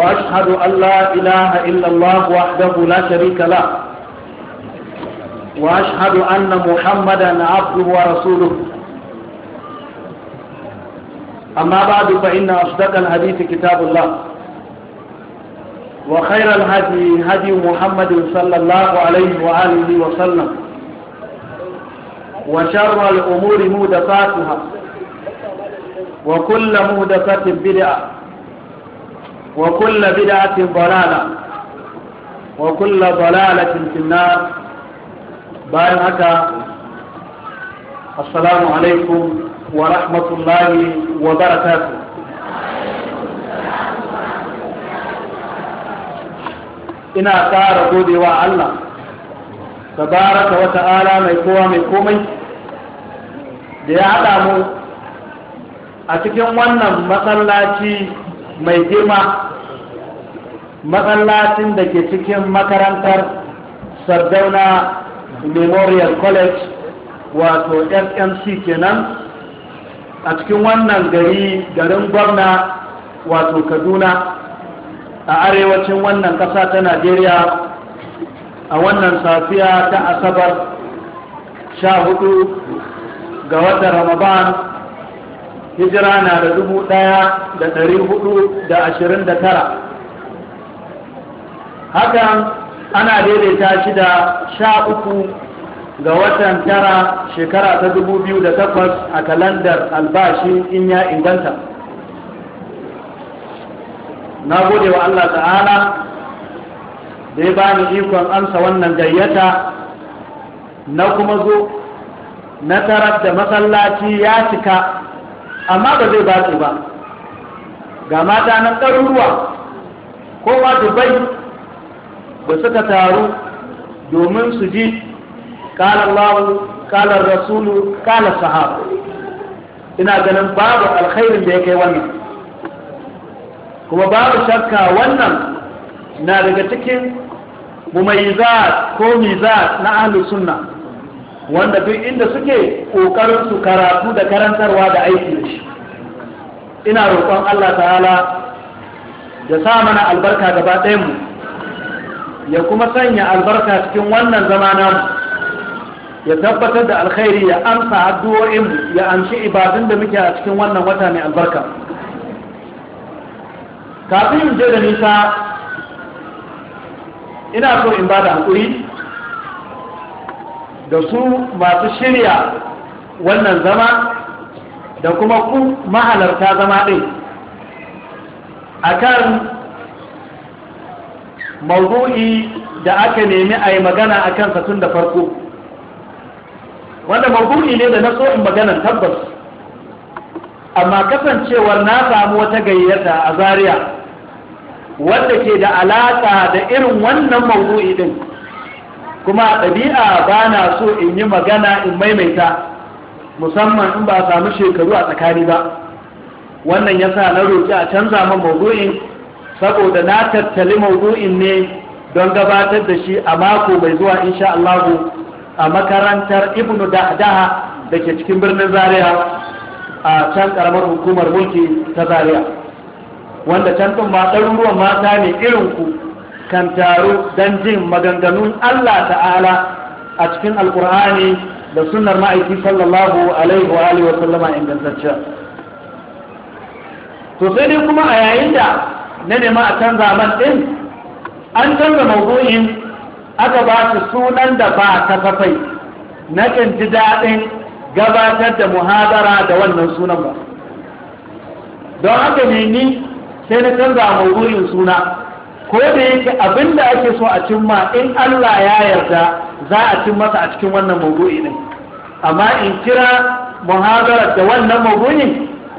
وأشهد أن لا إله إلا الله وحده لا شريك له وأشهد أن محمدا عبده ورسوله أما بعد فإن أصدق الحديث كتاب الله وخير الهدي هدي محمد صلى الله عليه وآله وسلم وشر الأمور مودفاتها وكل مودفات بدعة وكل بدعة ضلالة وكل ضلالة في النار باين هكا السلام عليكم ورحمة الله وبركاته ina ƙara godewa Allah tabaraka wa ta'ala mai kowa mai komai da ya haɗa mu a cikin wannan masallaci mai girma matsalacin da ke cikin makarantar sardauna memorial college wato fmc kenan a cikin wannan gari garin gwamna wato kaduna a arewacin wannan kasa ta najeriya a wannan safiya ta asabar sha hudu ga watan ramadan hijira na da dubu ɗaya da ɗari hudu da ashirin da tara hakan ana daidaita shi da sha uku ga watan tara shekara ta dubu biyu da takwas a kalandar albashi in ya inganta na gode wa Allah ta'ala da ya bani ikon amsa wannan gayyata na kuma zo na tarar da masallaci ya cika amma ba zai batse ba ga mata nan ɗaruruwa ko ma dubai ba suka taru domin su ji kalar lawu kalar rasulu kalar sahaba ina ganin babu alkhairin da ya kai wannan kuma babu shakka wannan na daga cikin za ko mizat na ahalusunna sunna wanda duk inda suke ƙoƙarin su karatu da karantarwa da aiki da shi ina roƙon Allah ta'ala ya sa mana albarka gaba ɗayanmu ya kuma sanya albarka cikin wannan zama namu ya tabbatar da alkhairi ya amsa addu'o'inmu ya amshi ibadun da muke a cikin wannan wata mai albarka kafin je da nisa ina so in ba da haƙuri da su masu shirya wannan zama da kuma ku mahalarta zama ɗin akan mawdu'i da aka nemi a yi magana a kansa tun da farko wanda mawdu'i ne da na so in magana tabbas amma kasancewar na samu wata gayyata a Zariya wanda ke da alaƙa da irin wannan mawdu'i ɗin kuma a ɗabi'a ba na so in yi magana in maimaita musamman in ba samu shekaru a tsakani ba wannan ya sa na roƙi a canza man maudu'in saboda na tattali maudu'in ne don gabatar da shi a mako mai zuwa insha Allah a makarantar ibnu Daha da ke cikin birnin zaria a can karamar hukumar mulki ta zaria wanda can ɗin ma ɗaruruwan mata ne irin ku kan taru don jin maganganun Allah ta'ala a cikin alkur'ani da sunar ma'aiki sallallahu alaihi wa alihi wa sallama ingantacciya to sai dai kuma a yayin da na nema a canza man din an canza mawdu'in aka ba sunan da ba kasafai na kan ji daɗin gabatar da muhadara da wannan sunan ba don haka ne ni sai na canza mawdu'in suna ko da yake abin da ake so a cimma in Allah ya yarda za a cin masa a cikin wannan maudu'i ne amma in kira muhadara da wannan maudu'in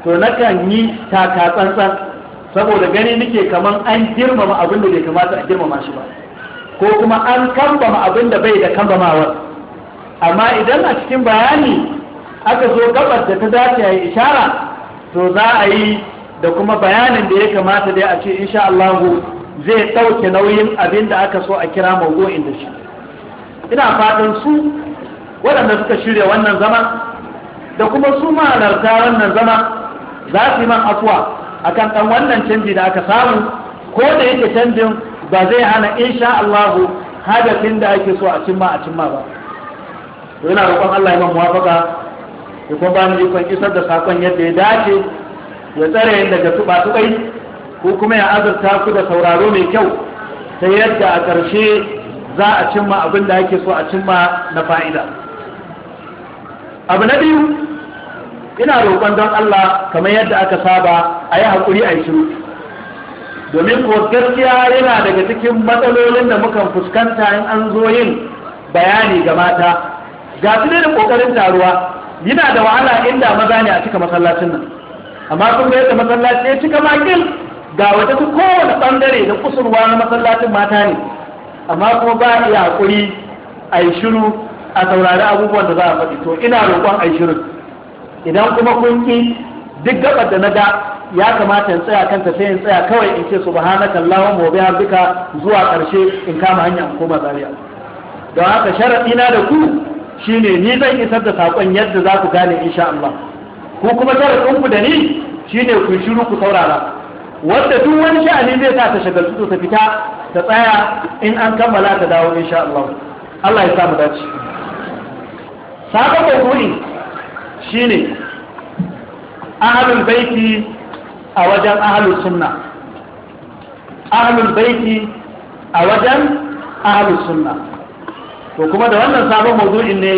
to nakan yi taka tsantsan saboda gani nake kaman an girmama abin da bai kamata a girmama shi ba ko kuma an kambama abin da bai da kambamawar amma idan a cikin bayani aka zo gabar da ta dace ayi yi ishara to za a yi da kuma bayanin da ya kamata dai a ce insha Allah zai ɗauke nauyin abin da aka so a kira mawu'in da shi ina fatan su waɗanda suka shirya wannan zama da kuma su ma'anarta wannan zama za su yi man afuwa kan ɗan wannan canji da aka samu ko da yake canjin ba zai hana insha Allahu hadafin da ake so a cimma a cimma ba to yana roƙon Allah ya man muwafaka ya kuma ba mu ikon isar da sakon yadda ya dace ya tsare daga tuba tuɓai ko kuma ya azurta ku da sauraro mai kyau ta yadda a ƙarshe za a cimma abin da ake so a cimma na fa'ida abu na biyu ina roƙon don Allah kamar yadda aka saba a yi haƙuri a shiru domin ko gaskiya yana daga cikin matsalolin da mukan fuskanta in an zo yin bayani ga mata ga su ne da ƙoƙarin taruwa yana da wahala inda maza ne a cika masallacin nan amma kuma yadda masallaci ya cika makil ga wata su kowane ɓangare da kusurwa na masallacin mata ne amma kuma ba a iya hakuri a yi shiru a saurari abubuwan da za a faɗi to ina roƙon a yi shiru idan kuma kun ki duk gabar da na ga ya kamata in tsaya kanta sai in tsaya kawai in ce su subhanaka allahumma wa duka zuwa ƙarshe in kama hanya in koma zaria don haka sharaɗi na da ku shine ni zan isar da sakon yadda za ku gane sha Allah ku kuma sharaɗin ku da ni shine ku shiru ku saurara wanda duk wani sha'ani zai sa ta shagaltu ta fita ta tsaya in an kammala ta dawo insha Allah Allah ya mu dace sabon kuri shine ahlul baiti a wajen ahlus sunna ahlul baiti a wajen ahlus sunna to kuma da wannan sabon mawdu'in ne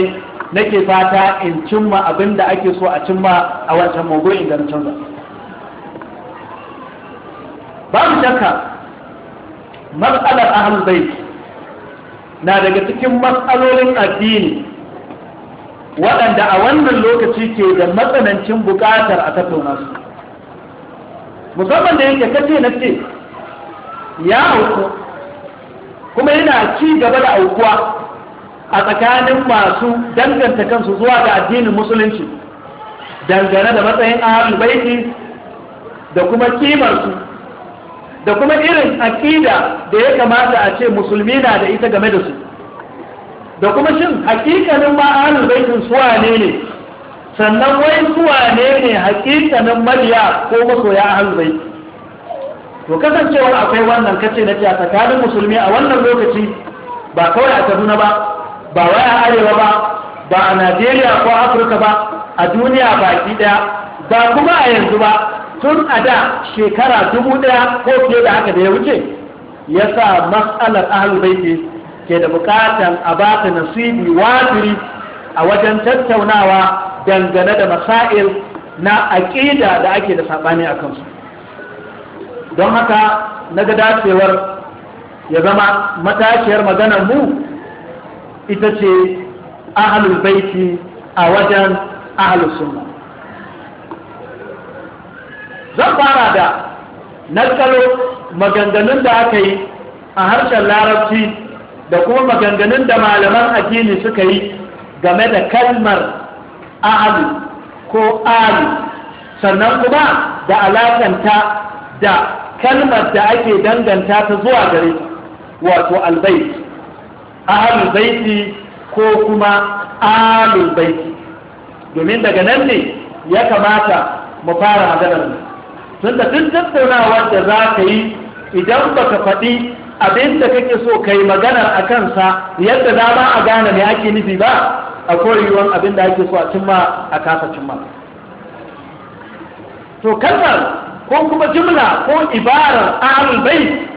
nake fata in cimma abinda ake so a cimma a wancan mawdu'in da na canza babu shakka matsalar ahlul bait na daga cikin mas'alolin addini waɗanda a wannan lokaci ke da matsanancin buƙatar a tattauna su musamman da yake kace na ce ya auku kuma yana ci gaba da aukuwa a tsakanin masu danganta kansu zuwa ga addinin musulunci dangane da matsayin ahlul baiti da kuma ƙimarsu. da kuma irin aƙida da ya kamata a ce musulmi na da ita game da su da kuma shin hakikanin ma'anin baitin suwa ne ne sannan wai suwa ne ne hakikanin mariya ko masoya ahalul bait to kasancewa akwai wannan kace na ce a tsakanin musulmi a wannan lokaci ba kawai a Kaduna ba ba wai a Arewa ba ba a Najeriya ko Afirka ba a duniya baki daya ba kuma a yanzu ba tun a da shekara dubu ɗaya ko fiye da haka da ya wuce ya sa matsalar ahalul ke da bukatan a ba ta nasibi wajiri a wajen tattaunawa dangane da masail na aƙida da ake da saɓani a kansu don haka na ga dacewar ya zama matashiyar maganar mu ita ce ahalul baiti a wajen ahalus sunna zan fara da nakalo maganganun da aka yi a harshen larabci da kuma maganganun da malaman addini suka yi game da kalmar ahalu ko ahalu sannan kuma da alakanta da kalmar da ake danganta ta zuwa gare wato albaiti ahalul baiti ko kuma alul baiti domin daga nan ne ya kamata mu fara maganar mu tunda duk tattaunawar da za ka yi idan baka faɗi abin da kake so ka yi magana a kansa yadda za ba a gane me ake nufi ba a koyewar abin da ake so a cimma a kasa cimma to kalmar ko kuma jimla ko ibarar ahlul bait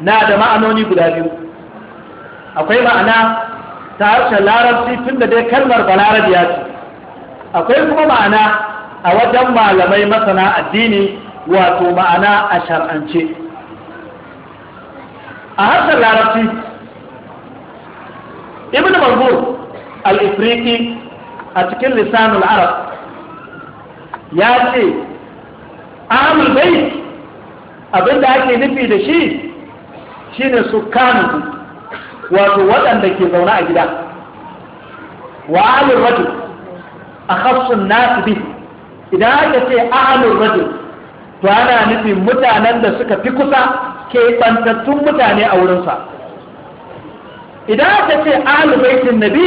na da ma'anoni guda biyu akwai ma'ana ta harshen larabci tun da dai kalmar balarabiya ce akwai kuma ma'ana a wajen malamai masana addini wato ma'ana a shar'ance a harshen larabci ibn manzur al-ifriqi a cikin lisanul arab ya ce ahlul bait abinda ake nufi da shi shine sukkanu wato waɗanda ke zaune a gida wa ahlul a akhassun nasu biyu? idan aka ce ahalur rajul to ana nufin mutanen da suka fi kusa ke bantattun mutane a wurinsa idan aka ce ahalur baitin nabi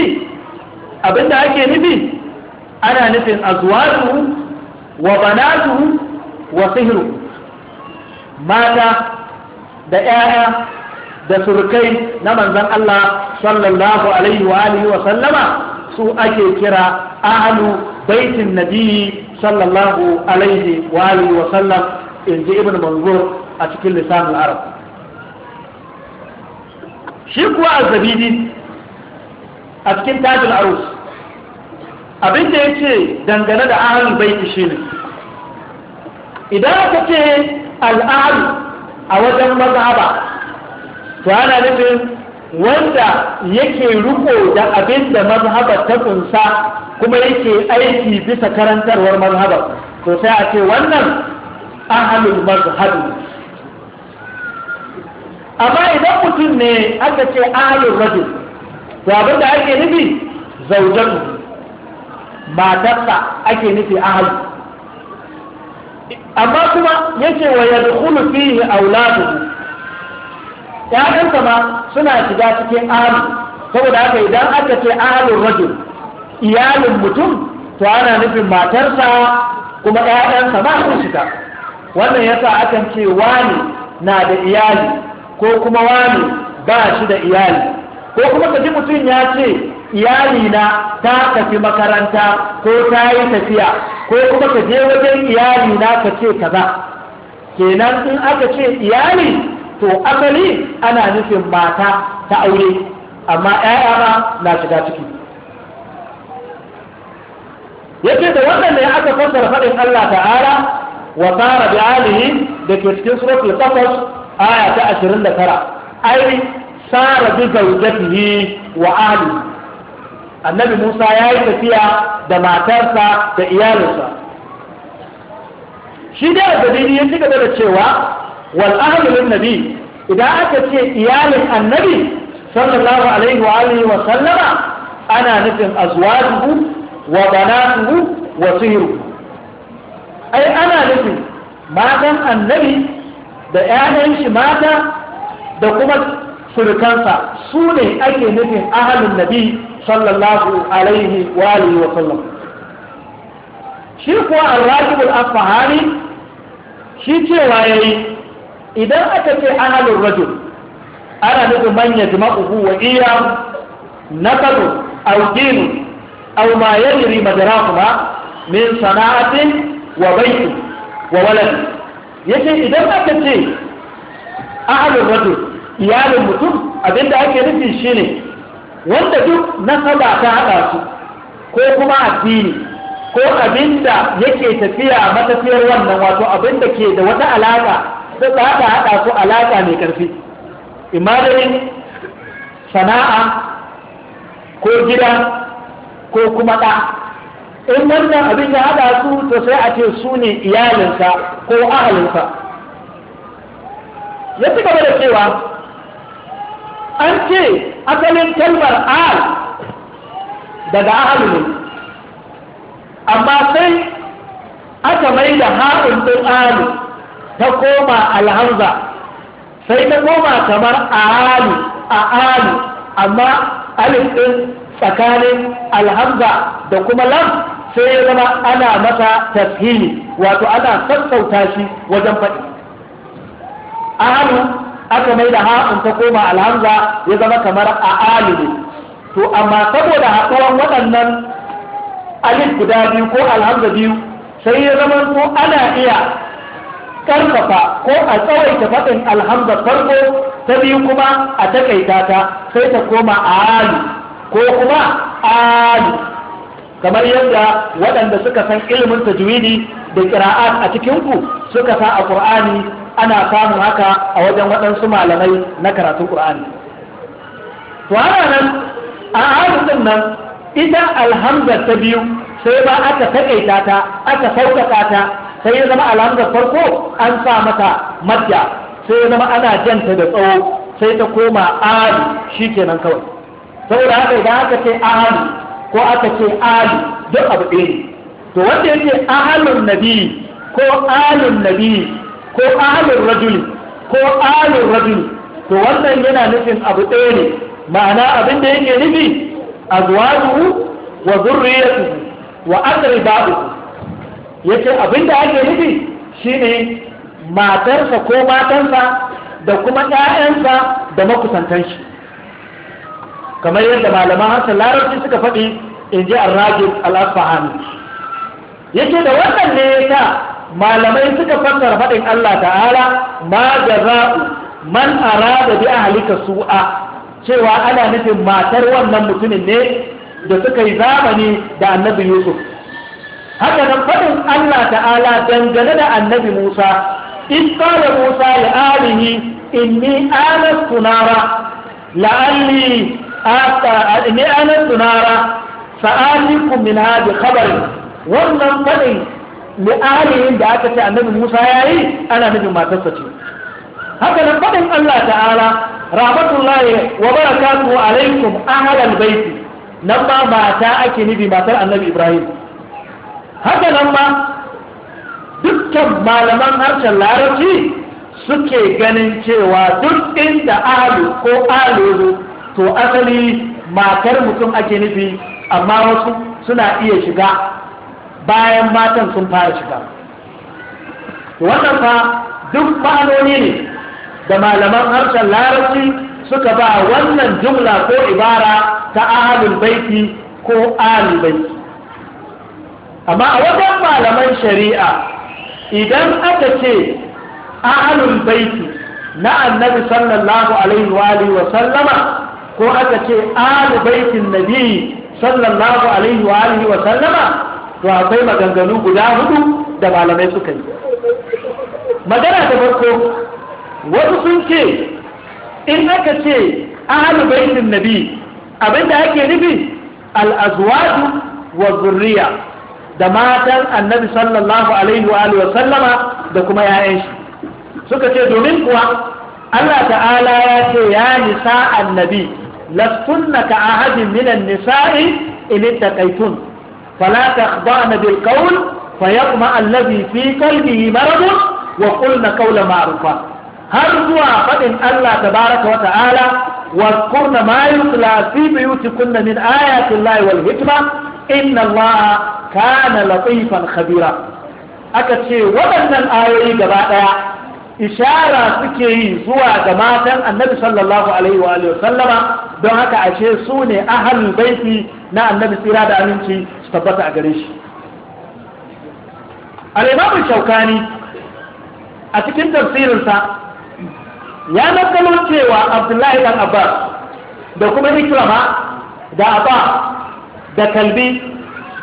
abinda ake nufi ana nufin azuwatu, wa banatu wa sihiru mata da 'ya'ya da surkai na manzan Allah sallallahu alaihi wa alihi wa sallama su ake kira ahlu baitin nabi sallallahu alaihi wa alihi wa sallam in ji ibn manzur a cikin lisanin arab shi kuwa azzabidi a cikin tajin arus abinda ya ce dangane da ahalin baiti shi ne idan aka ce al'adu a wajen mazhaba to ana nufin wanda yake riko da abin da mazhabar ta kunsa kuma yake aiki bisa karantarwar mazhabar to sai a ce wannan ahalul mazhabi amma idan mutum ne aka ce ahalul rajul to abin da ake nufi zaujan matarsa ake nufi ahalu amma kuma yake wa yadkhulu fihi auladuhu ‘ya'yansa ma suna shiga cikin ahalu saboda haka idan aka ce ahalun rajul iyalin mutum to ana nufin matarsa kuma ‘ya'yansa ma sun shiga wannan yasa akan ce wani na da iyali ko kuma wani ba shi da iyali ko kuma kaji mutum ya ce iyali na ta tafi makaranta ko ta yi tafiya ko kuma ka je wajen iyali na ka ce kaza kenan in aka ce iyali to asali ana nufin mata ta aure amma ‘ya'ya ma na shiga ciki yace da wannan ne aka fassara faɗin Allah ta'ala wa tsara bi alihi da ke cikin suratul qasas aya ta 29 ai sara bi zaujatihi wa ahli annabi Musa ya yi tafiya da matarsa da iyalinsa shi da dalili ya ci gaba da cewa wal ahlul nabi idan aka ce iyalin annabi sallallahu alaihi wa alihi wa sallama ana nufin azwajuhu wa banatuhu wa sihru ai ana nufin matan annabi da ƴaƴan shi mata da kuma surukansa su ne ake nufin ahalin nabi shi kuwa al-rajibul afahani shi cewa yayi idan aka ce ahalin rajo, ana nufin manya uku wa iya nasaru au au ma majara kuma min sana'atin wa baitin wa walad yace idan aka ce ahalin rajo, iyalin mutum abinda ake nufi shine wanda duk nasaba ta haɗa su ko kuma addini ko abinda yake tafiya matafiyar wannan wato abinda ke da wata alaka sai su haɗa haɗa su alaƙa mai ƙarfi imanin sana'a ko gida ko kuma ɗa in wannan abin ya haɗa su to sai a ce su ne iyalinsa ko ahalinsa ya ci gaba da cewa an ce asalin kalmar ahal daga ahalu amma sai aka mai da haɗin ɗin ta koma alhamza sai ta koma kamar a Ali, a Ali. amma alif din tsakanin alhamza da kuma lam sai ya zama ana mata tashili wato ana sassauta shi wajen faɗi alu aka mai da ha'un ta koma alhamza ya zama kamar alu ne to amma saboda haɗuwan waɗannan alif guda biyu ko alhamza biyu sai ya zama ko ana iya karfafa ko a tsawaita faɗin alhamza farko ta biyu kuma a takaita ta sai ta koma alu ko kuma alu kamar yadda waɗanda suka san ilimin tajwidi da ƙira'at a cikinku suka sa a ƙur'ani ana samun haka a wajen waɗansu malamai na karatu ƙur'ani to ana nan a nan ita alhamza ta biyu sai ba aka takaita ta aka sauƙaƙa ta sai ya zama da farko an sa mata madya sai ya zama ana janta da tsawo sai ta koma ali shi kenan kawai saboda haka idan aka ce ali ko aka ce ali duk abu ɗaya ne to wanda yake ahalun nabi ko alin nabi ko Alin rajuli ko Alin rajuli to wannan yana nufin abu ɗaya ne ma'ana abin da yake nufi azwajuhu wa zurriyatuhu wa babu. yace abin da ake nufi shine matarsa ko matansa da kuma ƴaƴansa da makusantan shi kamar yadda malaman hasan larabci suka faɗi in ji arrajin al'asfahani yake da wannan ne ya ta malamai suka fassara faɗin Allah ta'ala ma za'u man arada bi halika su'a cewa ana nufin matar wannan mutumin ne da suka yi zamani da annabi Yusuf haka nan faɗin Allah ta'ala dangane da annabi Musa in qala Musa ya alihi in ni anastu nara la'alli ata ni anastu nara sa'alikum min hadi khabar wannan faɗin li alihin da aka ce annabi Musa ya yi, ana nufin matarsa ce haka nan faɗin Allah ta'ala rahmatullahi wa barakatuhu alaikum ahlal baiti nan ba mata ake nufi matar annabi Ibrahim haka nan ma dukkan malaman harshen larabci suke ganin cewa duk inda alu ko alu to asali matar mutum ake nufi amma wasu suna iya shiga bayan matan sun fara shiga wannan fa duk ma'anoni ne da malaman harshen larabci suka ba wannan jumla ko ibara ta ahalul baiti ko ahalul baiti amma a wajen malaman shari'a idan aka ce ahalul baiti na annabi sallallahu alaihi wa alihi wa sallama ko aka ce ahalul baitin nabi sallallahu alaihi wa alihi wa sallama to akwai maganganu guda hudu da malamai suka yi magana da farko wasu sun ce in aka ce ahalul baitin nabi abinda ake nufi al wa zurriya da matan annabi sallallahu alaihi wa sallama da kuma yayan shi suka ce domin kuwa Allah ta'ala ya ce ya nisa annabi lastunna ka ahadin minan nisa'i in ittaqaytun fala takhda'na bil qawl fayaqma allazi fi qalbihi marad wa qulna qawla ma'rufa har zuwa fadin Allah tabaraka wa ta'ala واذكرن ما يتلى في بيوتكن من آيات inna allaha kana latifan Kabira. aka ce waɗannan ayoyi gaba ɗaya ishara suke yi zuwa ga matan annabi sallallahu alaihi wa sallama don haka ashe su ne ahalul baiti na annabi tsira da aminci su tabbata a gare shi al-imam shaukani a cikin tafsirinsa ya nakalo cewa abdullahi dan abbas da kuma ikrama da abba da kalbi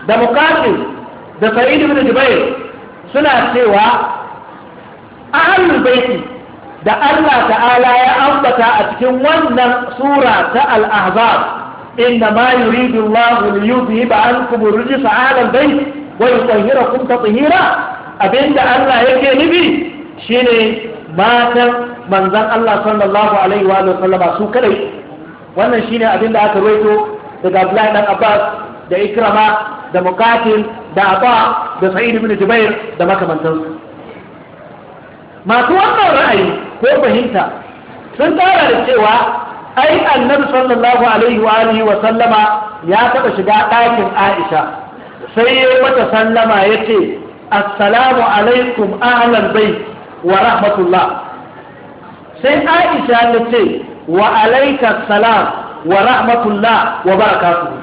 da mukatin da sa'id ibn jubair suna cewa ahlul baiti da Allah ta'ala ya ambata a cikin wannan sura ta al-ahzab inna ma yuridu Allah li yudhhiba ankum ar-rijsa 'ala al-bayt wa yutahhirakum tatheera abinda Allah yake nufi shine matan manzon Allah sallallahu alaihi wa sallama su kadai wannan shine abinda aka rawaito daga Abdullahi dan Abbas da Ikrama da Muqatil da Aba da Sa'id ibn Jubair da makamantansu masu wannan ra'ayi ko fahimta sun tara da cewa ai annabi sallallahu alaihi wa alihi wa sallama ya taba shiga ɗakin Aisha sai ya mata sallama yace assalamu alaikum ahlal bait wa rahmatullah sai Aisha ta ce wa alaika salam wa rahmatullah wa barakatuhu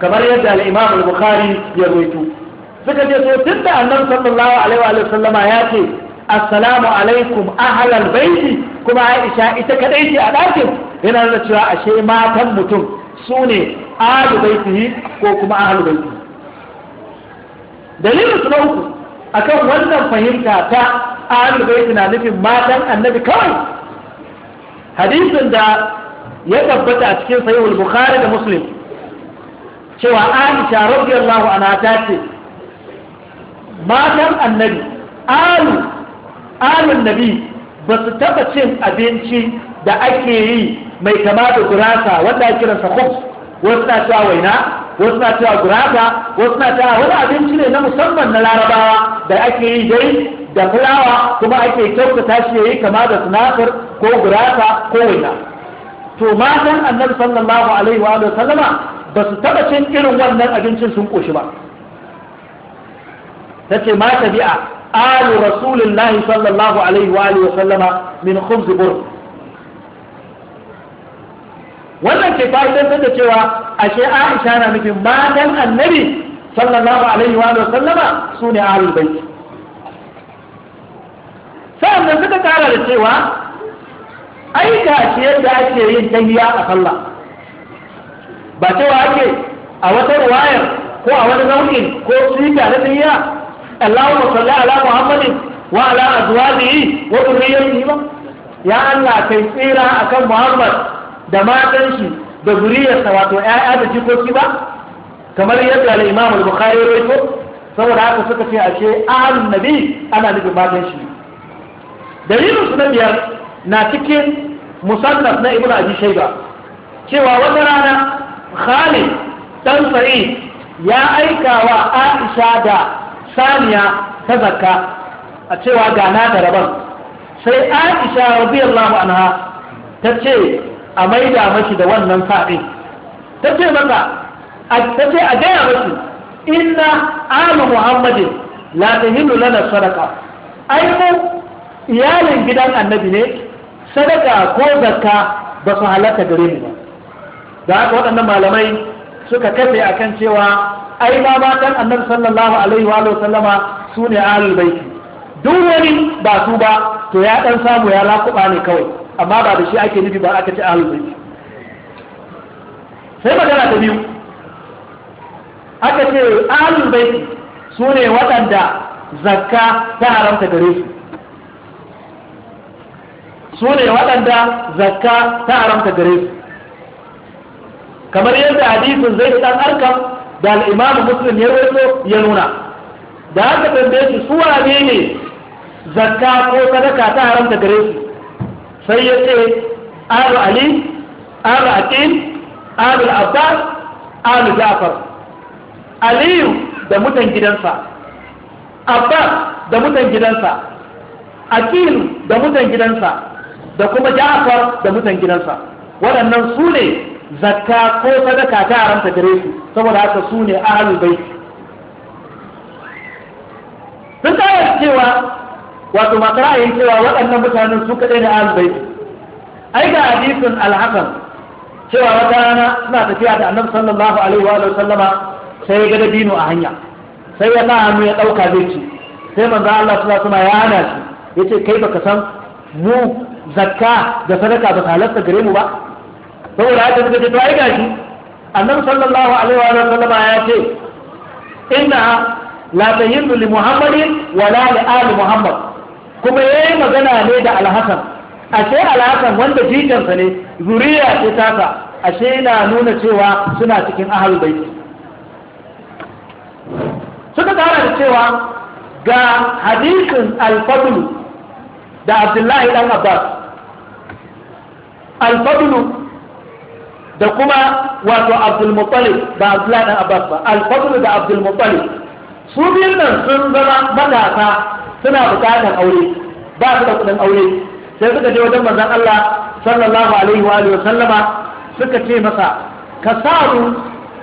kamar yadda al-imam al-bukhari ya rawaito suka ce so tunda annabi sallallahu alaihi wa sallama ya ce assalamu alaikum ahlal baiti kuma Aisha ita kadai ce a dakin yana da cewa ashe matan mutum sune ahlu baitihi ko kuma ahlu baitihi dalilin su na uku akan wannan fahimta ta ahlul baiti na nufin matan annabi kawai hadisin da ya tabbata a cikin sahihul bukhari da muslim cewa aisha radiyallahu anha ta ce matan annabi alu alun nabi ba su taba cin abinci da ake yi mai kama da gurasa wanda ake kiransa khubs wasu na cewa waina wasu na cewa gurasa wasu na cewa wani abinci ne na musamman na larabawa da ake yi dai da fulawa kuma ake kyautata shi yayi kama da sinasir ko gurasa ko waina to matan annabi sallallahu alaihi wa sallama ba su taba cin irin wannan abincin sun koshi ba tace ma tabi'a alu rasulillahi sallallahu alaihi wa sallama min khubz bur wannan ke fa'idan da cewa ashe Aisha na nufin matan annabi sallallahu alaihi wa sallama sune ahlul bait sa'an da suka kara da cewa ai ga shi yadda ake yin tahiya a sallah ba cewa ake a wata ruwayar ko a wani nau'in ko sika na tahiya Allahumma salli ala Muhammadin wa ala azwajihi wa dhurriyyatihi ba ya Allah kai tsira akan Muhammad da matan shi da zuriyarsa wato ƴaƴa da jikoki ba kamar yadda al-Imam al-Bukhari ya rawaito saboda haka suka ce ashe ahlun nabi ana nufin matan shi dalilin su na biyar na cikin musannaf na ibn abi shayba cewa wata rana khalid dan sa'id ya aika wa aisha da saniya ta zakka a cewa na da rabon sai aisha radiyallahu anha ta ce a maida mashi da wannan fa'in ta ce maka ta ce a gaya mashi inna alu muhammadin la tahilu lana sadaqa ai mu iyalin gidan annabi ne sadaka ko zakka ba su halatta gare ni ba da haka waɗannan malamai suka kafe kan cewa ai ma matan annabi sallallahu alaihi wa sallama su ne ahlul baiti duk wani ba su ba to ya dan samu ya lakuba ne kawai amma ba da shi ake nufi ba aka ci ahlul baiti sai magana ta biyu aka ce ahlul baiti su ne waɗanda zakka ta haramta gare su su ne waɗanda zakka ta haramta gare su kamar yadda hadisin zai ɗan arkam da al'imam muslim ya rawaito ya nuna da haka tambaye su su wane ne zakka ko sadaka ta haramta gare su sai ya ce alu ali alu aqil alu abbas alu ja'far aliyu da mutan gidansa abbas da mutan gidansa aqil da mutan gidansa da kuma Ja'far da mutan gidansa waɗannan su ne zakka ko sadaka ta haramta gare su saboda haka su ne ahlul bait sun kayar cewa wato masu ra'ayin cewa waɗannan mutanen su kaɗai da ahlul bait ai ga hadisin al-hasan cewa wata rana suna tafiya da annabi sallallahu alaihi wa sallama sai ya ga dabino a hanya sai ya sa hannu ya ɗauka zai ci sai manzo Allah sallallahu alaihi ya hana shi yace kai baka san mu zakka da sadaka ba ta halatta gare mu ba saboda haka suka ce to ai gashi annabi sallallahu alaihi wa sallama ya ce inna la tahillu li muhammadin wa la li ali muhammad kuma yayi magana ne da alhasan ashe alhasan wanda jikansa ne zuriya ce tasa ashe na nuna cewa suna cikin ahlul bait suka kara da cewa ga hadisin al da abdullahi dan abbas alfadlu da kuma wato abdulmuttalib ba abdullahi dan abbas ba alfadlu da abdulmuttalib su biyun nan sun zama matasa suna bukatar aure ba su da kudin aure sai suka je wajen manzon Allah sallallahu alaihi wa alihi sallama suka ce masa ka sa mu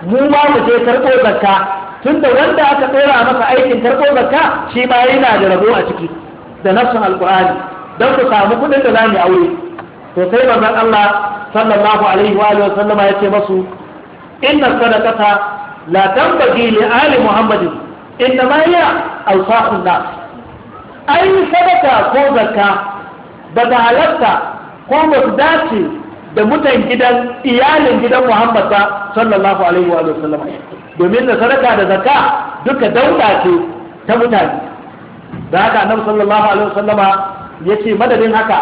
mu ma mu je karbo zakka tunda wanda aka tsora masa aikin karbo zakka shi ma yana da rabo a ciki da nassun alqur'ani don ku samu kudin da zamu aure Sosai sai manzon Allah sallallahu alaihi wa sallama ya ce masu inna sadaqata la tanbaghi li ali muhammadin inna ma hiya awsaqun nas ai sadaka ko zakka ba da halatta ko ba su dace da mutan gidan iyalin gidan muhammad ba sallallahu alaihi wa sallama domin da sadaka da zakka duka dauda ce ta mutane da haka annabi sallallahu alaihi wa wasallama yace madadin haka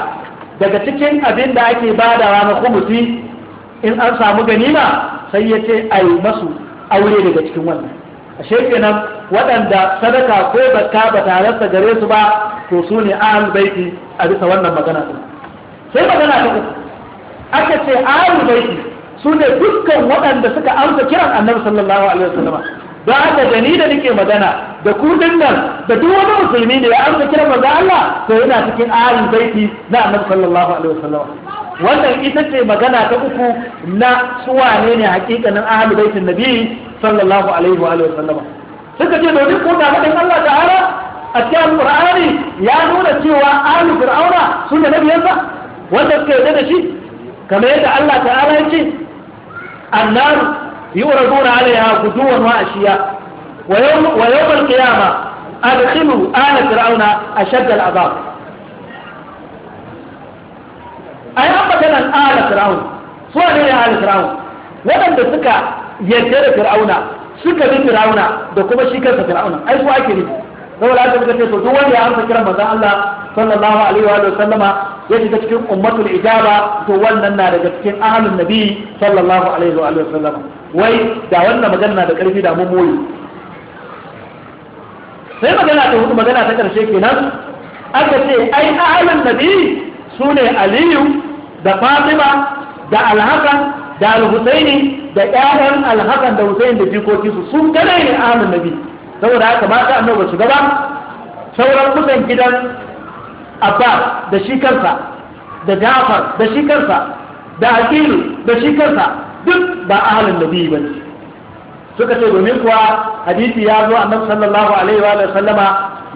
daga cikin abin da ake badawa na kumusi in an samu ganima sai ya ce a yi masu aure daga cikin wannan a shekinan waɗanda sadaka ko bata ba tare da gare su ba to su ne ahal baiti a bisa wannan magana ɗin sai magana ta uku aka ce ahal baiti su ne dukkan waɗanda suka amsa kiran annabi sallallahu alaihi wasallama da haka da ni da nake magana da kudin nan da duk wani musulmi ne ya amsa kira manzo Allah to yana cikin ahlul baiti na Annabi sallallahu alaihi wasallam wannan ita ce magana ta uku na suwane ne hakikanin ahlul baitin Nabi sallallahu alaihi wa sallama suka ce domin ko da madan Allah ta'ala a cikin Qur'ani ya nuna cewa ahlul fir'auna su ne nabiyansa wanda suka yarda da shi kamar yadda Allah ta'ala ya ce annaru يوردون عليها غدوا وعشيا ويوم, ويوم القيامة أدخلوا آل فرعون أشد العذاب أي مثلا آل فرعون سؤال هي آل فرعون وقم بسكة يجري فرعون سكة بفرعون دكما شكة فرعون أي سؤال كريم لو لا تبقى تسوى دوان يا أرسل كرم مزاء الله صلى الله عليه وآله وسلم يجب تشكي أمة الإجابة دوان لنا رجبتين أهل النبي صلى الله عليه وآله وسلم wai da wannan magana na da ƙarfi da mun sai magana ta hudu magana ta ƙarshe kenan aka ce ai ahalin nabi su ne aliyu da fatima da alhakan da alhusaini da ƴaƴan alhakan da hussain da jikoki su sun gane ne ahalin nabi saboda haka mata annoba su gaba sauran kusan gidan abba da shi kansa da jafar da shi kansa da aqil da shi kansa duk ba a ahalin da ba ne suka ce domin kuwa hadisi ya zo annabi sallallahu alaihi wa sallama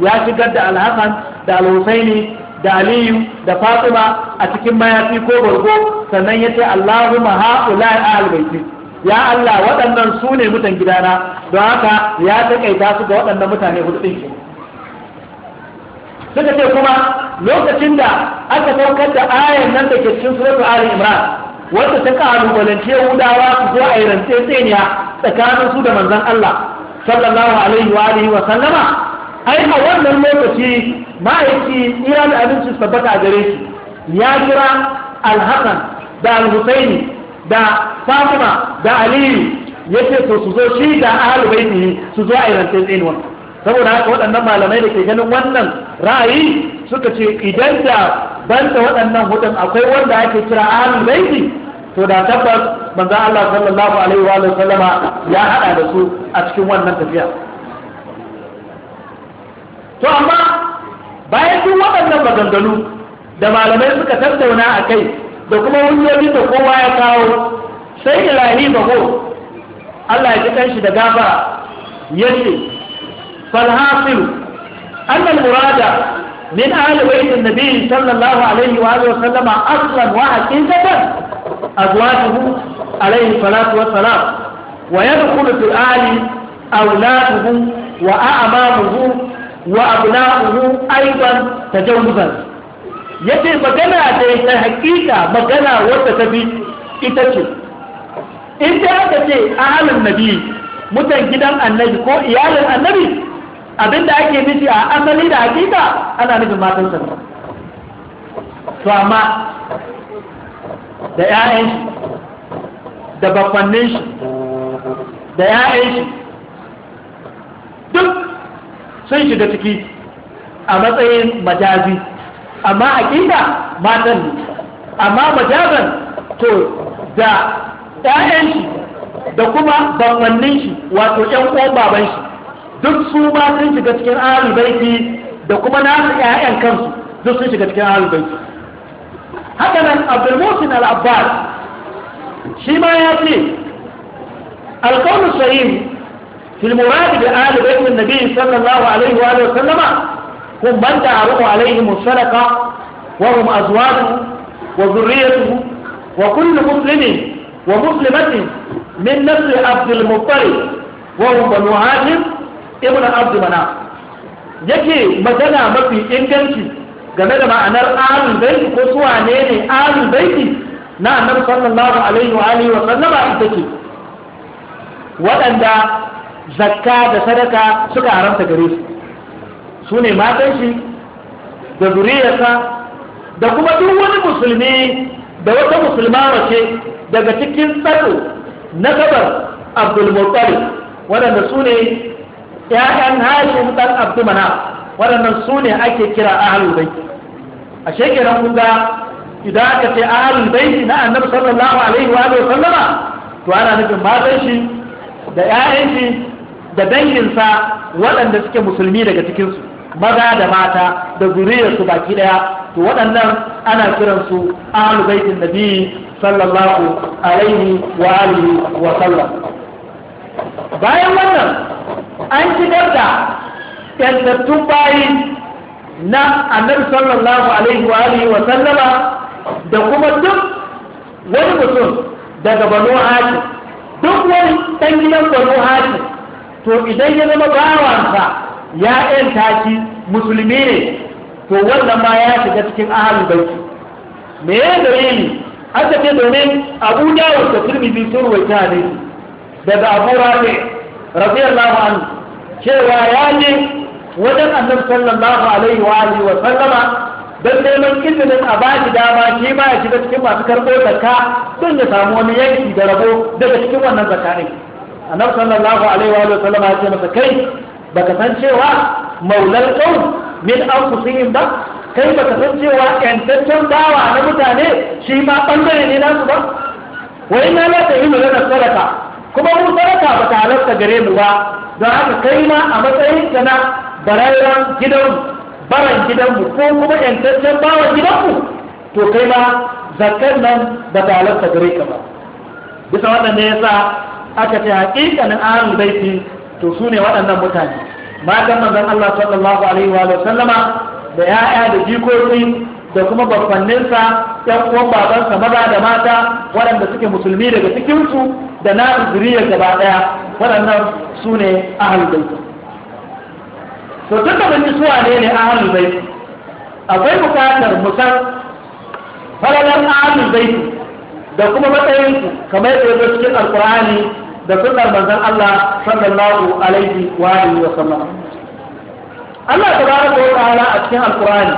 ya shigar da alhassan da alhusaini da aliyu da fatima a cikin mayafi ko gorgo sannan ya ce allahumma ha'ula ahal baiti ya allah waɗannan su ne mutan gidana don haka ya taƙaita su ga waɗannan mutane hudu ɗin suka ce kuma lokacin da aka saukar da ayan nan da ke cikin suratul ali imran wanda ta kalubalance yahudawa su zo a yi tsakanin su da manzon Allah sallallahu alaihi wa alihi wa sallama ai a wannan lokaci ma'aiki ira abincin abinci sabbata a gare shi ya jira alhassan da Al-Husaini da fatima da aliyu ya ce to su zo shi da ahalubaiti su zo a yi saboda haka waɗannan malamai da ke ganin wannan ra'ayi suka ce idan da ban banta waɗannan hudun akwai wanda ake kira ahlul baiti to da tabbas manzo Allah sallallahu alaihi wa sallama ya hada da su a cikin wannan tafiya to amma bayan duk waɗannan maganganu da malamai suka tattauna a kai da kuma hujjoji da kowa ya kawo sai ilahi bago Allah ya ji kanshi da gafara yace فالحاصل أن المراد من أهل بيت النبي صلى الله عليه وآله وسلم أصلا وحقيقة أزواجه عليه الصلاة والسلام ويدخل في الآل أولاده وأعمامه وأبناؤه أيضا تجوزا yace magana dai ta hakika magana wadda ta bi ita ce in ta aka ce ahalin nabi mutan gidan annabi ko iyalin annabi abinda ake nufi a asali da hakika ana nufin matan sa to amma da ƴaƴan shi da bakwannin shi da ƴaƴan shi duk sun shiga ciki a matsayin majazi amma hakika matan ne amma majazan to da ƴaƴan shi da kuma bakwannin shi wato ƴan uwan baban shi duk su ba sun shiga cikin ahlul baiti da kuma nasu ƴaƴan kansu duk sun shiga cikin ahlul baiti haka nan Abdul Musin Al-Abbas shi ma ya ce alqawl sahih في المراد بآل بيت النبي صلى الله عليه وآله وسلم هم من تعرف عليهم الصدقة وهم أزواجه وذريته وكل مسلم ومسلمة من نسل عبد المطلب وهم بنو هاشم ibn abd mana yake magana mafi inganci game da ma'anar ahlul baiti ko su wane ne ahlul baiti na annabi sallallahu alaihi wa alihi wa sallama ita ce waɗanda zakka da sadaka suka haramta gare su su ne matan shi da zuriyarsa da kuma duk wani musulmi da wata musulma wace daga cikin tsaro na gabar abdulmuttalib waɗanda su ne yayan hashim dan abdu mana waɗannan sune ake kira ahlul bait a shekeran kun idan aka ce ahlul bait na annabi sallallahu alaihi wa sallama to ana nufin matan shi da yayan shi da danginsa waɗanda suke musulmi daga cikinsu maza da mata da zuriyarsu baki ɗaya. to waɗannan ana kiran su ahlul baitin nabi sallallahu alaihi wa alihi wa sallam bayan wannan an shigar da yantattun bayi na annabi sallallahu alaihi wa alihi wa sallama da kuma duk wani mutum daga banu haji duk wani dan gidan banu haji to idan ya zama bawansa ya yanta shi musulmi ne to wannan ma ya shiga cikin ahalin bauki me ya dalili aka ce domin abu dawo da turmi sun ne daga abu rafi radiyallahu anhu cewa ya je wajen annabi sallallahu alaihi wa alihi wa sallama don neman izinin a bani dama shi ma ya shiga cikin masu karɓo zakka don ya samu wani yanki da rabo daga cikin wannan zakka ne annabi sallallahu alaihi wa sallama ya ce masa kai baka san cewa maulal qaum min anfusihim ba kai baka san cewa yantaccen bawa na mutane shi ma bangare ne nasu ba wa inna la tahimu lana sadaqa kuma mun sadaka ba ta halarta gare mu ba don haka kai ma a matsayin ka na bararren gidanmu baran gidanmu ko kuma yantaccen bawan gidanmu to kai ma zakar nan ba ta gare ka ba bisa waɗanne ya yasa aka ce haƙiƙanin ahlul baiti to su ne waɗannan mutane matan manzon Allah sallallahu alaihi wa sallama da ya'ya da jikoki da kuma babbanninsa ɗan uwan babansa maza da mata waɗanda suke musulmi daga cikinsu da na zuriya gaba daya waɗannan su ne ahalul to tun da mun yi suwa ne ne ahalul akwai bukatar musar falalar ahalul bait da kuma matsayin su kamar yadda yake cikin alkurani da sunar manzan Allah sallallahu alaihi wa alihi wa sallam Allah bada ko ta'ala a cikin alkur'ani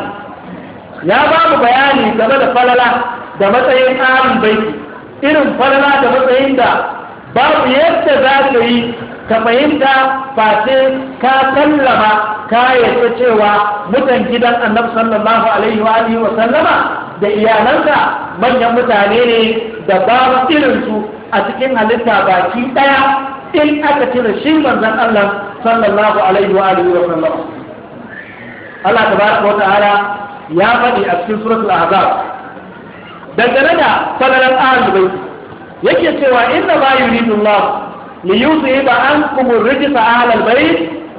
ya ba mu bayani game da falala da matsayin ahalul bait irin falala da matsayin da babu yadda za ka yi ka fahimta face ka sallama ka yadda cewa mutan gidan annabi sallallahu alaihi wa alihi wa sallama da iyalansa manyan mutane ne da babu irin su a cikin halitta baki daya in aka cire shi manzon Allah sallallahu alaihi wa alihi wa sallama Allah tabaraka wa ta'ala ya faɗi a cikin suratul ahzab dangane da falalan ahlul yake cewa inna yi yuridu ba li yuzhiba ankum ar-rijsa ahlul bait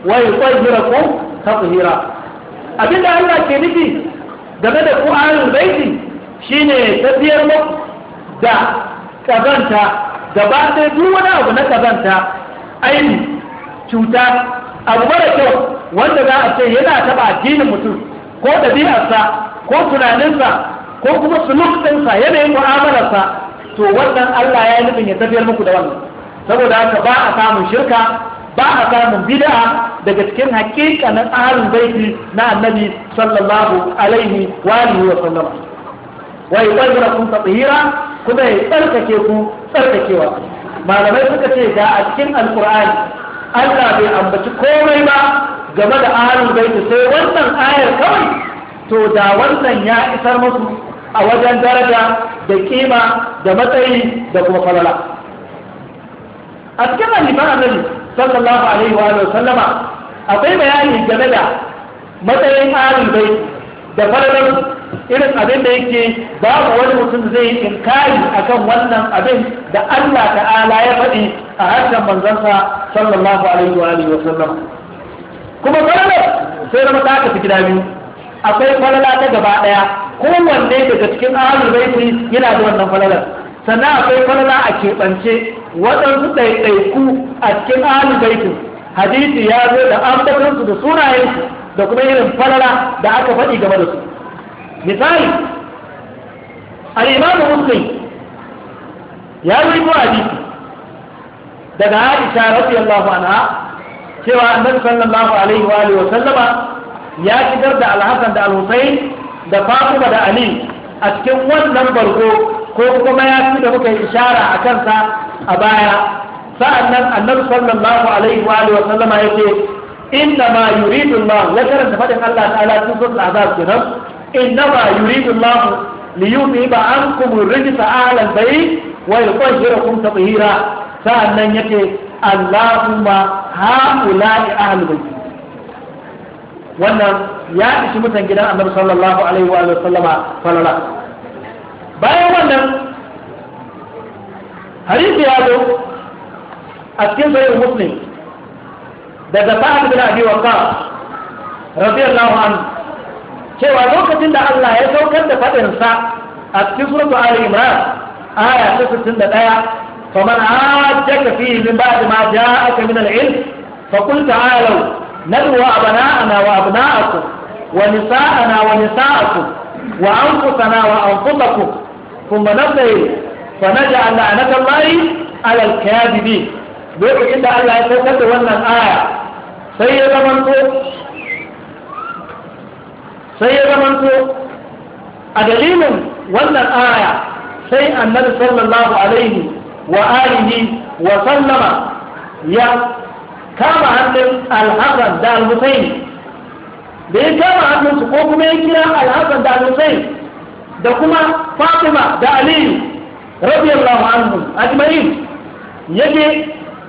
wa yutahhirakum hira. abinda Allah ke nufi game da ku shi ne ta biyar mu da kazanta gaba sai duk wani abu na kazanta aini cuta abu mara kyau wanda za a ce yana taɓa addinin mutum ko ɗabi'arsa ko tunaninsa ko kuma suluk ɗinsa yanayin mu'amalarsa to wannan Allah ya yi nufin ya tafiyar muku da wannan saboda haka ba a samun shirka ba a samun bid'a daga cikin na tsarin baiti na annabi sallallahu alaihi wa alihi wa sallam wa yuqaddirukum tatheera kuma ya tsarkake ku tsarkakewa malamai suka ce ga a cikin alkur'ani allah bai ambaci komai ba game da ahalin baiti sai wannan ayar kawai to da wannan ya isar musu a wajen daraja da kima da matsayi da kuma falala a cikin hadisan annabi sallallahu alaihi wa sallama akwai bayani game da matsayin ahlul bai da falalar irin abin da yake babu wani mutum zai inkari akan wannan abin da Allah ta'ala ya faɗi a harshen manzansa sallallahu alaihi wa sallama kuma falalar sai na ta aka fi gida biyu akwai falala ta gaba ɗaya kowanne daga cikin ahalul baiti yana da wannan falalar sannan akwai falala a keɓance waɗansu ɗaiɗaiku a cikin ahalul baiti hadisi ya zo da ambatansu da sunayensu da kuma irin falala da aka faɗi game da su misali al'imamu muslim ya yi ko hadisi daga aisha allahu anha cewa annabi sallallahu alaihi wa wa sallama ya shigar da alhassan da al-husayn da fatima da ali a cikin wannan barko ko kuma ya mayafi da muka yi ishara a kansa a baya sa'annan annabi sallallahu alaihi wa alihi wa sallama yace inna ma yuridu Allah la karanta fadin Allah ta'ala cikin sura azab kenan inna ma yuridu Allah li yuthiba ankum ar-rijsa ahla bayt wa yutahhirakum tatheera sa'annan yace Allahumma ha'ula'i ahlul bayt wannan ya ishi mutan gidan annabi sallallahu alaihi wa sallama falala bayan wannan hadisi ya zo a cikin sahih muslim daga sa'ad bin abi waqqas radiyallahu anhu cewa lokacin da Allah ya saukar da fadin sa a cikin suratul ali imran aya ta 61 فمن عاجك فيه من بعد ما جاءك من العلم فقل تعالوا ندعو أبناءنا وأبناءكم ونساءنا ونساءكم وأنفسنا وأنفسكم ثم نبدأ فنجعل لعنة الله على الكاذبين بيقول إن الله يتكلم وانا الآية سيدة منكو سيدة منكو أدليل وانا الآية سيء النبي صلى الله عليه وآله وسلم يا كما عند الحسن ده الحسين da ya kama hannunsu ko kuma ya kira alhassan da al da kuma fatima da aliyu radiyallahu anhu ajma'in yake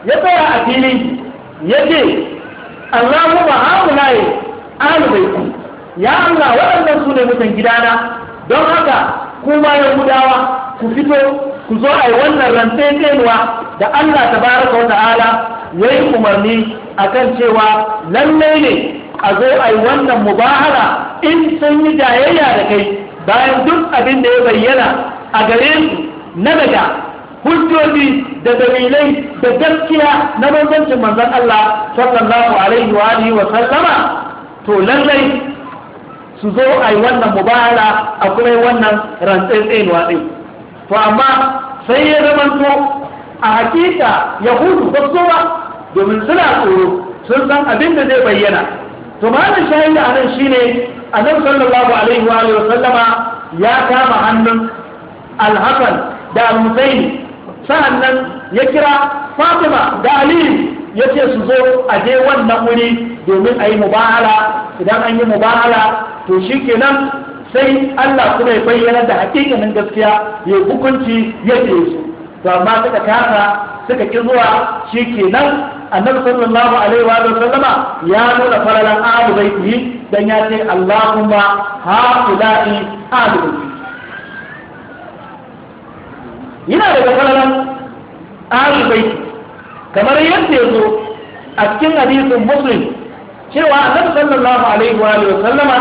ya tsaya a fili yaje allahumma haula'i ahlu ku ya Allah waɗannan su ne mutan gidana don haka kuma gudawa ku fito ku zo a yi wannan rantsenuwa da Allah ta wa ta'ala ya yi umarni a kan cewa lallai ne a zo a yi wannan mubahara in sun yi jayayya da kai bayan duk abin da ya bayyana a gare su na daga hujjoji da dalilai da gaskiya na bambancin manzan Allah sallallahu alaihi wa alihi wa sallama to lallai su zo a yi wannan mubahara a kuma wannan rantsatsenuwa ɗin to amma sai ya zama to a hakika yahudu ba su ba domin suna tsoro sun san abin da zai bayyana to malin shahida a nan shine annabi sallallahu alaihi wa alihi ya kama hannun alhassan da al-husaini nan ya kira fatima da aliyu ya ce su zo a je wannan wuri domin a yi mubahala idan an yi mubahala to shi kenan sai allah kuma ya bayyana da hakikanin gaskiya ya hukunci ya ce su to amma suka kasa suka ki zuwa shi shikenan annabi sallallahu alaihi wa sallama ya nuna faralan ahlu baitihi dan ya ce Allahumma haula'i ahlu baiti yana daga faralan ahlu baiti kamar yadda yazo a cikin hadisin muslim cewa annabi sallallahu alaihi wa sallama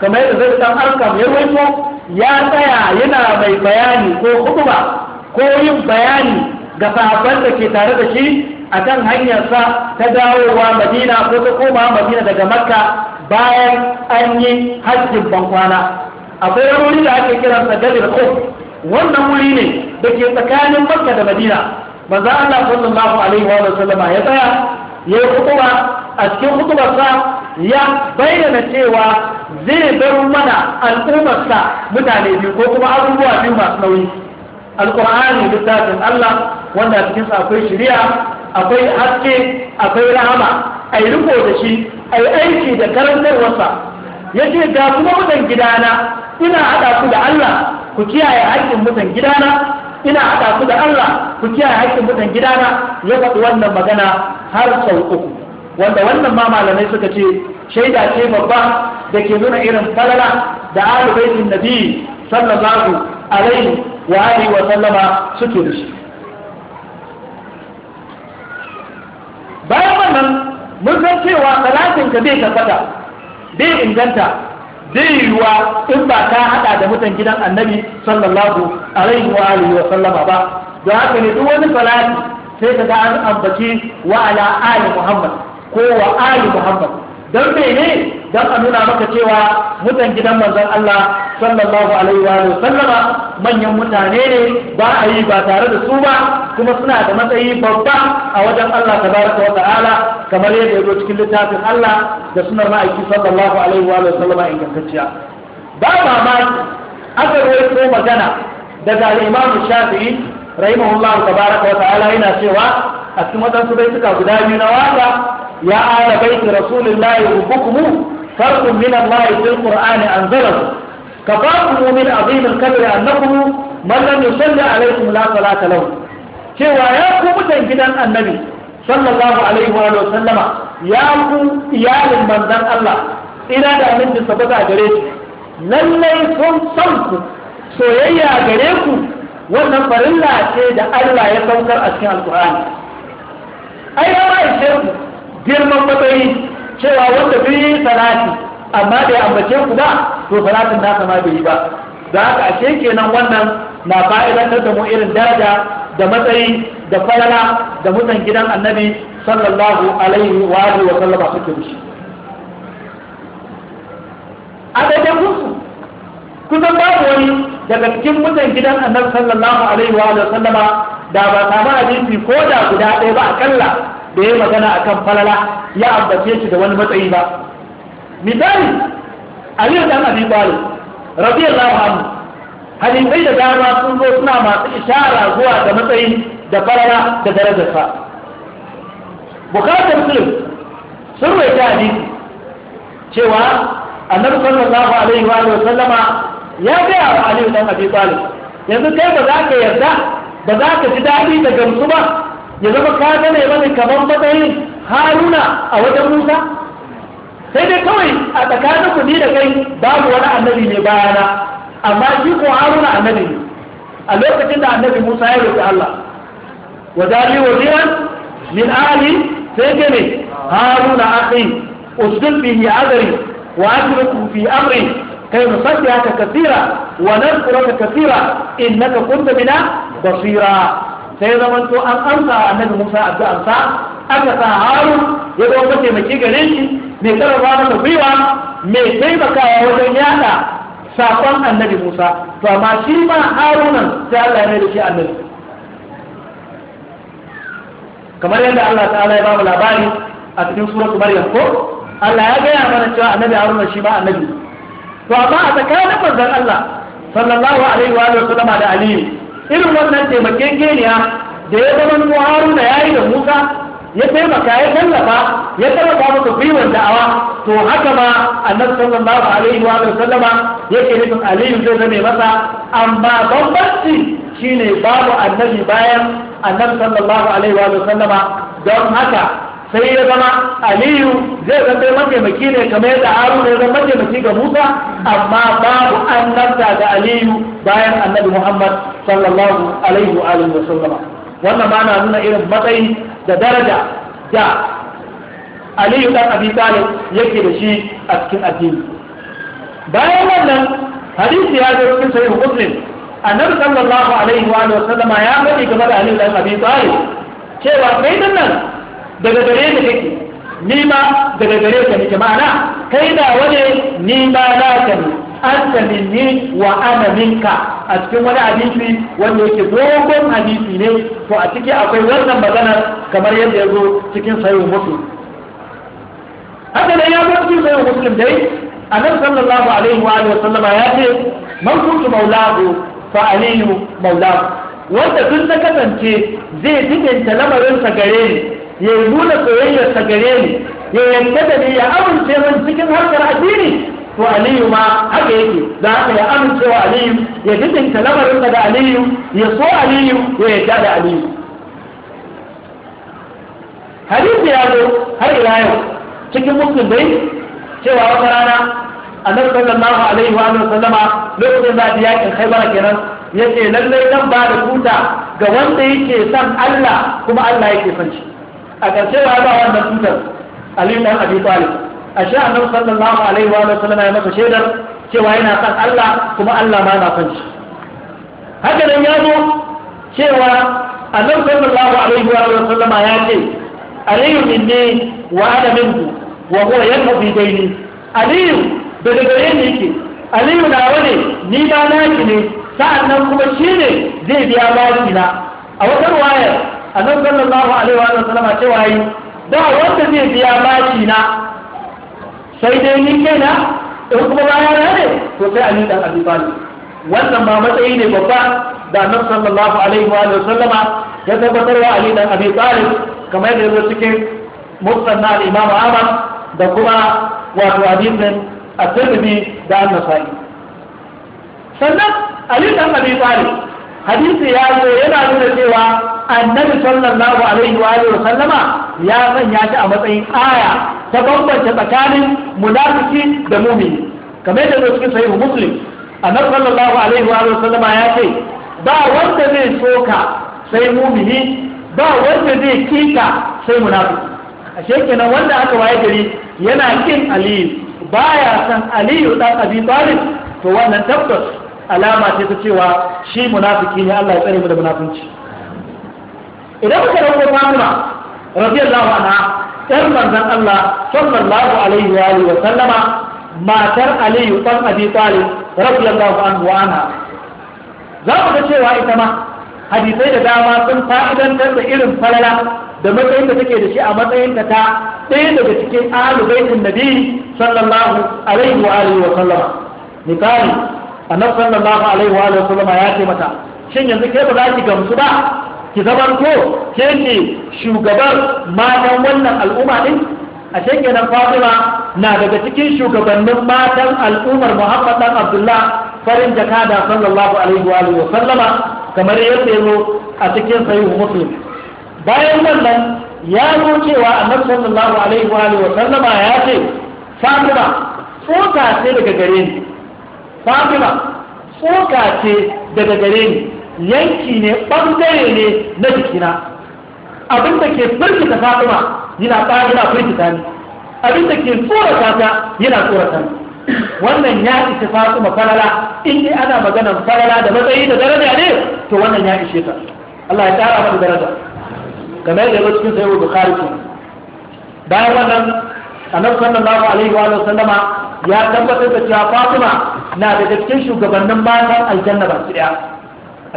kamar yadda zai dan arkam ya rawaito ya tsaya yana mai bayani ko hukuma ko yin bayani ga sahabban da ke tare da shi a kan hanyarsa ta dawowa madina ko ta koma madina daga makka bayan an yi hajjin bankwana akwai wani da ake kiran sa gadir ko wannan wuri ne da ke tsakanin makka da madina manzo Allah sallallahu alaihi wa sallama ya tsaya ya yi hutuba a cikin hutubarsa ya bayyana cewa zai bar mana al'ummarsa mutane biyu ko kuma abubuwa biyu masu nauyi alƙur'ani littafin Allah wanda cikin sa akwai shirya akwai haske akwai rahama ai riko da shi ai aiki da karantarwarsa ce ga kuma mutan gidana ina haɗa ku da Allah ku kiyaye haƙƙin mutan gidana ina haɗa ku da Allah ku kiyaye haƙƙin mutan gidana ya faɗi wannan magana har sau uku wanda wannan ma malamai suka ce shaida ce babba da ke nuna irin falala da ahlul nabi sallallahu alaihi wa alihi wa sallama suke da shi bayan wannan mun san cewa salatin ka bai tabbata bai inganta bai yiwuwa in ba ka hada da mutan gidan annabi sallallahu alaihi wa alihi wa sallama ba Da haka ne duk wani salati sai ka ga an ambaci wa ala ali muhammad ko wa ali muhammad don ne don a nuna maka cewa mutan gidan manzon Allah sallallahu alaihi wa sallama manyan mutane ne ba a yi ba tare da su ba kuma suna da matsayi babba a wajen Allah tabaraka wa ta'ala kamar yadda yazo cikin littafin Allah da sunan ma'aiki sallallahu alaihi wa sallama ingantacciya ba mamaki aka rawaito magana daga al-Imam Shafi'i rahimahullahu tabaraka wa ta'ala yana cewa a cikin wadansu bai suka guda biyu na waka ya ala baiti rasulillahi rubukumu فرق من الله في القرآن أنزله كفاكم من عظيم الكبر أنكم من لم يصلي عليكم لا صلاة له cewa ya ku mutan gidan annabi sallallahu alaihi wa sallama ya ku iyalin manzan Allah ina da aminci sabata gare ku. lallai sun san ku soyayya gare ku wannan farilla ce da Allah ya saukar a cikin alkur'ani ai ya ma ku girman matsayi cewa wanda bi salati amma bai ambace ku ba to salatin nasa ma bai yi ba da haka ce kenan wannan na fa'idantar da mu irin daraja da matsayi da falala da mutan gidan annabi sallallahu alaihi wa alihi wa sallama suke mushi a daidai kunsu kusan babu wani daga cikin mutan gidan annabi sallallahu alaihi wa alihi wa sallama da ba samu hadisi ko da guda ɗaya ba akalla da ya magana kan falala ya ambace shi da wani matsayi ba misali aliyu dan abi talib radiyallahu anhu hadisai da dama sun zo suna masu ishara zuwa da matsayin da falala da darajarsa bukatar muslim sun ta hadisi cewa annabi sallallahu alaihi wa sallama ya gaya wa aliyu dan abi talib yanzu kai ba za ka yarda ba za ka ji daɗi da gamsu ba ya zama ka gane bane kaman matsayin haruna a wajen musa sai dai kawai a tsakanin ku ni da kai babu wani annabi ne bayana amma shi ko haruna annabi ne a lokacin da annabi musa ya roƙi allah wa zali waziran min ali sai ke ne haruna akhi usdul bihi azri wa asrifu fi amri kai musaddiaka kasira wa nadhkuruka kathira innaka kunta bina basira sai zaman to an amsa annabi Musa addu'ar amsa aka sa Harun ya zo taimaki gare shi mai ba masa gwiwa mai taimakawa wajen yada sakon annabi Musa to amma shi ma Harunan sai Allah ya mai da shi annabi kamar yadda Allah ta'ala ya ba mu labari a cikin suratul Maryam ko Allah ya gaya mana cewa annabi Haruna shi ma annabi to amma a tsakanin manzon Allah sallallahu alaihi wa sallama da Aliyu irin wannan geniya da ya zama mu haruna yayi da musa ya taimaka ya tallafa ya tallafa musu biwan da'awa to haka ma annabi sallallahu alaihi wa sallama yake nufin aliyu zai zame masa amma bambanci shine babu annabi bayan annabi sallallahu alaihi wa sallama don haka sai ya zama aliyu zai zama mataimaki ne kamar yadda haruna ya zama mataimaki ga musa amma babu annabta ga aliyu bayan annabi muhammad sallallahu alaihi wa alihi wa sallama wannan ma na nuna irin matsayi da daraja da aliyu dan abi talib yake da shi a cikin addini bayan wannan hadisi ya zo cikin sahih muslim annabi sallallahu alaihi wa alihi wa sallama ya faɗi game da aliyu dan abi talib cewa kai nan daga gare da kake ni ma daga gare ka nake ma'ana kai da wani ni ma na ka ne an ta ni wa ana minka a cikin wani hadisi wanda yake dogon hadisi ne to a ciki akwai wannan magana kamar yadda ya zo cikin sayo mutu haka ya zo cikin sayo muslim dai a nan sallallahu alaihi wa alihi ya ce man kuntu maulahu fa aliyu maulahu wanda sun ta kasance zai jibinta lamarinsa gare ni ya yi nuna soyayyarsa gare ni ya yanke da ni ya amince min cikin harkar addini to aliyu ma haka yake za ka ya amince wa aliyu ya jidinta lamarinsa da aliyu ya so aliyu ya yarda da aliyu hadisi ya zo har ila yau cikin muslim cewa wata rana annabi sallallahu alaihi wa sallama lokacin da ya yakin khaybar kenan yake lallai zan ba da kuta ga wanda yake son Allah kuma Allah yake son shi a ƙarshe ya ba wannan tutar Ali dan Abi Talib ashe Annabi sallallahu alaihi wa sallam ya masa shaidar cewa yana son Allah kuma Allah ma na son shi haka nan ya zo cewa Annabi sallallahu alaihi wa sallam ya ce aliyu minni wa ana minku wa huwa yanhu fi daini aliyu daga gare ni yake aliyu na wani ni ba naki ne sa'annan kuma shine zai biya baki na a wata ruwayar annabi sallallahu alaihi wa sallama cewa yi ba wanda zai biya bashi na sai dai ni kaina in kuma baya na ne to sai ali dan abi talib wannan ma matsayi ne babba da annabi sallallahu alaihi wa sallama ya tabbatar wa ali dan abi talib kamar yadda yazo cikin musnad al-imam Ahmad da kuma wato hadisin at-Tirmidhi da An-Nasa'i sannan ali dan abi talib hadisi ya zo yana nuna cewa annabi sallallahu alaihi wa alihi sallama ya sanya ta a matsayin aya ta bambanta tsakanin munafiki da mumini kamar yadda zo cikin sahihu muslim annabi sallallahu alaihi wa alihi sallama ya ce ba wanda zai soka sai mumini ba wanda zai kika sai munafiki ashe kenan wanda aka waye gari yana kin aliyu baya san aliyu dan abi talib to wannan tabbas alama ce ta cewa shi munafiki ne Allah ya tsare mu da munafunci idan muka dauko Fatima radiyallahu anha yar manzon Allah sallallahu alaihi wa alihi wa sallama matar Aliyu dan Abi Talib radiyallahu anhu ana za mu ga cewa ita ma hadisai da dama sun fa'idantar da irin falala da matsayin da take da shi a matsayin ta ta ɗaya daga cikin ahlul baitin nabi sallallahu alaihi wa alihi wa sallama misali annabi sallallahu alaihi wa sallama ya ce mata shin yanzu kai ba za ki gamsu ba ki zaman ko ke ce shugaban matan wannan al'umma din a kenan fatima na daga cikin shugabannin matan al'ummar muhammad dan abdullah farin jaka da sallallahu alaihi wa sallama kamar yadda ya yazo a cikin sahihu muslim bayan wannan ya zo cewa annabi sallallahu alaihi wa sallama ya ce fatima tsota ce daga gare ni fatima tsoka ce daga gare ni yanki ne ɓangare ne na jikina abinda ke firgita fatima yana yana firgita ni abinda ke tsorata ta yana tsorata ni wannan ya ishe fatima falala in dai ana maganar falala da matsayi da daraja ne to wannan ya ishe ta Allah ya tsara mata daraja game da yau cikin sayo bukari bayan wannan annabi sallallahu alaihi wa sallama ya tabbatar da cewa fatima na da cikin shugabannin matan aljanna ba su daya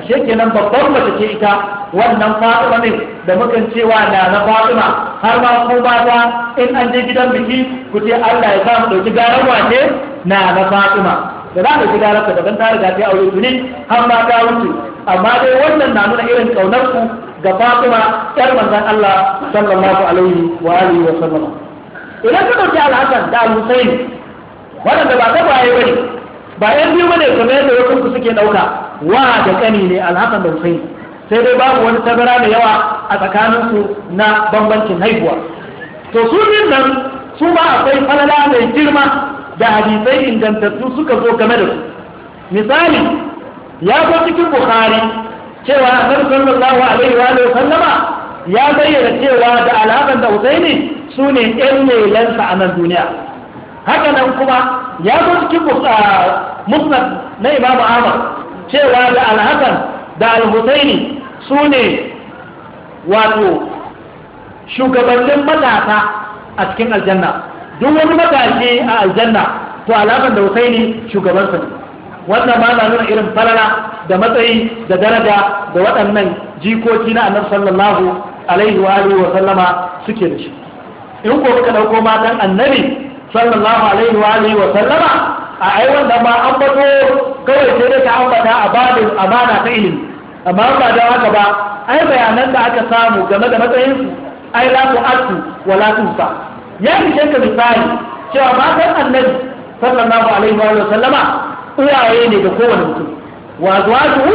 ashe kenan babbar mace ce ita wannan fatima ne da mukan cewa na na fatima har ma ko mata in an je gidan biki ku ce Allah ya sa mu dauki garan wace na na fatima da za mu ji garan ka daban ta riga ta aure tuni har ma ta wuce amma dai wannan na nuna irin kaunar ku ga fatima yar manzon Allah sallallahu alaihi wa alihi wa sallam idan ka ɗauki alhassan da alhussaini waɗanda ba ta baye ba ba yan biyu ba ne yadda wasu ku suke ɗauka wa da ƙani ne alhassan da hussaini sai dai babu wani tabara da yawa a tsakanin su na bambancin haihuwa to su biyun nan su ba akwai falala mai girma da hadisai ingantattu suka zo game da su misali ya zo cikin bukhari cewa annabi sallallahu alaihi wa sallama ya bayyana cewa da alhassan da husaini su ne yan lelansa a nan duniya haka nan kuma ya zo cikin musnad na imamu ahmad cewa da alhassan da alhusaini su ne wato shugabannin matasa a cikin aljanna duk wani matashi a aljanna to alhassan da husaini shugabansa ne wannan ma na nuna irin falala da matsayi da daraja da waɗannan jikoki na annabi sallallahu alaihi wa alihi wa sallama suke da shi in ko muka dauko matan annabi sallallahu alaihi wa alihi wa sallama a ai wanda ma an bato kawai sai dai ta ambata a babin amana ta ilimi amma ba da haka ba ai bayanan da aka samu game da matsayin su ai la atu wa la fa ya ishe ka misali cewa matan annabi sallallahu alaihi wa sallama uwaye ne ga kowane mutum wa zuwa su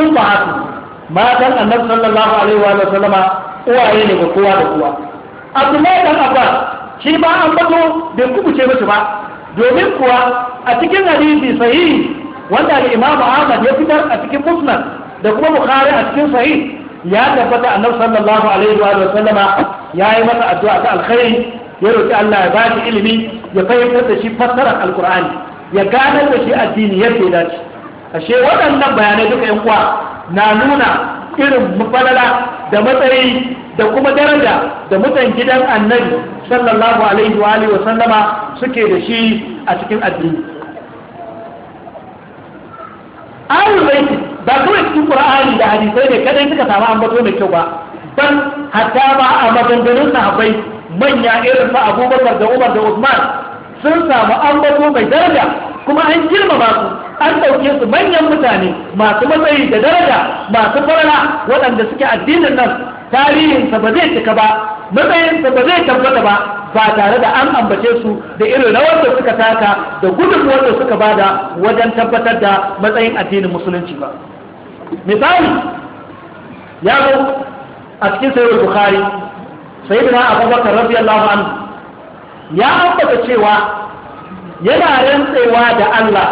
umma matan annabi sallallahu alaihi wa sallama uwaye ne ga kowa da kowa abdullahi dan abba shi ba an bato bai kubuce mace ba domin kuwa a cikin hadisi sahihi wanda da imam ahmad ya fitar a cikin musnad da kuma bukhari a cikin sahih ya tabbata annabi sallallahu alaihi wa sallama ya yi masa addu'a ta alkhairi ya roki Allah ya bashi ilimi ya fahimtar da shi fassarar alqur'ani ya ganar da shi addini yadda ya dace ashe waɗannan bayanai duka yan uwa na nuna irin mafalala da matsayi da kuma daraja da mutan gidan annabi sallallahu alaihi wa alihi wa sallama suke da shi a cikin addini ahlul bai ba kawai cikin qur'ani da hadisai ne kadai suka samu ambato mai kyau ba ban hatta ba a maganganun sahabbai manya irin fa Abubakar da Umar da Usman sun samu ambato mai daraja kuma an girmama su an ɗauke su manyan mutane masu matsayi da daraja masu farala waɗanda suke addinin nan tarihinsa ba zai cika ba matsayinsa ba zai tabbata ba ba tare da an ambace su da irin rawar da suka taka da gudun da suka bada wajen tabbatar da matsayin addinin musulunci ba misali ya zo a cikin sayar bukhari sai da abubakar radiyallahu anhu ya ambata cewa yana rantsewa da Allah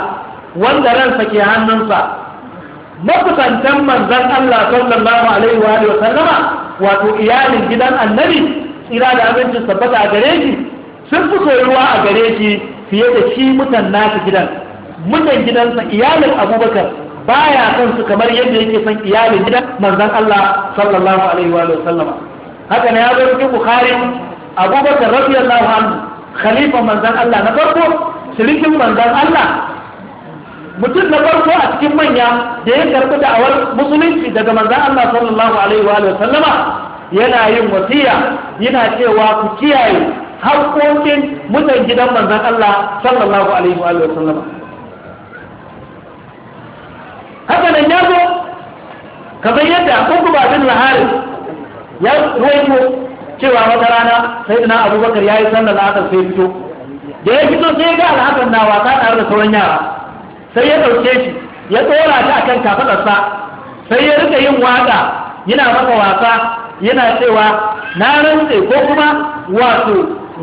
wanda ransa ke hannunsa makusantan manzan Allah sallallahu alaihi wa sallama wato iyalin gidan annabi tsira da abinci sabbata a gare shi sun fi soyuwa a gare shi fiye da shi mutan nasu gidan mutan gidansa iyalin abubakar baya son su kamar yadda yake son iyalin gidan manzan Allah sallallahu alaihi wa sallama haka ne ya zo cikin bukhari abubakar radiyallahu anhu khalifa manzan Allah na farko shirikin manzan Allah mutum na farko a cikin manya da ya karɓi da'awar musulunci daga manzan Allah sallallahu alaihi wa sallama yana yin wasiya yana cewa ku kiyaye haƙoƙin mutan gidan manzan Allah sallallahu alaihi wa sallama haka nan ya zo ka kamar yadda uku ba bin lahari ya ruwaito cewa wata rana sai na abubakar ya yi sallar la'asar sai fito da ya fito sai ga al'adar na wasa tare da sauran yara sai ya ɗauke shi ya tsora ta akan kafaɗarsa sai ya rika yin waƙa yana masa wasa yana cewa na rantse ko kuma wato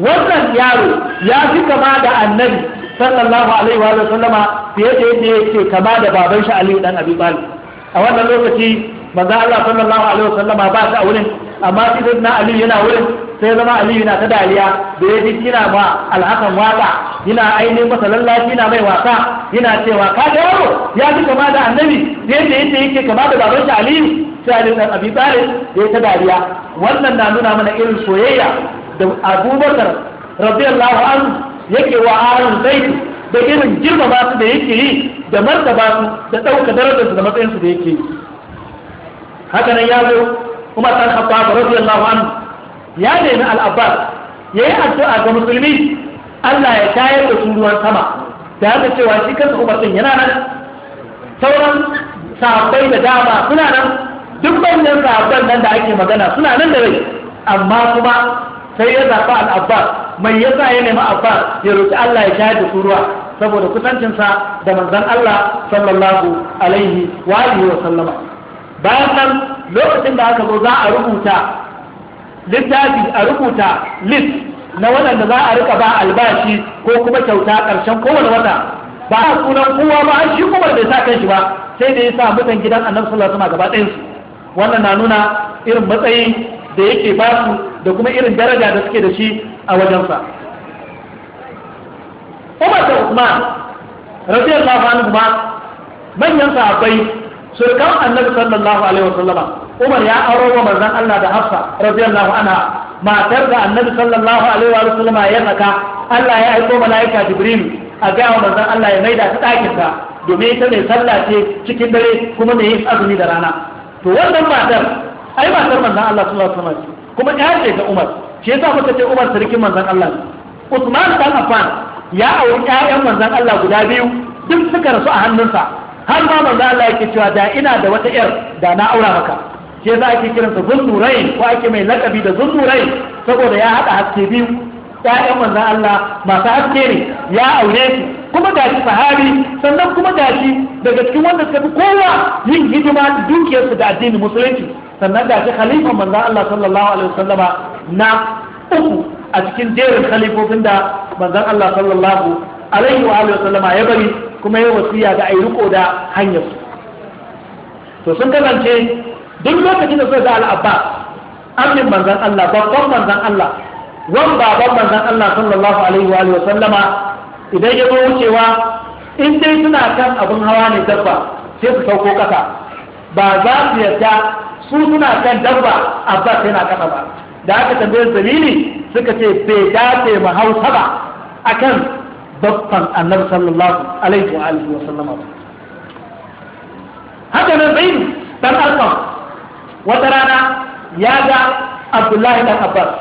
wannan yaro ya fi kama da annabi sallallahu alaihi wa sallama fiye da yadda yake kama da baban shi Aliyu dan Abi Talib a wannan lokaci manzo Allah sallallahu alaihi wasallama ba shi a wurin amma sai na Ali yana wurin sai zama Ali yana ta dariya da yaji kina ma alhakan waka yana aini masa lallashi yana mai wasa yana cewa ka ga yaro ya ji kama da annabi yadda yadda yake kama da baban shi Ali sai Ali dan Abi Talib da ya ta dariya wannan na nuna mana irin soyayya da Abubakar radiyallahu anhu yake wa Ahlul zai da irin ba su da yake yi da martaba su da ɗauka darajarsu da matsayinsu da yake yi Hakanan ya zo kuma Umar dan Khattab radiyallahu anhu ya nemi al'abbas ya yi addu'a ga musulmi Allah ya shayar da su ruwan sama da haka cewa shi kansa Umar din yana nan sauran sahabbai da dama suna nan duk manyan sahabban nan da ake magana suna nan da rai amma kuma sai ya zaɓa al'abbas mai ya sa ya nemi abbas ya roƙi Allah ya shayar da su ruwa saboda kusancinsa da manzon Allah sallallahu alaihi wa alihi wa sallama bayan nan lokacin da aka zo za a rubuta littafi a rubuta list na waɗanda za a rika ba albashi ko kuma kyauta ƙarshen kowane wata ba a sunan kowa ba shi kuma bai sa kanshi ba sai da ya sa mutan gidan annabi sallallahu alaihi wasallam gaba wannan na nuna irin matsayi da yake ba su da kuma irin daraja da suke da shi a wajensa Umar da Usman radiyallahu anhu ma manyan sahabbai surkan annabi sallallahu alaihi wasallama umar ya auro wa manzon Allah da hafsa radiyallahu anha matar da annabi sallallahu alaihi wasallama ya saka Allah ya aiko malaika jibril a ga wa manzon Allah ya maida ta dakin ta domin ita mai sallah ce cikin dare kuma mai yin azumi da rana to wannan matar ai matar manzon Allah sallallahu alaihi wasallama kuma ya ce ga Umar shi yasa muka ce Umar sarkin manzon Allah Usman dan Affan ya auri ƴaƴan manzon Allah guda biyu duk suka rasu a hannunsa har ma manzo Allah yake cewa da ina da wata yar da na aura maka ke za kiran kiransa zunnurain ko ake mai lakabi da zunnurain saboda ya haɗa haske biyu ya'yan manzon Allah masu haske ne ya aure su kuma da shi sahabi sannan kuma ga shi daga cikin wanda suka fi kowa yin hidima dukiyarsu da addinin musulunci sannan da shi khalifan manzon Allah sallallahu alaihi wasallama na uku a cikin jerin khalifofin da manzon Allah sallallahu alaihi wa alihi wasallama ya bari kuma ya wasiya da ayi riko da hanyar su to sun kasance duk lokacin da suka ga al'abba, amin manzan Allah babban manzan Allah wan baban manzan Allah sallallahu alaihi wa alihi idan ya zo wucewa in dai suna kan abun hawa ne dabba sai su sauko kasa ba za su yarda su suna kan dabba abba sai na kasa ba da aka tambaye dalili suka ce bai dace mu hausa ba akan babban annabi sallallahu alaihi wa alihi wa sallama haka nan bai dan arqam wata rana ya ga abdullahi dan abbas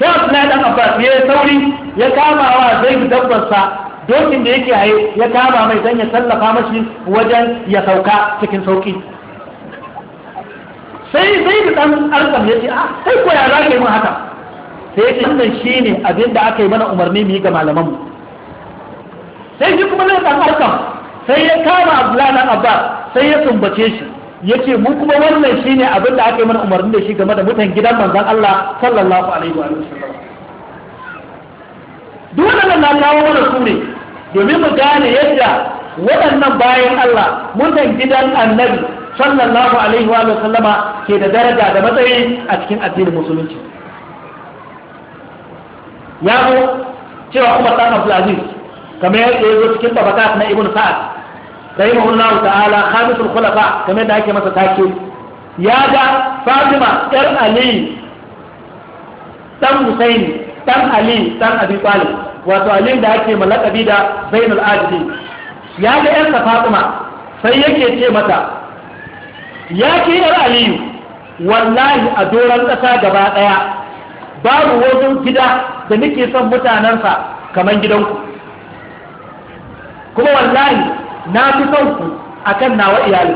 sai abdullahi dan abbas ya sauri ya kama wa zai dabbarsa dokin da yake haye ya kama mai dan ya tallafa mashi wajen ya sauka cikin sauki sai zai bi dan arqam ya ce ah sai ko ya zaka yi mun haka sai ce wannan shine abin da aka yi mana umarni mu yi ga malaman mu sai shi kuma zai samu harkar sai ya kama abdullahi dan abba sai ya sumbace shi ya ce mu kuma wannan shine abin da aka yi mana umarni da shi game da mutan gidan manzan Allah sallallahu alaihi wa sallam duk wannan na kawo mana su domin mu gane yadda waɗannan bayan Allah mutan gidan annabi sallallahu alaihi wa sallama ke da daraja da matsayi a cikin addinin musulunci ya zo cewa Umar ɗan abdulaziz kamar yadda ya zo cikin tabaqat na ibnu sa'ad rahimahullahu ta'ala khamisul khulafa kamar yadda ake masa take ya ga fatima yar ali dan husaini dan ali dan abi talib wato ali da ake malakabi da zainul abidin ya ga yarsa fatima sai yake ce mata ya ke yar aliyu wallahi a doron ƙasa gaba ɗaya babu wajen gida da nake son mutanensa kamar gidanku kuma wallahi na fi son ku akan nawa iyali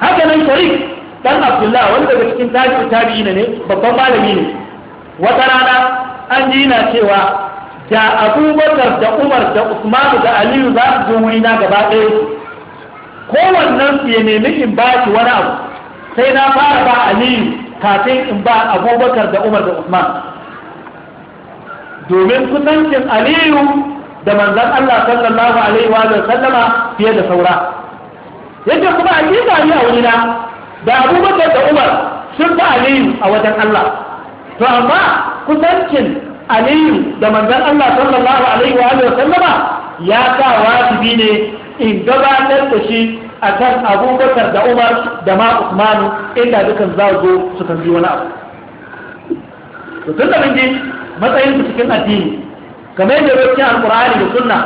haka nan sharif dan abdullahi wani daga cikin tarihi na ne babban malami ne wata rana an ji na cewa da abubakar da umar da usmanu da aliyu za su zo wurina gaba ɗaya kowannen su ya nemi in ba shi wani abu sai na fara ba aliyu kafin in ba abubakar da umar da usman domin kusancin aliyu da manzan Allah sallallahu alaihi wa sallama fiye da saura yadda kuma hakika ni a na da abubakar da umar sun fi aliyu a wajen Allah to amma kusancin aliyu da manzan Allah sallallahu alaihi wa sallama ya sa wajibi ne in gabatar da shi a kan abubakar da umar da ma usmanu inda dukan za zo su kan wani abu to tun da matsayin su cikin addini kamar yadda zo cikin alkur'ani da sunna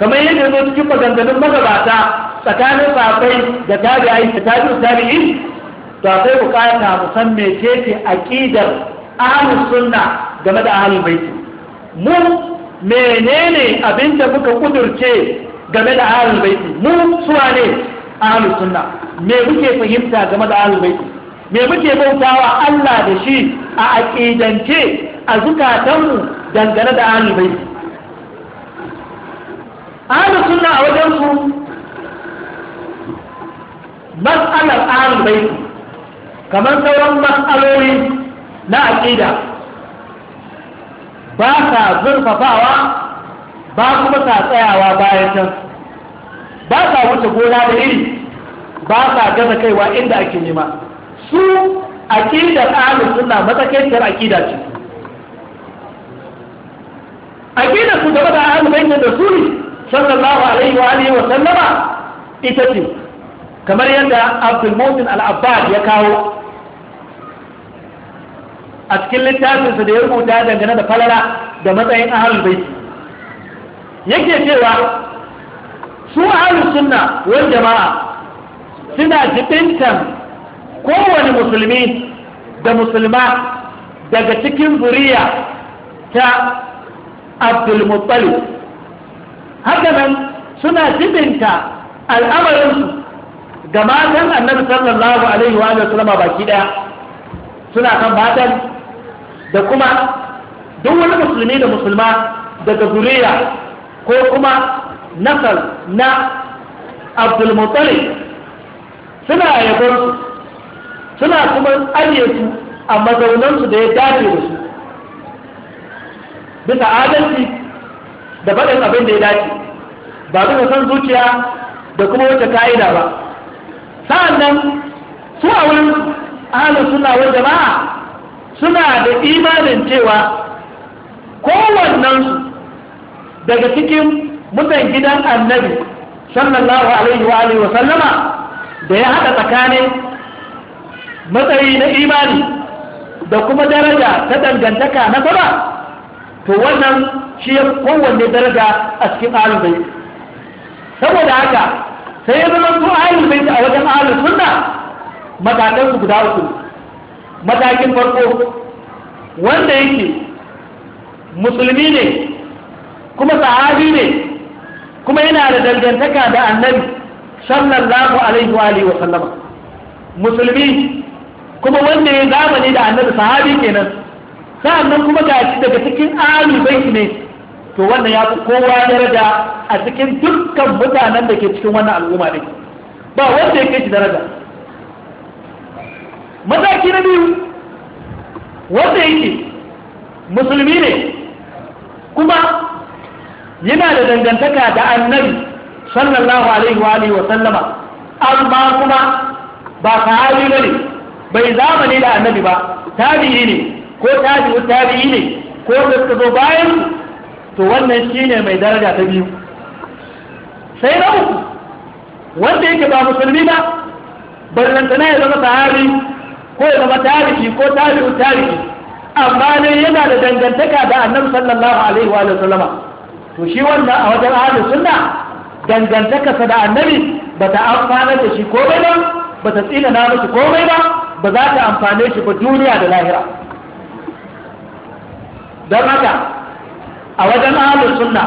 kamar yadda zo cikin maganganun magabata tsakanin safai da ayi da tabi tabi'in to akwai bukata mu san mecece aqidar ahlus sunna game da ahlul bait mu menene abinda muka kudurce game da ahlul bait mu suwa ne ahlus sunna me muke fahimta game da ahlul bait me muke bautawa Allah da shi a aƙidance a zukatanmu dangane da alibai ahlu sunna a wajensu mas'alar alibai kamar sauran mas'aloli na aƙida ba sa zurfafawa ba kuma sa tsayawa bayan can ba sa wuce gona da iri ba sa gaza kaiwa inda ake nema su aqidar ahlus sunna matsakaitar aqida ce aqidar su gaba da ahlul da suri sallallahu alaihi wa alihi wa sallama ita ce kamar yadda Abdul Mutin al ya kawo a cikin littafinsa da ya rubuta dangane da falala da matsayin bai baiti yake cewa su ahalus sunna wal jama'a suna jibintan kowane musulmi da musulma daga cikin zuriya ta abdulmutsali haka nan suna jibinta al'amarinsu ga matan annabi sallallahu alaihi wa a baki daya suna kan matan da kuma duk wani musulmi da musulma daga zuriya ko kuma nasar na abdulmutsali suna yabon suna kuma ajiye su a mazaunansu da ya dace da su bisa adalci da faɗin abin da ya dace ba da san zuciya da kuma wata ka'ida ba sa'an nan su a wurin ahalin suna wa jama'a suna da imanin cewa kowannensu daga cikin mutan gidan annabi sallallahu alaihi wa alihi wa sallama da ya haɗa tsakanin matsayi na imani da kuma daraja ta dangantaka na sama to wannan shi ya kowanne daraja a cikin alubai saboda haka sai ya zama su alubai a wajen alubai sunna matakan su guda uku matakin farko wanda yake musulmi ne kuma sahabi ne kuma yana da dangantaka da annabi sallallahu alaihi wa alihi wa sallama musulmi kuma wanda ya zamani da annabi sahabi kenan sa'annan kuma ga daga cikin ahli bai ne to wannan ya fi kowa daraja a cikin dukkan mutanen da ke cikin wannan al'umma ne ba wanda ya kai shi daraja mataki na biyu wanda yake musulmi ne kuma yana da dangantaka da annabi sallallahu alaihi wa wa sallama amma kuma ba sahabi ba ne. bai zamani da annabi ba tabi'i ne ko tabi'u tabi'i ne ko da suka zo bayan to wannan shine mai daraja ta biyu sai na uku wanda yake ba musulmi ba barrantana ya zama sahabi ko ya zama ko tabi'u tarihi amma ne yana da dangantaka da annabi sallallahu alaihi wa sallama to shi wannan a wajen ahlus sunna dangantakarsa da annabi bata amfana da shi komai ba bata tsina na miki komai ba ba za ta amfane shi ba duniya da lahira don haka a wajen ahalin sunna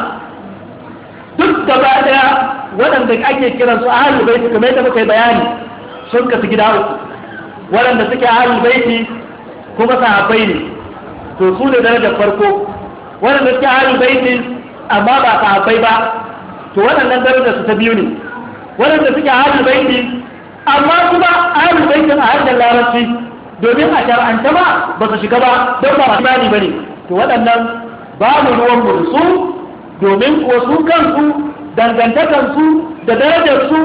duk gaba daya waɗanda ake kiran su ahalin baiti kamar yadda muka yi bayani sun kasu gida uku waɗanda suke ahalin baiti kuma sahabbai ne to su ne darajar farko waɗanda suke ahalin baiti amma ba sahabbai ba to waɗannan darajar su ta biyu ne waɗanda suke ahalin baiti amma kuma a yi baitin a harshen larabci domin a shar'anta ba ba su shiga ba don ba imani ne. to waɗannan ba mu ruwan mursu domin wasu su kansu dangantakansu da darajarsu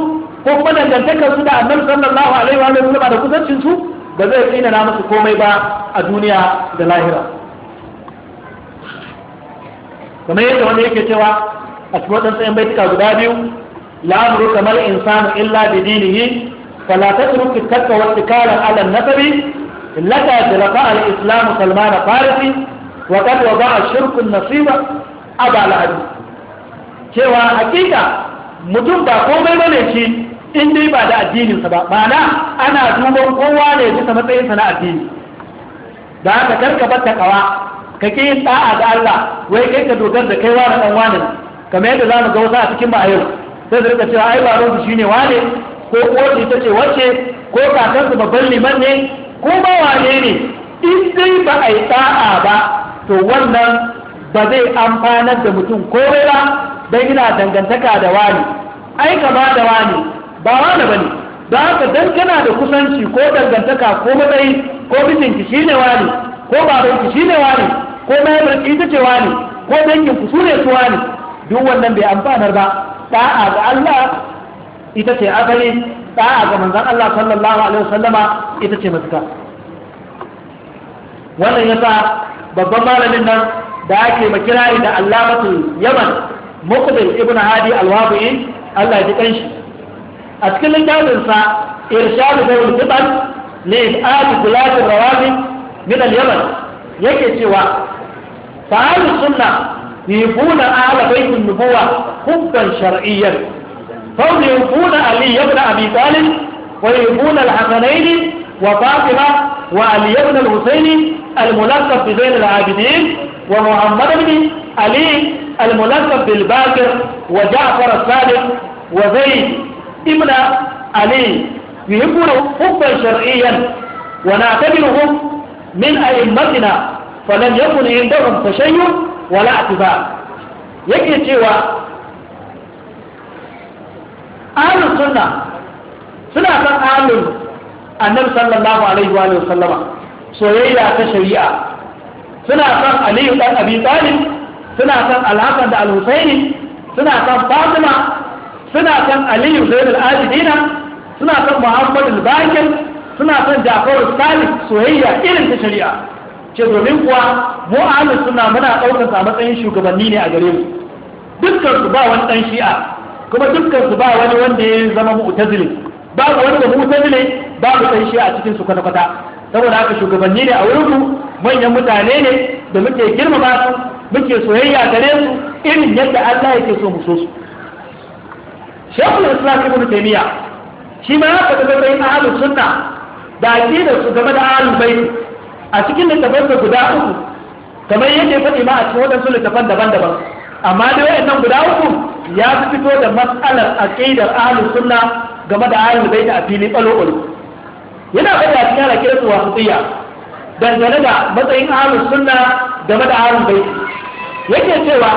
ko kuma dangantakansu da annabi sallallahu alaihi wa sallam da kusancinsu ba zai tsina na musu komai ba a duniya da lahira kamar yadda wanda yake cewa a cikin waɗansu ‘yan baituka guda biyu la'amuru kamar insanu illa bi dinihi فلا تترك التكة والتكال على النسب لك رفع الإسلام سلمان فارسي وقد وضع الشرك النصيب أبا لهدي cewa hakika mutum ba komai bane shi in dai ba da addininsa ba ma'ana ana duban kowa ne bisa matsayinsa na addini da haka karka bata kawa ka ke yin da'a ga Allah wai kai ka dogar da kaiwa da dan wani kamar yadda zamu ga wasu a cikin ba yau sai su rika cewa ai ba shi shine wane ko uwarsu ita ce wace, ko kakansu babban liman ne ko ba wane ne in dai ba a yi ɗa'a ba to wannan ba zai amfanar da mutum komai ba don yana dangantaka da wani ai ba da wani ba wani ba ne da haka don kana da kusanci ko dangantaka ko matsayi ko mijinki shi ne wani ko babanki shi ne wani ko mayar ita ce wani ko danginku su ne su wani duk wannan bai amfanar ba da'a ga Allah ita ce asali a ga manzon Allah sallallahu alaihi wasallama ita ce mafita wannan yasa babban malamin nan da ake makirari da allamatul yaman muqbil ibn hadi al-wabi'i Allah ya ji kanshi a cikin littafin sa irshadu dawul fitan ne ibadu gulatul rawabi min al-yaman yake cewa fa'al sunna yibuna ahla baitin nubuwa hubban shar'iyyan فهم يوفون علي بن أبي طالب ويوفون الحسنين وفاطمة وعلي بن الحسين الملقب بزين العابدين ومحمد بن علي الملقب بالباكر وجعفر الصادق وزيد ابن علي يهبون حبا شرعيا ونعتبرهم من أئمتنا فلم يكن عندهم تشيع ولا اعتبار يكي cewa ahlus sunna suna san ahlul annabi sallallahu alaihi wa sallama soyayya ta shari'a suna san aliyu dan abi talib suna san alhasan da alhusaini suna san fatima suna san aliyu al ajidina suna san al bakir suna san jafaru salih soyayya irin ta shari'a ce domin kuwa mu ahlus sunna muna daukar sa matsayin shugabanni ne a gare mu dukkan su ba wani dan shi'a kuma dukkan su ba wani wanda ya zama mu'tazili babu wanda mu'tazili babu sai shi a cikin su kwata kwata saboda haka shugabanni ne a wurin mu manyan mutane ne da muke girmama su muke soyayya gare su irin yadda Allah yake so mu so su Shekul Islam Ibn taymiya shi ma ya faɗi matsayin ahlus sunna da aqidar su game da ahlul bait a cikin littafin guda uku kamar yadda ya faɗi ma a cikin waɗansu littafan daban-daban amma dai wayannan guda uku ya fi fito da matsalar aqidar ahlus sunna game da ahlul bait a fili tsalo yana faɗi a cikin alaƙar su wasiya dangane da matsayin ahlus sunna game da ahlul bait yake cewa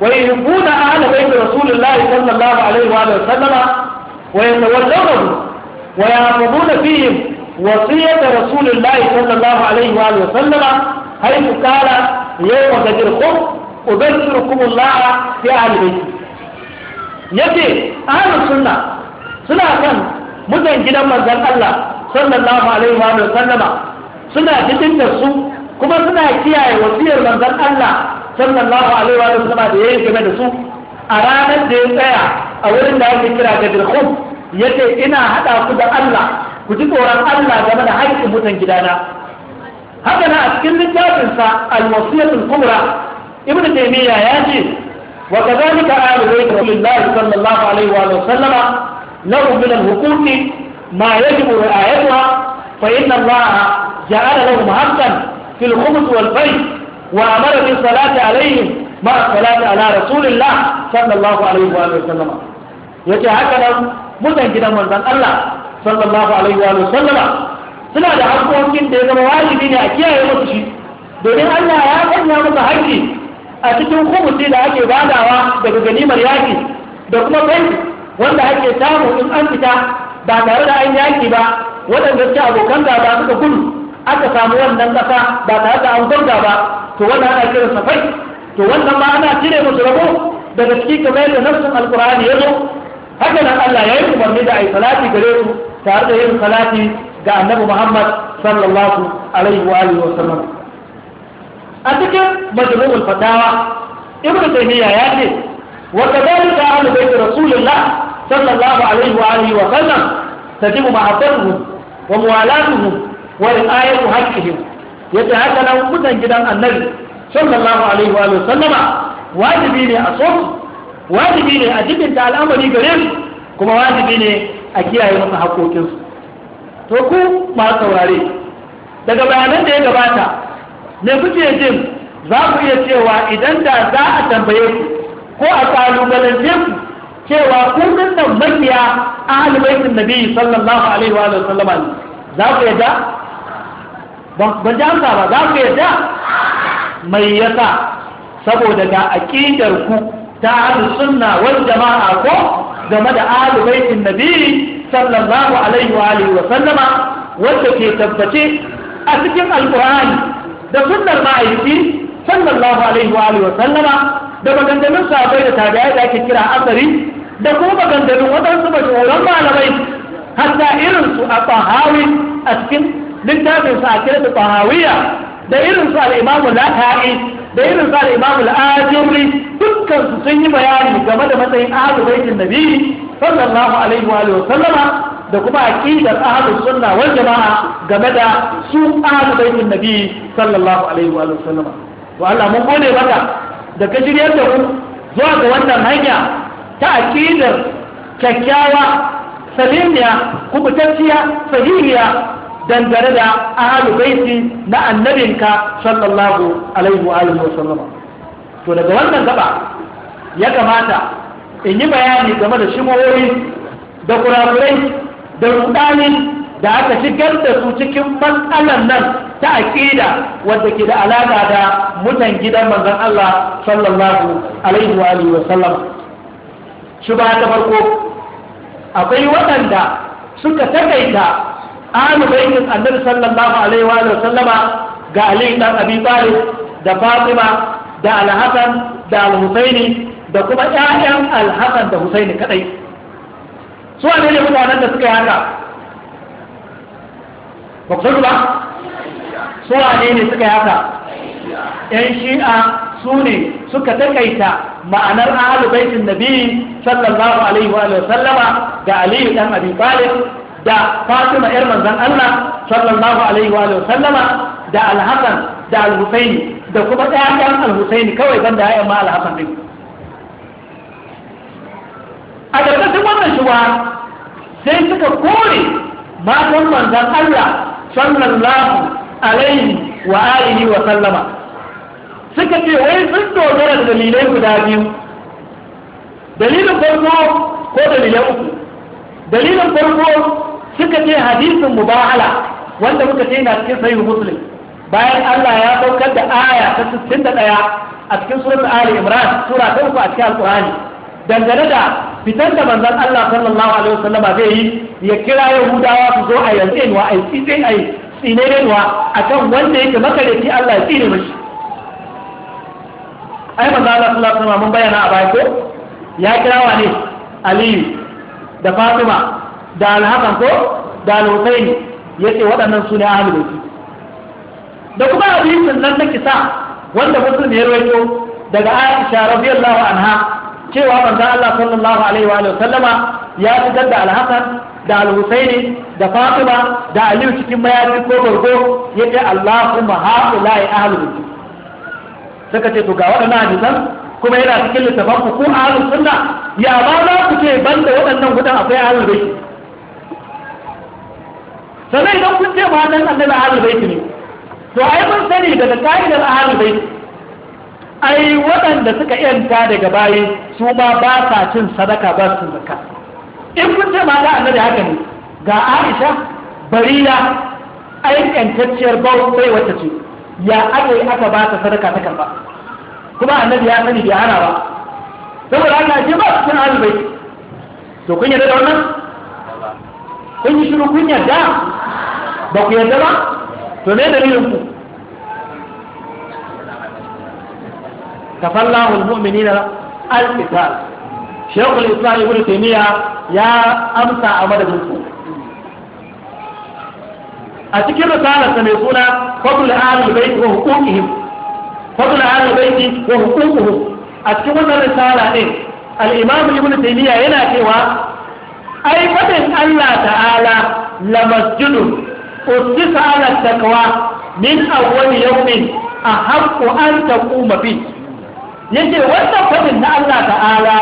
wa yuhibbuna ahlul bait rasulullahi sallallahu alaihi wa sallama wa yatawallawnahu wa ya'muduna fihim وصية رسول الله صلى الله عليه وآله وسلم حيث قال يوم غدير خبز ubangirkum Allah ya albaiti yace ahlus sunna suna kan mutan gidan manzon Allah sallallahu alaihi wa sallama suna cikin da su kuma suna kiyaye wasiyar manzon Allah sallallahu alaihi wa sallama da yayin game da su a ranar da ya tsaya a wurin da ake kira da dirhum yace ina hada ku da Allah ku ji tsoron Allah game da haƙƙin mutan gidana haka na a cikin littafinsa al-wasiyatul kubra ibn taymiya ya ce wa kadhalika ahlu bayt rasulillah sallallahu alaihi wa sallam lahum min al-huquq ma yajibu ri'ayatuha fa inna Allah ja'ala lahum haqqan fil khubz wal wa amara bis salati alaihim ma salati ala rasulillah sallallahu alaihi yace haka nan mutan gidan manzon Allah sallallahu alaihi wa sallama suna da hakkokin da ya zama wajibi ne a kiyaye musu shi domin Allah ya sanya musu haƙƙi a cikin kubuti da ake badawa daga ganimar yaki da kuma bai wanda ake samu in an fita ba tare da an yaki ba waɗanda suke abokan gaba suka kudu aka samu wannan ƙasa ba tare da an gwamza ba to wannan ana kira safai to wannan ma ana cire musu rabo daga ciki kamar yadda nafsin alkur'ani ya zo haka nan Allah ya yi umarni da a yi salati gare su tare da yin salati ga annabi Muhammad sallallahu alaihi wa wa sallam a cikin majmu'ul fatawa ibn taymiya ya ce wa kadhalika ahlu bayt rasulillah sallallahu alaihi wa alihi wa sallam tajibu mahabbatuhum wa muwalatuhum wa ri'ayatu haqqihim yace haka nan mutan gidan annabi sallallahu alaihi wa alihi wa sallama wajibi ne a so wajibi ne a jibinta al'amari gare su kuma wajibi ne a kiyaye musu haƙoƙinsu to ku masu saurare daga bayanan da ya gabata me kuke jin za ku iya cewa idan da za a tambaye ku ko a kalubalance ku cewa ku nan makiya ahlul baitin nabi sallallahu alaihi wa sallama ne za ku yadda ban ji amsa ba za ku yadda mai yasa saboda ga aƙidar ku ta ahlus sunna wal jama'a ko game da ahlul baitin nabi sallallahu alaihi wa alihi wa sallama wanda ke tabbace a cikin alqur'ani da sunnar ma'aiki sallallahu alaihi wa alihi wa sallama da maganganun sahabbai da tabi'ai da ake kira asari da kuma maganganun waɗansu mashahuran malamai hatta irin su a tahawi a cikin littafin sa a kira da tahawiya da irin su al al laka'i da irin su al imam al-ajuri dukkan su sun yi bayani game da matsayin ahlul baitin nabi sallallahu alaihi wa sallama da kuma aqidar ahlus sunna wal jamaa game da su ahlul baitin nabi sallallahu alaihi wa sallama wa Allah mun gode maka da ka jiryar da ku zuwa ga wannan hanya ta aqidar kyakkyawa salimiya kubutacciya sahihiya dangane da ahlul baiti na annabinka sallallahu alaihi wa sallama to daga wannan gaba ya kamata in yi bayani game da shigowoyi da kurakurai da rudani da aka shigar da su cikin matsalan nan ta aƙida wadda ke da alaƙa da mutan gidan manzon Allah sallallahu alaihi wa alihi wa sallam shi ba ta farko akwai waɗanda suka takaita alubaitin annabi sallallahu alaihi wa alihi wa sallama ga Ali dan Abi Talib da Fatima da Al-Hasan da Al-Husaini da kuma ƴaƴan alhassan da husaini kadai su ne ne mutanen da suka yi haka ba ku sani ba su ne ne suka yi haka ƴan shi'a su ne suka takaita ma'anar ahalu baitin nabi sallallahu alaihi wa sallama da aliyu dan abi talib da fatima yar manzon Allah sallallahu alaihi wa sallama da alhassan da alhusaini da kuma ɗayan alhusaini kawai banda ya'yan ma alhassan din a ƙarƙashin wannan shiwa sai suka kore matan manzan Allah sallallahu alaihi wa alihi wa sallama suka ce wai sun dogara da dalilai guda biyu dalilin farko ko dalilai uku dalilin farko suka ce hadisin mubahala wanda muka ce na cikin sayin muslim bayan Allah ya saukar da aya ta 61 a cikin suratul ali imran sura ta uku a cikin alqur'ani dangane da fitan da manzan Allah sallallahu alaihi wasallam zai yi ya kira Yahudawa su zo a yanzu ne a yi tsine ai tsine ne wa akan wanda yake makareci Allah ya tsine mashi ai manzan Allah sallallahu alaihi wasallam mun bayyana a baya ko ya kira wa ne Aliyu da Fatima da Al-Hasan ko da al ya yace waɗannan su ne ahlul baiti da kuma hadisin nan na kisa wanda musulmi ya rawaito daga Aisha radiyallahu anha cewa manzon Allah sallallahu alaihi wa sallama ya fitar da alhassan da alhusaini da fatima da aliyu cikin mayafi ko bargo ya ce allahumma haula layi ahlul bayt suka ce to ga waɗannan hadisan kuma yana cikin littafan ku ko ahlus sunna ya ma za ku ce ban da waɗannan gudan akwai ahlul bayt sannan idan kun ce matan annabi ahlul bayt ne to ai mun sani daga ka'idar ahlul bayt ai waɗanda suka yanta daga baya su ma ba sa cin sadaka ba su zaka in kun ce ma da haka ne ga Aisha barira ai kantacciyar bawo sai wata ce ya aka yi aka ba ta sadaka ta karba kuma annabi ya sani bai hana ba saboda haka ce ba su cin azubai to kun yarda da wannan kun yi shiru kun yarda ba ku yarda ba to me dalilin ku kafallahu almu'minina alqital shaykhul islam ibnu taymiya ya amsa a madadin a cikin risalarsa mai suna fadl ahlul bait wa huquqihim a cikin wannan risala din al-imam ibnu taymiya yana cewa ai fadin Allah ta'ala la masjidun usisa ala taqwa min awwal yawmin ahaqqu an ce wannan fadin na Allah ta'ala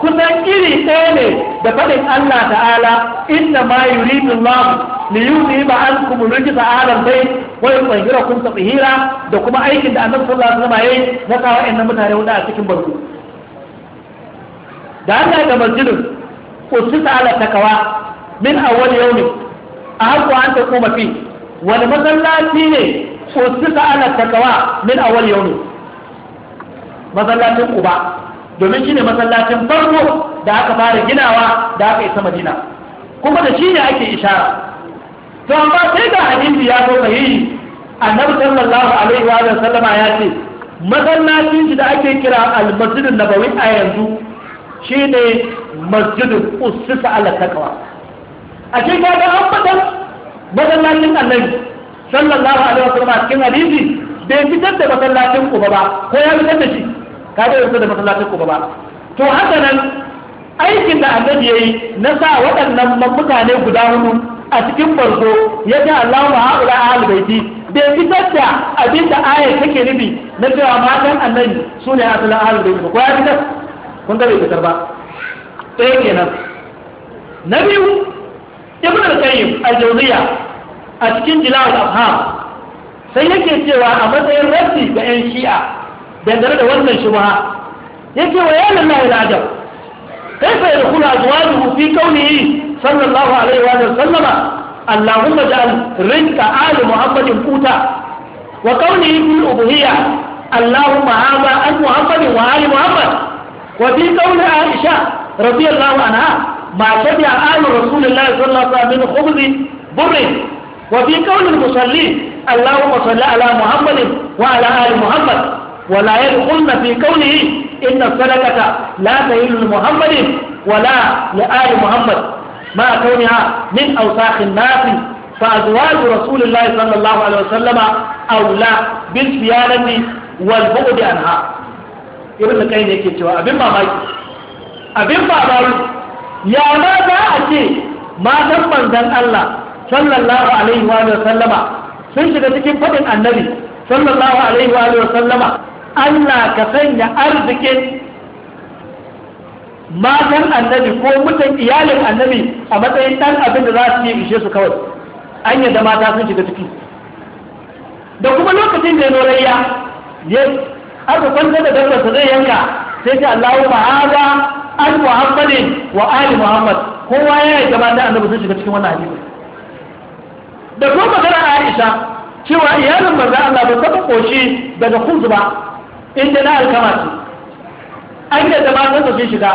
kusan iri ɗaya ne da fadin Allah ta'ala inna ma yuridu Allah liyuziba ankum rijsa ahlal bayt wa yutahhirakum tatheera da kuma aikin da Annabi sallallahu alaihi wasallam yayi na kawo ɗan mutane wanda a cikin barku da Allah da masjidin ta'ala ala takawa min awwal a ahqu an taquma fi wal masallaci ne ta'ala ala takawa min awwal yawmi masallacin uba domin shi ne masallacin farko da aka fara ginawa da aka isa madina kuma da shi ne ake ishara to amma sai ga hadisi ya so sahihi annabi sallallahu alaihi wa sallama ya ce masallacin shi da ake kira al-masjidun nabawi a yanzu shi ne masjidun ussisa ala taqwa a cikin kaga an fadar masallacin annabi sallallahu alaihi wa sallama cikin hadisi bai fitar da masallacin uba ba ko ya fitar da shi ka da yarda da masallacin ku ba to haka nan aikin da annabi yayi na sa waɗannan mutane guda hudu a cikin barzo ya ga Allahu ha'ula ahlul baiti bai fitar da abin da ayar take nufi na cewa matan annabi su ne asalin ahlul baiti ko ya fitar kun ga bai fitar ba ɗaya kenan na biyu ibn al-qayyim al-jawziya a cikin jilal al-afham sai yake cewa a matsayin rabbi ga yan shi'a dangane da wannan shubha yake wa ya lillahi al-ajab kaifa yadkhulu azwajuhu fi qawlihi sallallahu alaihi wa sallama اللهم اجعل رزق آل محمد قوتا وقوله في الأبهية اللهم هذا عن محمد وآل محمد وفي قول عائشة رضي الله عنها ما شبع آل رسول الله صلى الله عليه وسلم من خبز بر وفي قول المصلين اللهم صل على محمد وعلى آل محمد ولا يدخلن في كونه إن الصدقة لا تهل لمحمد ولا لآل محمد ما كونها من أوساخ الناس فأزواج رسول الله صلى الله عليه وسلم أولى بالصيانه والبعد عنها ابن كين يكي جواب أبن ما هاي أبن ما هاي يا ما ذا أتي ما تنبن ذن الله صلى الله عليه وآله وسلم سنشد تكي فتن النبي صلى الله عليه وآله وسلم Allah ka sanya arzikin matan annabi ko mutan iyalin annabi a matsayin ɗan abin da za su yi ishe su kawai an yadda mata sun shiga ciki da kuma lokacin da ya norayya ya aka kwanta da dabbarsa zai yanka sai ta Allahu ma'aza an Muhammadin wa ali Muhammad kowa ya yi gaba da annabi sun shiga cikin wannan hadisi da kuma magana Aisha cewa iyalin manzo Allah ba ta koshi daga kunzu ba inda na alkama su an da zama sun shiga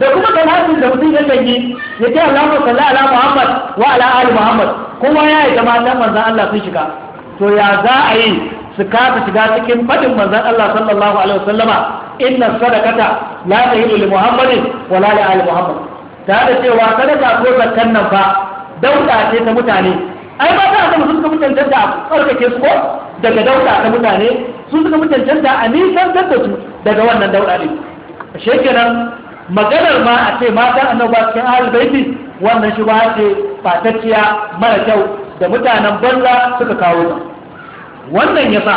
da kuma salatin da mutum ya kanyi ya ce Allahu salli alaihi Muhammad wa ala ali Muhammad kuma ya yi zama dan manzon Allah sun shiga to ya za a yi su kasa shiga cikin fadin manzon Allah sallallahu alaihi wasallama inna sadaqata la tahilu li Muhammadin wa la li ali Muhammad ta da cewa sadaka ko zakkan nan fa dauda ce ta mutane ai ba ta da mutum ka mutunta da tsarkake su ko daga dauda ta mutane sun suka mutan canta a nisan da su daga wannan dauɗa ne shekarar, maganar ma a ce mata nan ba cikin ahlul baiti wannan shi ba ce fatacciya mara kyau da mutanen banza suka kawo ta wannan ya yasa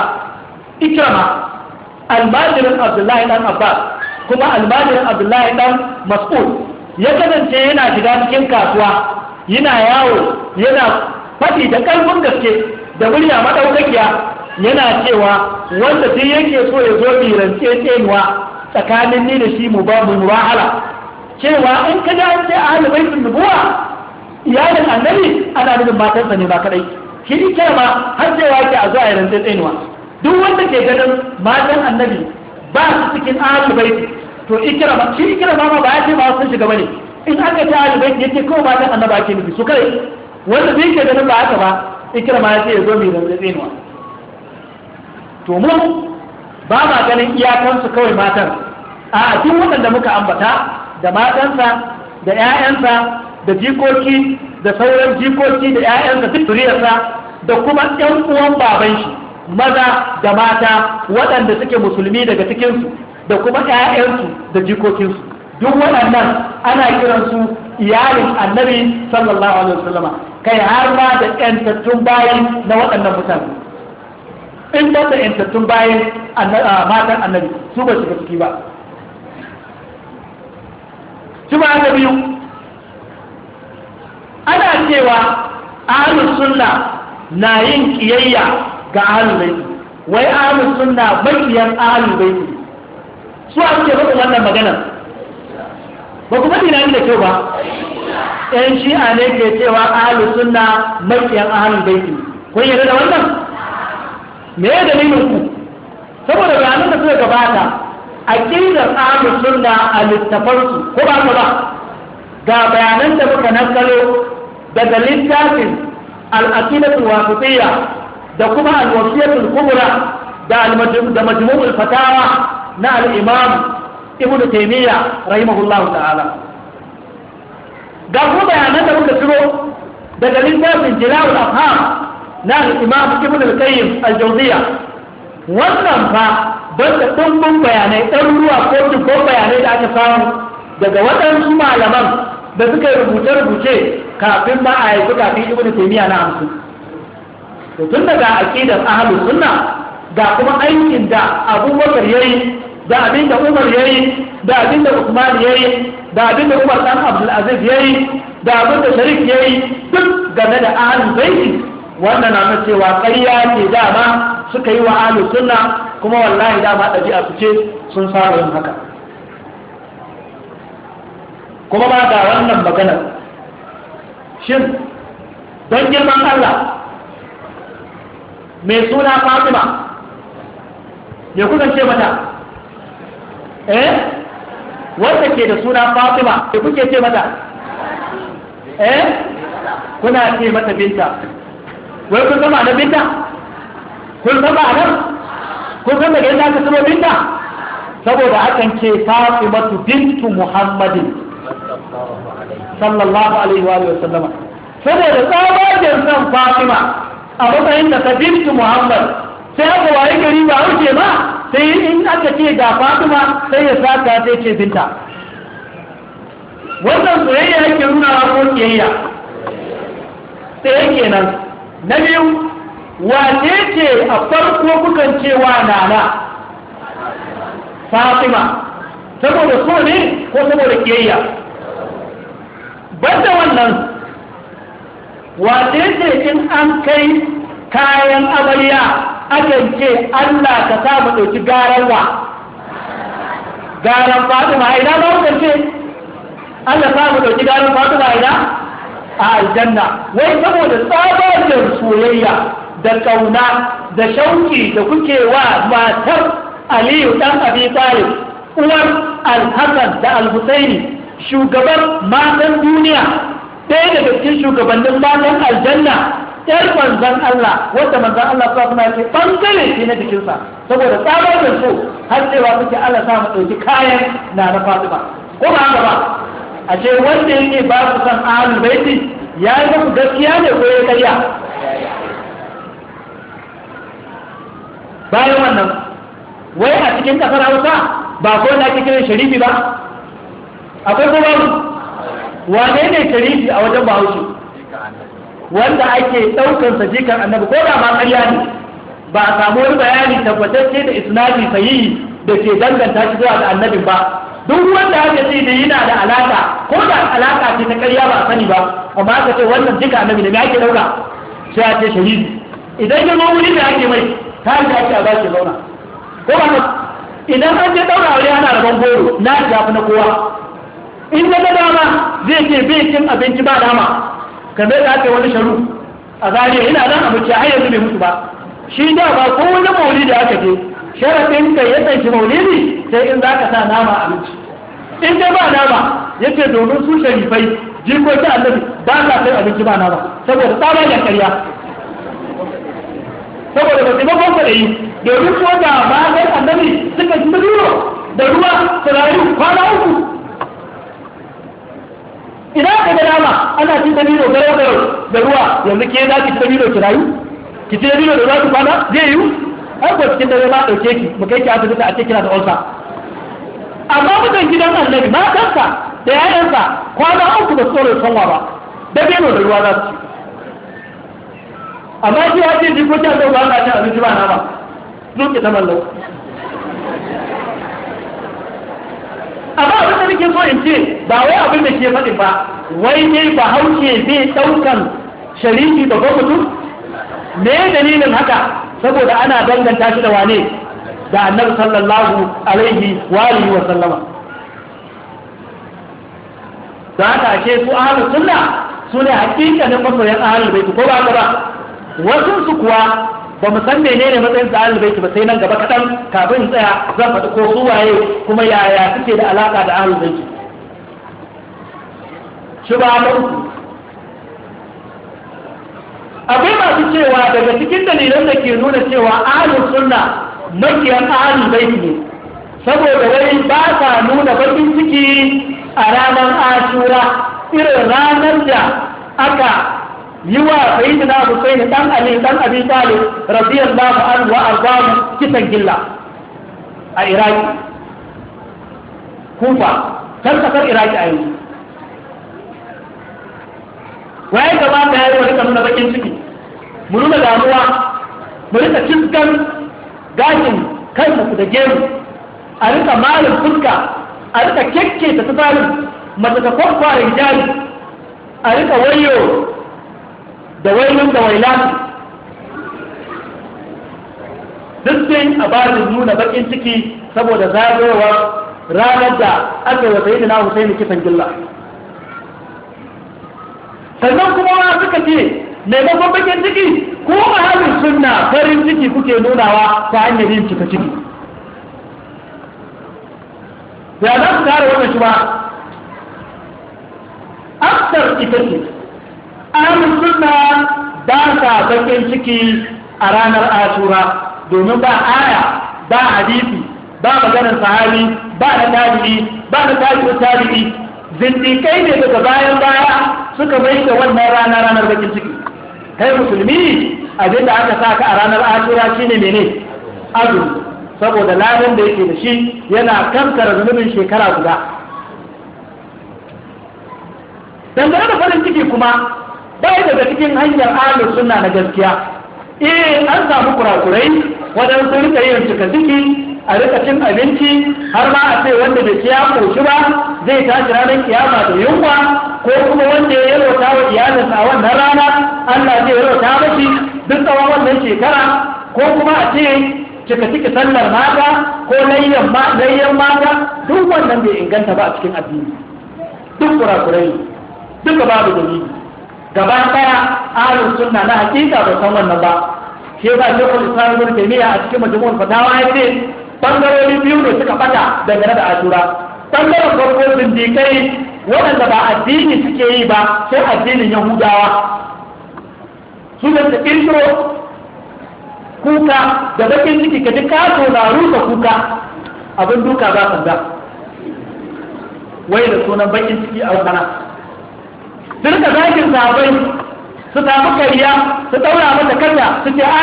ikirama almajirin abdullahi dan abbas kuma almajirin abdullahi ɗan mas'ud ya kasance yana shiga cikin kasuwa yana yawo yana faɗi da ƙarfin gaske da murya maɗaukakiya. yana cewa wanda sai yake so ya zo birance tsenuwa tsakanin ni da shi mu ba mu wahala cewa in ka ji an ce bai sun nubuwa iyalin annabi ana nufin matansa ne ba kadai shi ne ma har cewa ke a zuwa ya rantse tsenuwa duk wanda ke ganin matan annabi ba su cikin ahli bai to ikirama shi ikirama ma ba ya ce ba sun shiga bane in aka ta ahli bai yake kawai matan annabi ake nufi su kai wanda zai ke ganin ba haka ba ikirama ya ce ya zo mai rantse tsenuwa to mu ba ma ganin iyakansu kawai matan a duk waɗanda muka ambata da matansa da 'ya'yansa da jikoki da sauran jikoki da 'ya'yansa duk turiyarsa da kuma 'yan uwan baban shi maza da mata waɗanda suke musulmi daga cikinsu da kuma 'ya'yansu da jikokinsu duk waɗannan ana kiransu iyalin annabi sallallahu alaihi wasallama kai har ma da 'yantattun bayan na waɗannan mutane in ba da yantattun bayan matan annabi su ba shiga ciki ba shi ba da biyu ana cewa ahlus sunna na yin kiyayya ga ahlul baiti wai ahlus sunna bakiyan ahlul baiti su a suke faɗin wannan maganar ba ku faɗi na ni da kyau ba yan shi'a ne ke cewa ahlus sunna ahalun ahlul baiti kun yarda da wannan me ya dalilin ku saboda bayanan da suka gabata aqidar ahlus sunna a littafansu ko ba ka ba ga bayanan da muka nakalo daga littafin al-aqidatu wasitiyya da kuma al-wasiyatul kubra da al fatawa na al-imam ibnu taymiya rahimahullahu ta'ala ga kuma bayanan da muka ciro daga littafin jilawul afham na al'imam ibn al-qayyim al-jawziya wannan fa banda ɗumbin bayanai ruwa, ko ko bayanai da aka samu daga waɗansu malaman da suka yi rubuce-rubuce kafin ma a haifi kafin ibn taymiya na hamsin to tun daga aqidar ahlus sunna ga kuma aikin da abubakar yi, da abin da umar yayi da abin da usman yayi da abin da umar dan Abdulaziz ya yayi da abin da sharif yayi duk game da ahlul baiti wannan na cewa ƙarya ne dama suka yi wa ahlus sunna kuma wallahi dama ɗabi'a a ce sun saba yin haka kuma ba ga wannan maganar shin don girman Allah mai suna Fatima ya kusan ce mata eh wanda ke da suna Fatima ya kuke ce mata eh kuna ce mata binta wai kun sama na binta kun sama nan? kun sama da yadda aka sama binta saboda akan ce matu bintu muhammadin sallallahu alaihi wa sallama saboda tsabagen san fatima a matsayin da ta bintu muhammad sai aka waye gari ba wuce ma sai in aka ce ga fatima sai ya saka sai ce binta wannan soyayya yake nuna ko kiyayya sai kenan na biyu wace ce a farko kukan cewa nana fatima saboda so ne ko saboda kiyayya banda wannan wace ce in an kai kayan amarya akan ce allah ka sa mu ɗauki garan wa garan fatima a ina ba mu ɗauki allah sa mu ɗauki garan fatima a ina a aljanna wai saboda tsabagen soyayya da ƙauna da shauki da kuke wa matar aliyu ɗan abi talib uwar alhassan da alhusaini shugaban matan duniya ɗaya daga cikin shugabannin matan aljanna ‘yar manzan Allah wanda manzan Allah sa suna ce bangare ce na jikinsa saboda tsabar da su har cewa suke Allah samu ɗauki kayan na na Fatima ko ba haka ba ce wanda yake ba su san ahlul baiti ya yi muku gaskiya ne ko ya karya bayan wannan wai a cikin kasar hausa ba ko na ake kiran sharifi ba akwai ko babu wane ne sharifi a wajen bahaushe wanda ake ɗaukar sa jikan annabi ko da ma karya ne ba a samu wani bayani tabbatacce da isnadi sahihi da ke danganta shi zuwa da annabin ba duk wanda aka ce da yana da alaka ko da alaka ce ta ƙarya ba a sani ba amma aka ce wannan duka annabi da me ake dauka sai a ce shahidi idan ya zo da ake mai ta hanyar ake a ba shi zauna ko ba idan an je daura wuri ana rabon goro na shafi na kowa in ga dama zai ce bai cin abinci ba dama kamar da aka yi wani sharu a zariya ina nan abinci a yanzu bai mutu ba shi da ba ko wani mauli da aka je sharafin ka ya ɗauki maulidi sai in za ka sa nama abinci in dai ba nama ya ce domin su sharifai jikoki annabi ba sa kai abinci ba nama saboda tsaba da karya saboda ba su ba da yi domin ko da ba kai annabi suka ci duro da ruwa su rayu kwana uku idan ka ga nama ana cin dabino garau garau da ruwa yanzu ke za ki ci dabino ki rayu ki ci dabino da ruwa su kwana zai yiwu har ko cikin dare ma dauke ki mu kai ki asibiti a cikin da ulsa amma mutan gidan annabi matansa da yayansa kwana uku ba su tsoro sanwa ba da beno da ruwa za su ci amma shi ya ce ji ko ta zauwa na ta abinci ba na ba ki ta mallau amma abin da nake so in ce ba wai abin da ke faɗi ba wai ne ba hauke zai ɗaukan shariki da gwamnati me dalilin haka saboda ana danganta shi da wane da annabi sallallahu alaihi wa alihi wa sallama da haka ce su ahlus sunna su ne hakikanin masoyan ahlul bait ko ba ka ba wasu su kuwa ba mu san menene matsayin su ahlul bait ba sai nan gaba kadan kafin tsaya zan faɗi ko su waye kuma yaya suke da alaka da ahlul bait shi ba mu akwai masu cewa daga cikin dalilan da ke nuna cewa ahlus sunna makiyan ahlul baiti ne saboda wai ba sa nuna bakin ciki a ranar ashura irin ranar da aka yi wa sayyidina Hussein dan Ali dan Abi Talib radiyallahu anhu wa arzahu kisan gilla a Iraki Kufa kan kasar Iraki a yanzu waye gaba da yayi wani kan na bakin ciki mu nuna damuwa mu rika cikin gashin kanmu da gemu a rika malin fuska a rika kekke ta tsarin mace ta kwakwara a rika wayo da wailun da waila duk sai a barin nuna bakin ciki saboda zagayowa ranar da aka yi wata yi na Hussein kisan gilla sannan kuma suka ce maimakon bakin ciki ko ahalin sunna farin ciki kuke nunawa ta hanyar yin cika ciki ya za su kare wannan shuba aftar ita ce ahalin sunna ba sa bakin ciki a ranar ashura domin ba aya ba hadisi ba maganar sahabi ba da tabi'i ba na tarihi. tabi'i zindikai ne daga bayan baya suka bai da wannan rana ranar bakin ciki kai musulmi abin da aka saka a ranar shi ne mene azumi saboda ladan da yake da shi yana kankara zunubin shekara guda dangane da farin ciki kuma bai daga cikin hanyar ahlus suna na gaskiya eh an samu kurakurai wadansu rika yin cika ciki a rika cin abinci har ma a ce wanda bai kiya koshi ba zai tashi ranar kiyama da yunwa ko kuma wanda ya yarwata wa iyalinsa a wannan rana Allah zai ba mashi duk tsawon wannan shekara ko kuma a ce cika ciki sallar mata ko layyan mata duk wannan bai inganta ba a cikin addini duk kurakurai duka babu dalili gaba ɗaya ahlus sunna na hakika ba san wannan ba shi ba shekul islam ibn taymiya a cikin majmu'ul fatawa ya bangarori biyu ne suka bata dangane da asura. bangaren farko zindikai waɗanda ba addini suke yi ba sai addinin yahudawa su da su kirkiro kuka da bakin ciki ka ji kato na rusa kuka abin duka za ba da. wai da sunan bakin ciki a sana sun ka zakin sabai su tafi kariya su ɗaura mata kanta su ce a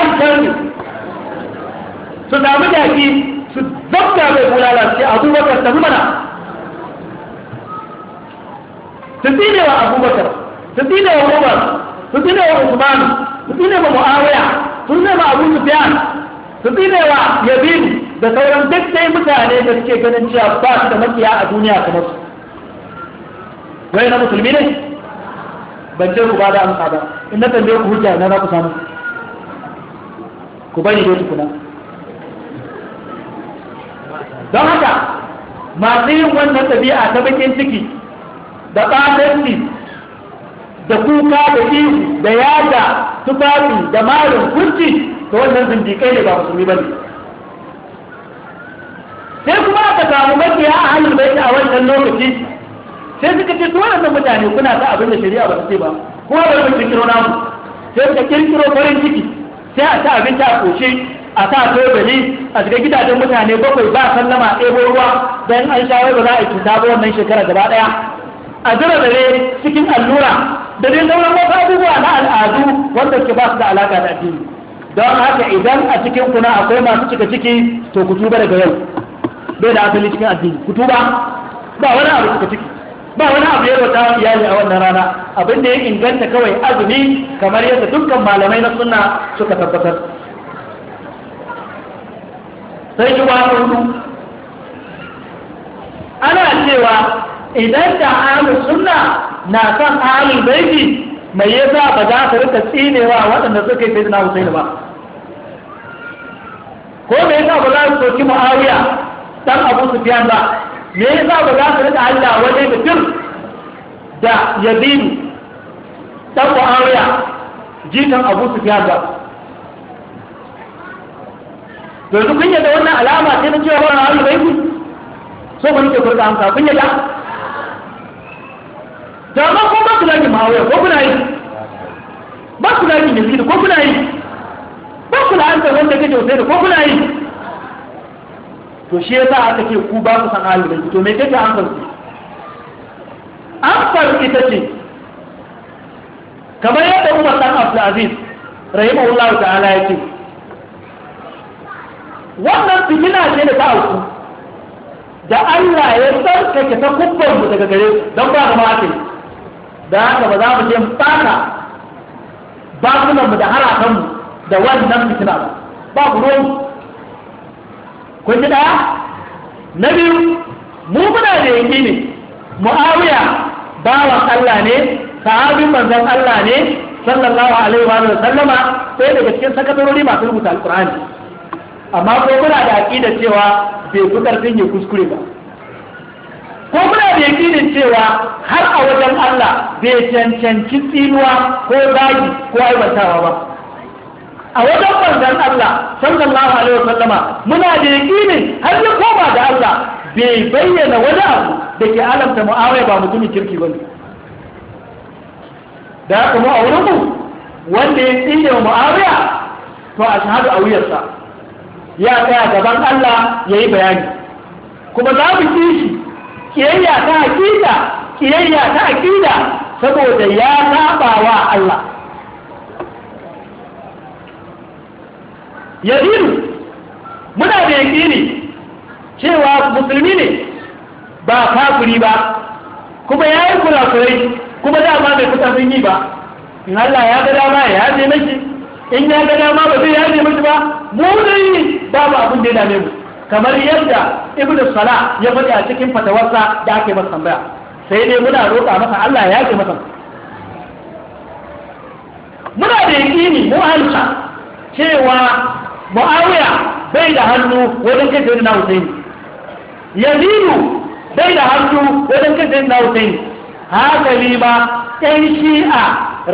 su tafi jaki su dabba mai bulala sai abubakar tafi mana su tsine wa abubakar su tsine wa umar su tsine wa usman su tsine wa muawiya su tsine wa abu sufyan su tsine wa yabin da sauran duk dai mutane da suke ganin cewa ba su da makiya a duniya kamar su wai na musulmi ne ban ce ku ba da amsa ba in na tambaye ku hujja na za ku samu ku bari dai tukuna don haka masu yin wannan tabi'a ta bakin ciki da ƙasanci da kuka da ihu da yada tufafi da malin kurci da wannan zindikai ne ba musulmi ba ne sai kuma aka samu makiya a hannun bai a wancan lokaci sai suka ce su wannan mutane kuna ta abin da shari'a ba su ce ba kuma bari mu kirkiro namu sai suka kirkiro farin ciki sai a ta abinci a koshe a sa tobali a cikin gidajen mutane bakwai ba sallama ɗebo ruwa don an shawar ba za a cuta ba wannan shekara gaba ɗaya a jira dare cikin allura da dai sauran wasu abubuwa na al'adu wanda ke ba su da alaka da addini don haka idan a cikin kuna akwai masu cika ciki to ku tuba daga yau bai da asali cikin addini ku tuba ba wani abu cika ciki ba wani abu ya rota iyali a wannan rana abin da ya inganta kawai azumi kamar yadda dukkan malamai na sunna suka tabbatar sai ki su ana cewa idan da ahlus sunna na san ahlul baiti mai yasa ba za ka rika tsinewa waɗanda suka yi sayyidina Husaini ba ko me yasa ba za su soki Muawiya dan Abu Sufyan ba me yasa ba za ka rika Allah waje da tur da Yazid dan Muawiya jikan Abu Sufyan ba yanzu kun yadda wannan alama sai na cewa wannan alu bai so ban ke furta amsa kun yadda da amma ko ba su ni mawaya ko kuna yi ba su ni miskini ko kuna yi ba su hanka wanda kake wasai da ko kuna yi to shi yasa aka ce ku ba ku san alu bai to me kake amsa su amsar ita ce kamar yadda umar dan abdulaziz rahimahullahu ta'ala ya ce wannan fitina ce da ta auku da Allah ya tsarkake ta kubbar mu daga gare don ba kuma ake da haka ba za mu je ba bakunan mu da harafan mu da wannan fitina ba ku ruwan kun ji daya na biyu mu kuna da yanki ne mu'awiya bawan Allah ne sahabin manzon Allah ne sallallahu alaihi wa sallama sai daga cikin sakatarori masu rubuta alqur'ani amma ko kuna da aƙidar cewa bai fi ƙarfin ya kuskure ba ko kuna da yakinin cewa har a wajen Allah bai cancanci tsinuwa ko zagi ko aibatawa ba a wajen manzon Allah sallallahu alaihi wasallama muna da yakinin har ya koma da Allah bai bayyana wani abu da ke alamta mu'amala ba mutumin kirki ba ne da kuma a wurin mu wanda ya tsinye mu'amala to a shahadu a wuyarsa ya tsaya gaban Allah ya yi bayani kuma za mu ci shi kiyayya ta hakika kiyayya ta hakika, saboda ya saba wa Allah yadinu muna da yaƙini cewa musulmi ne ba kafuri ba kuma ya yi kurakurai kuma dama mai kusa sun yi ba in Allah ya ga dama ya je mashi in ya ga dama ba zai yaje miki ba mu dai babu abin da ya dame mu kamar yadda ibnu sala ya faɗi a cikin fatawarsa da ake masa tambaya sai dai muna roƙa masa Allah ya yaje masa muna da yaƙini mu alsa cewa muawiya bai da hannu wajen kai sai husaini yazidu bai da hannu wajen kai sayyidina husaini haka ma ɗan shi'a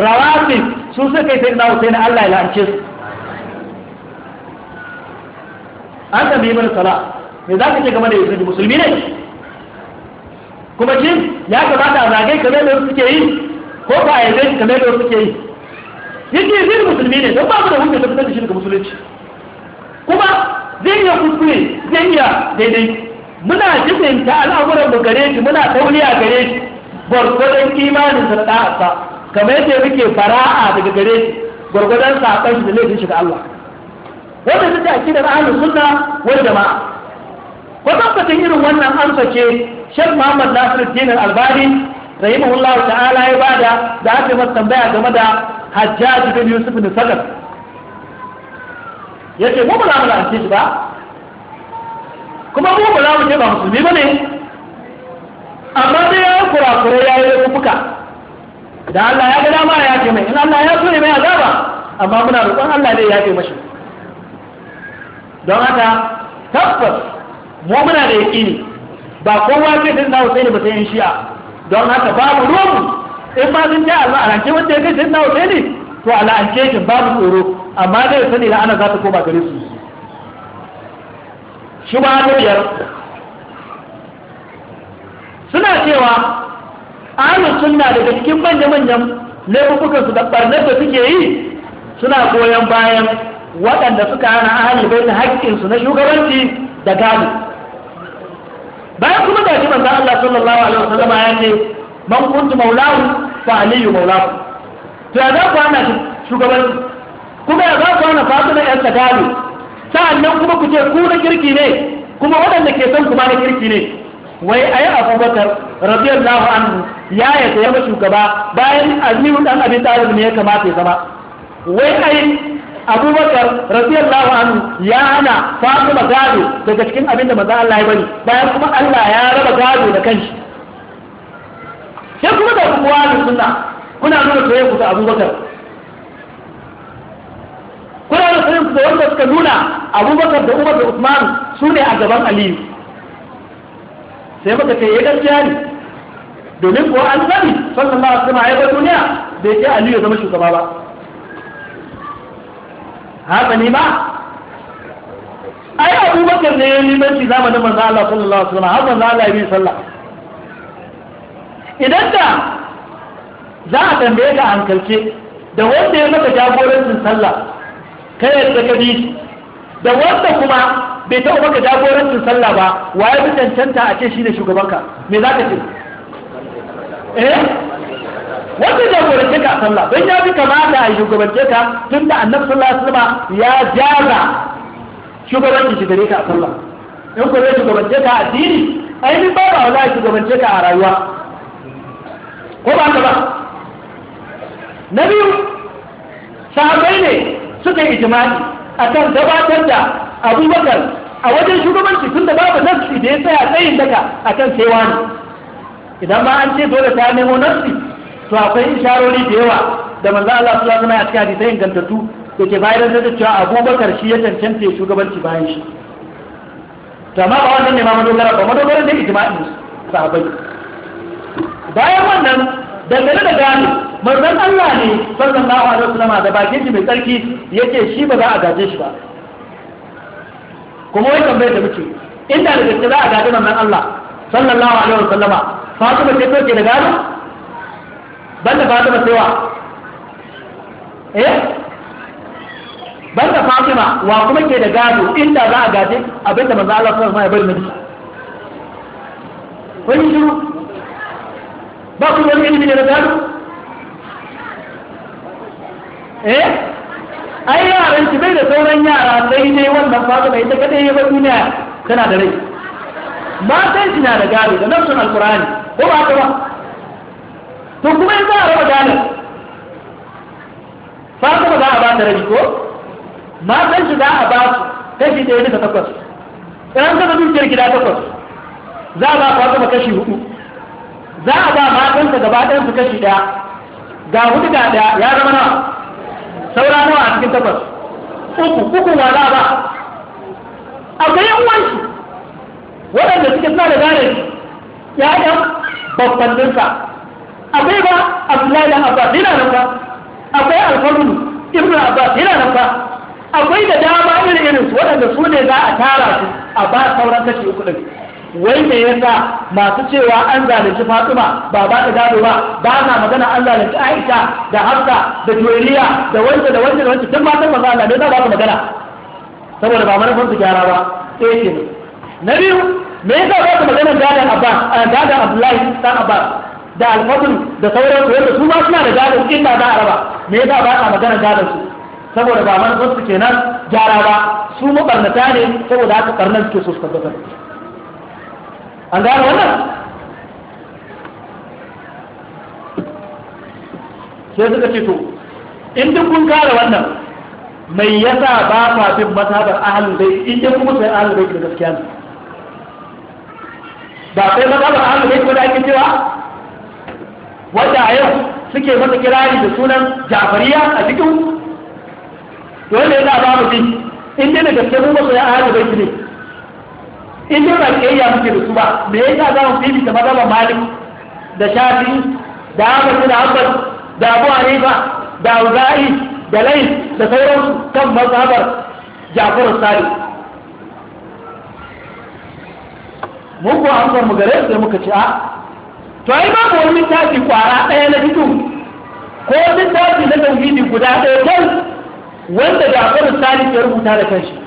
rawafis su suka yi sai na Hussein Allah ya lance su an tambayi mana sala me za ka ce game da Yazid musulmi ne kuma shin ya kamata a zagaye kamar da suke yi ko ba a yi zai kamar da suke yi yake zai musulmi ne don ba su da hujja ta fitar da shi daga musulunci kuma zai iya kuskure zai iya daidai muna jifinta al'amuran mu gare shi muna tauliya gare shi gwargwadon imanin sa da ɗa'asa kamar yadda muke fara'a daga gare shi gwargwadon saƙon shi da laifin shiga Allah wanda suke akidar ahlus sunna wani jama'a ko kwatankwacin irin wannan amsa ce Sheikh Muhammad Nasiruddin Al-Albani rahimahullahu ta'ala ya bada da aka masa tambaya game da Hajjaji bin Yusuf bin Sadar yace mu ba mu lalace shi ba kuma mu ba za mu ce ba musulmi bane amma dai ya yi kura-kura ya yi rufuka da Allah ya ga dama ya ce mai in Allah ya so ne mai azaba amma muna roƙon Allah dai ya ce mashi don haka tabbas mu muna da yaƙini ba kowa ce din na Hussein ba sai shi'a don haka babu ruwan in ma sun ce Allah arance wanda ya kai sai na Hussein to a an shi babu tsoro amma zai sani la'ana za ta koma gare su shi ba ta biyar suna cewa ahlus sunna daga cikin manya manyan laifukan su da barnar da suke yi suna goyon bayan waɗanda suka hana ahlul bait haƙƙin su na shugabanci da gado bayan kuma da shi manzo Allah sallallahu alaihi wasallam ya ce man kuntu maulahu fa aliyu maulahu to ya za ku hana shugabanci kuma ya za ku hana fatima yan gado sa'annan kuma ku ce ku na kirki ne kuma waɗanda ke son ku kuma na kirki ne wai ayi abubakar radiyallahu anhu ya yadda ya shugaba bayan aliyu dan abin talib ne ya kamata ya zama wai ayi abubakar radiyallahu anhu ya hana fatima gado daga cikin abin da manzo Allah ya bari bayan kuma Allah ya raba gado da kanshi sai kuma da kuwa da sunna kuna nuna soyayya ku ta abubakar kuna nuna soyayya ku da wanda suka nuna abubakar da umar da usman su ne a gaban aliyu sai muka ce ya eh, gaskiya ne domin kuwa an sani sallallahu alaihi wasallam ya bar duniya bai ce aliyu zama shugaba ba haka ne ba ai abubakar ne ya yi limanci zamanin manzo Allah sallallahu alaihi wasallam har manzo Allah ya yi sallah idan da za a tambaye ka hankalce da wanda ya maka jagorancin sallah kai ya tsaka da wanda kuma bai taɓa maka jagorancin sallah ba wa ya fi cancanta a ce shi ne shugabanka me za ka ce eh wanda jagorance ka a sallah don ya fi kamata a shugabance ka tun da annabi sallallahu alaihi wasallam ya jaza shugabanci shi gare ka a sallah in ku zai shugabance ka a addini ainihin ba ba wala shugabance ka a rayuwa ko ba ka ba na biyu sahabai ne suka yi ijma'i akan gabatar da abubakar a wajen shugabanci tun da babu nafsi da ya tsaya tsayin daga akan cewa ne idan ba an ce dole ta nemo nafsi to akwai isharori da yawa da manzo Allah sallallahu alaihi wasallam a cikin hadisai ingantattu da ke bayar da cewa abubakar shi ya cancanta shugabanci bayan shi to amma ba wannan ne ma madogara ba madogara ne ijma'in sahabbai bayan wannan dangane da gani marzan Allah ne sallallahu na wasallam da bakin shi mai tsarki yake shi ba za a gaje shi ba kuma wai tambayar da muke inda da gaske za a gaje manzon Allah sallallahu alaihi wasallam Fatima ce take da ban da Fatima sai wa eh da Fatima wa kuma ke da gani inda za a gaje abinda manzon Allah sallallahu alaihi wasallam ya bari na bisa kun shiru ba ku wani ilimi ne na gado eh ai yaran ki bai da sauran yara sai dai wannan fata bai ta kadai ba duniya tana da rai matan shi na da gari da nafsun alqur'ani ko ba ka ba to kuma in za a raba gado fata ba za a ba ta rai ko matan shi za a ba su kashi ɗaya bisa takwas idan ka zama dukiyar gida takwas za a ba fata ba kashi hudu za a ba matansa gaba ɗayan su kashi ɗaya ga hudu ga ɗaya ya zama nawa saura nawa a cikin takwas uku uku wa za a ba akwai yan waɗanda suke suna da gane ya'yan babbanninsa akwai ba abdullahi dan abbas yana nan ba akwai alfarmu ibnu abbas yana nan ba akwai da dama irin irin su waɗanda su ne za a tara su a ba sauran kashi uku ɗin wai me yasa masu cewa an zalunci Fatima ba ba da gado ba ba na magana an zalunci Aisha da Hafsa da Juwairiya da wanda da wanda da wanda duk matan manzo Allah ne ba ba magana saboda ba manufar su gyara ba sai ke na biyu me yasa ba su magana gadan Abbas gadan Abdullahi dan Abbas da Al-Fadl da sauransu wanda su ma suna da in inda za a raba me yasa ba a magana gadan su saboda ba manufar su kenan gyara ba su mabarnata ne saboda haka karnan suke so su tabbatar an gane wannan sai suka ce to in duk kun kare wannan mai yasa ba ka bin matabar ahlul bait in dai kuma sai ahlul bait da gaskiya ne ba sai matabar ahlul bait kuma da ake cewa wata a yau suke masa kirari da sunan jafariya a cikin to wanda yasa ba mu bi in dai da gaskiya kuma sai ahlul bait ne in dai ba kiyayya muke da su ba me yasa za mu fifita mazhaban malik da shafi da ahmad da hanbal da abu arifa da auza'i da lai da sauransu kan mazhabar jafar sali? mun ko an san mu gare sai muka ci. a to ai mu wani tafi kwara ɗaya na fito ko tafi na tauhidi guda daya kan wanda jafar sali ya rubuta da kanshi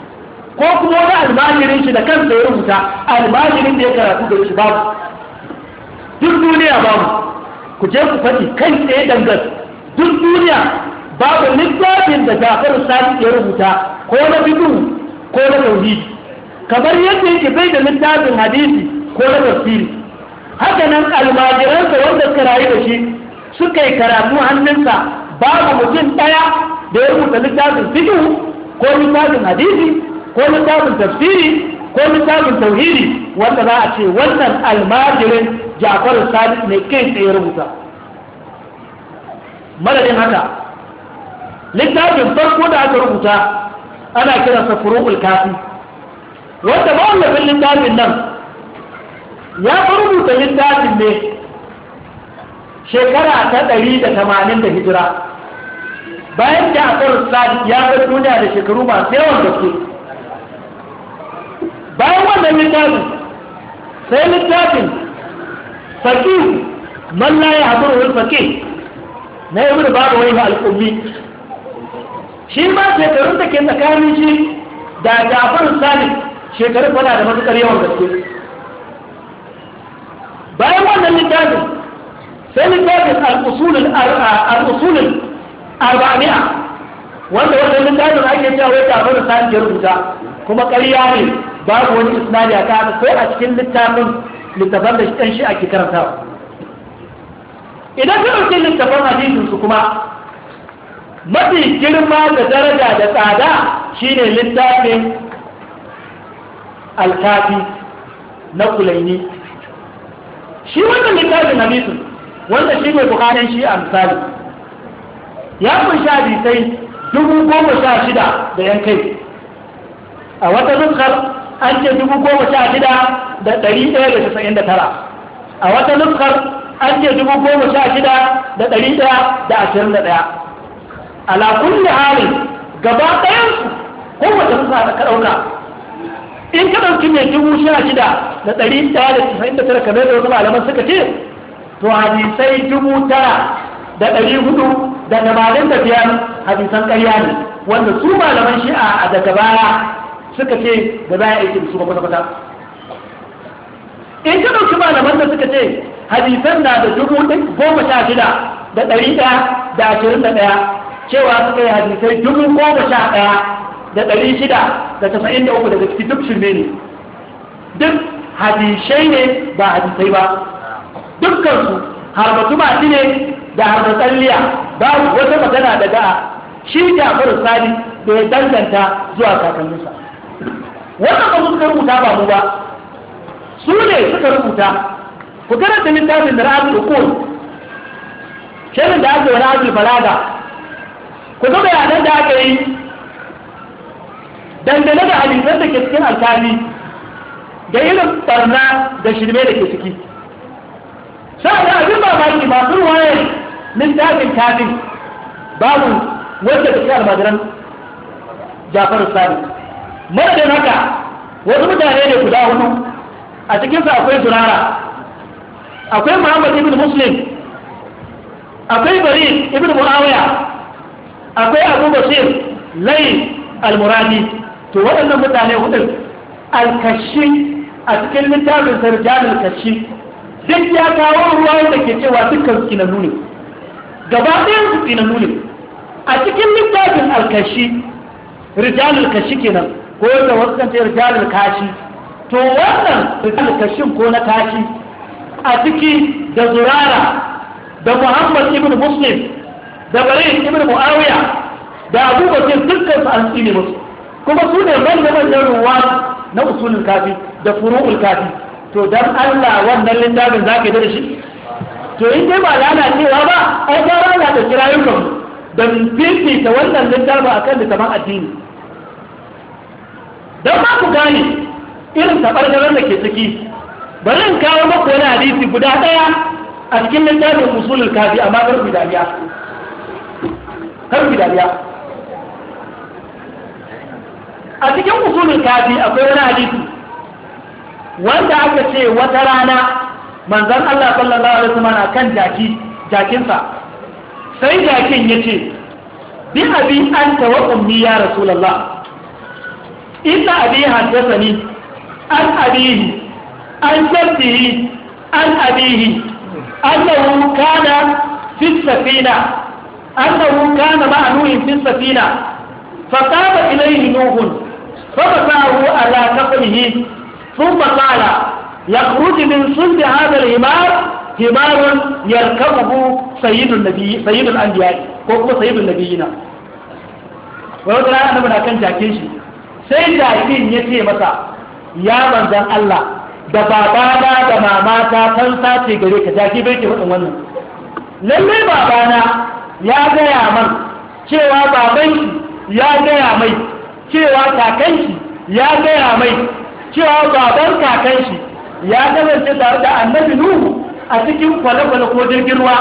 ko kuma wani almajirin shi da kansa ya rubuta almajirin da ya karatu da shi babu duk duniya babu ku je ku faɗi kai tsaye dangar duk duniya babu littafin da Jafar Sani ya rubuta ko na fiqh ko na tauhidi kamar yadda yake bai da littafin hadisi ko na tafsiri haka nan almajiransa wanda suka rayu da shi suka yi karatu hannunsa babu mutum ɗaya da ya rubuta littafin fiqh ko littafin hadisi ko littafin tafsiri ko littafin tauhidi wanda za a ce wannan almajirin jafar sadiq ne kai tsaye rubuta madadin haka littafin farko da aka rubuta ana kiransa furu'ul kafi wanda ba littafin nan ya fi rubuta littafin ne shekara ta ɗari da tamanin da hijira bayan da a ya ga duniya da shekaru masu yawan gaske bayan wannan littafin sai littafin faƙi man la ya haɗu wani faƙi na yi wani babu wani al'ummi shi ba shekarun da ke tsakanin shi da jafar sani shekarun fana da matuƙar yawan gaske bayan wannan littafin sai littafin al'usulun arba'ani'a wanda wannan littafin ake cewa ya jafar sani ya rubuta kuma ƙarya ne babu wani isnadi a kan ko a cikin littafin littafan da ɗan shi ake karanta idan ka ɗauki littafan hadisin su kuma mafi girma da daraja da tsada shine littafin alkafi na kulaini shi wannan littafin hadisin wanda shi mai bukanin shi a misali ya kunshi hadisai dubu goma sha shida da yan kai a wata zukar an ce dubu goma sha shida da ɗari ɗaya da tasa'in da tara a wata nufkar an ce dubu goma sha shida da ɗari ɗaya da ashirin da ɗaya ala da hali, gaba ɗayansu kowace nufa da ka ɗauka in ka ɗauki mai dubu sha shida da ɗari ɗaya da tasa'in da tara kamar da wasu malaman suka ce to hadisai dubu tara da ɗari hudu da tamanin da biyar hadisan ƙarya ne wanda su malaman shi'a daga baya suka ce ba za a aiki da su ba kwata-kwata in ka ɗauki malaman da suka ce hadisan na da dubu goma sha shida da ɗari ɗaya da ashirin da ɗaya cewa suka yi hadisai dubu goma sha ɗaya da ɗari shida da tasa'in da uku daga ciki duk shirme ne duk hadisai ne ba hadisai ba dukkansu harbatu masu ne da harbatsan liya babu wata magana daga shi jafar sadi da ya danganta zuwa kakanninsa wannan ba suka rubuta ba mu ba su ne suka rubuta ku da littafin da da kowai shirin da ake wani abul faraga ku ga bayanan da aka yi dangane da halittar da ke cikin alkali da irin barna da shirme da ke ciki da abin baki masu ruwaye littafin kafin babu wanda da ke almajiran jafar sani madadin haka wasu mutane ne guda hudu a cikinsa akwai zurara akwai muhammad ibn muslim akwai bari ibn muawiya akwai abu basir lai almurani to waɗannan mutane hudun alkashi a cikin littafin sarjan alkashi duk ya kawo ruwa da ke cewa dukkan na nuni, gaba ɗayan su na nuni, a cikin littafin alkashi rijalul kashi kenan ko da wasu kan ce rijalul kashi to wannan rijalul kashin ko na kashi a ciki da zurara da muhammad ibn muslim da bari ibn muawiya da abubakar dukkan su an tsine musu kuma su ne manya-manyan ruwa na usulul kafi da furu'ul kafi to dan Allah wannan littafin za ka yi da shi to in dai ba lalacewa ba an gara da kirayen mu da fifita wannan littafin akan da taman addini don ba ku gani irin tabargaran da ke ciki bari in kawo maku wani hadisi guda ɗaya a cikin littafin musulun kafi amma kar ku dariya kar ku dariya a cikin musulun kafi akwai wani hadisi wanda aka ce wata rana manzan Allah sallallahu alaihi wasallam kan jaki jakinsa sai jakin yace bi abi an wa ummi ya rasulullah inna abi haddathani an abihi an jaddihi an abihi annahu kana fi safina annahu kana ma'a nuhin fi safina fa qama ilayhi nuhun fa basahu ala taqnihi thumma qala يخرج من صلب هذا الهمار himar يركبه سيد النبي سيد ko kuma sayyidun nabiyina wai wata annabi na kan jakin shi sai jakin ya ce masa ya manzan Allah da babana da mamata san sace gare ka jaki bai ke faɗin wannan lallai babana ya gaya man cewa babanki ya gaya mai cewa kakanki ya gaya mai cewa baban kakanki ya kasance tare da annabi nuhu a cikin kwale-kwale ko jirgin ruwa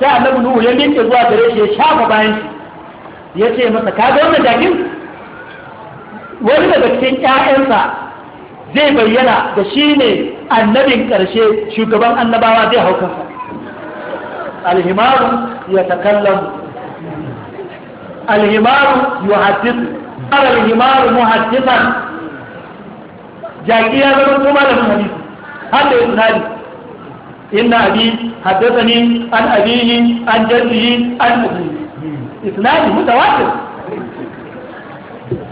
sai annabi nuhu ya miƙe zuwa gare shi ya shafa bayan shi ya ce masa ka ga wannan jakin wani daga cikin ƴaƴansa zai bayyana da shi ne annabin ƙarshe shugaban annabawa zai hau kansa alhimaru ya takallamu alhimaru yuhaddisu alhimaru muhaddisan jaki ya zama kuma da hadisi har da isnadi inna abi haddathani an abihi an jaddihi an ummi isnadi mutawatir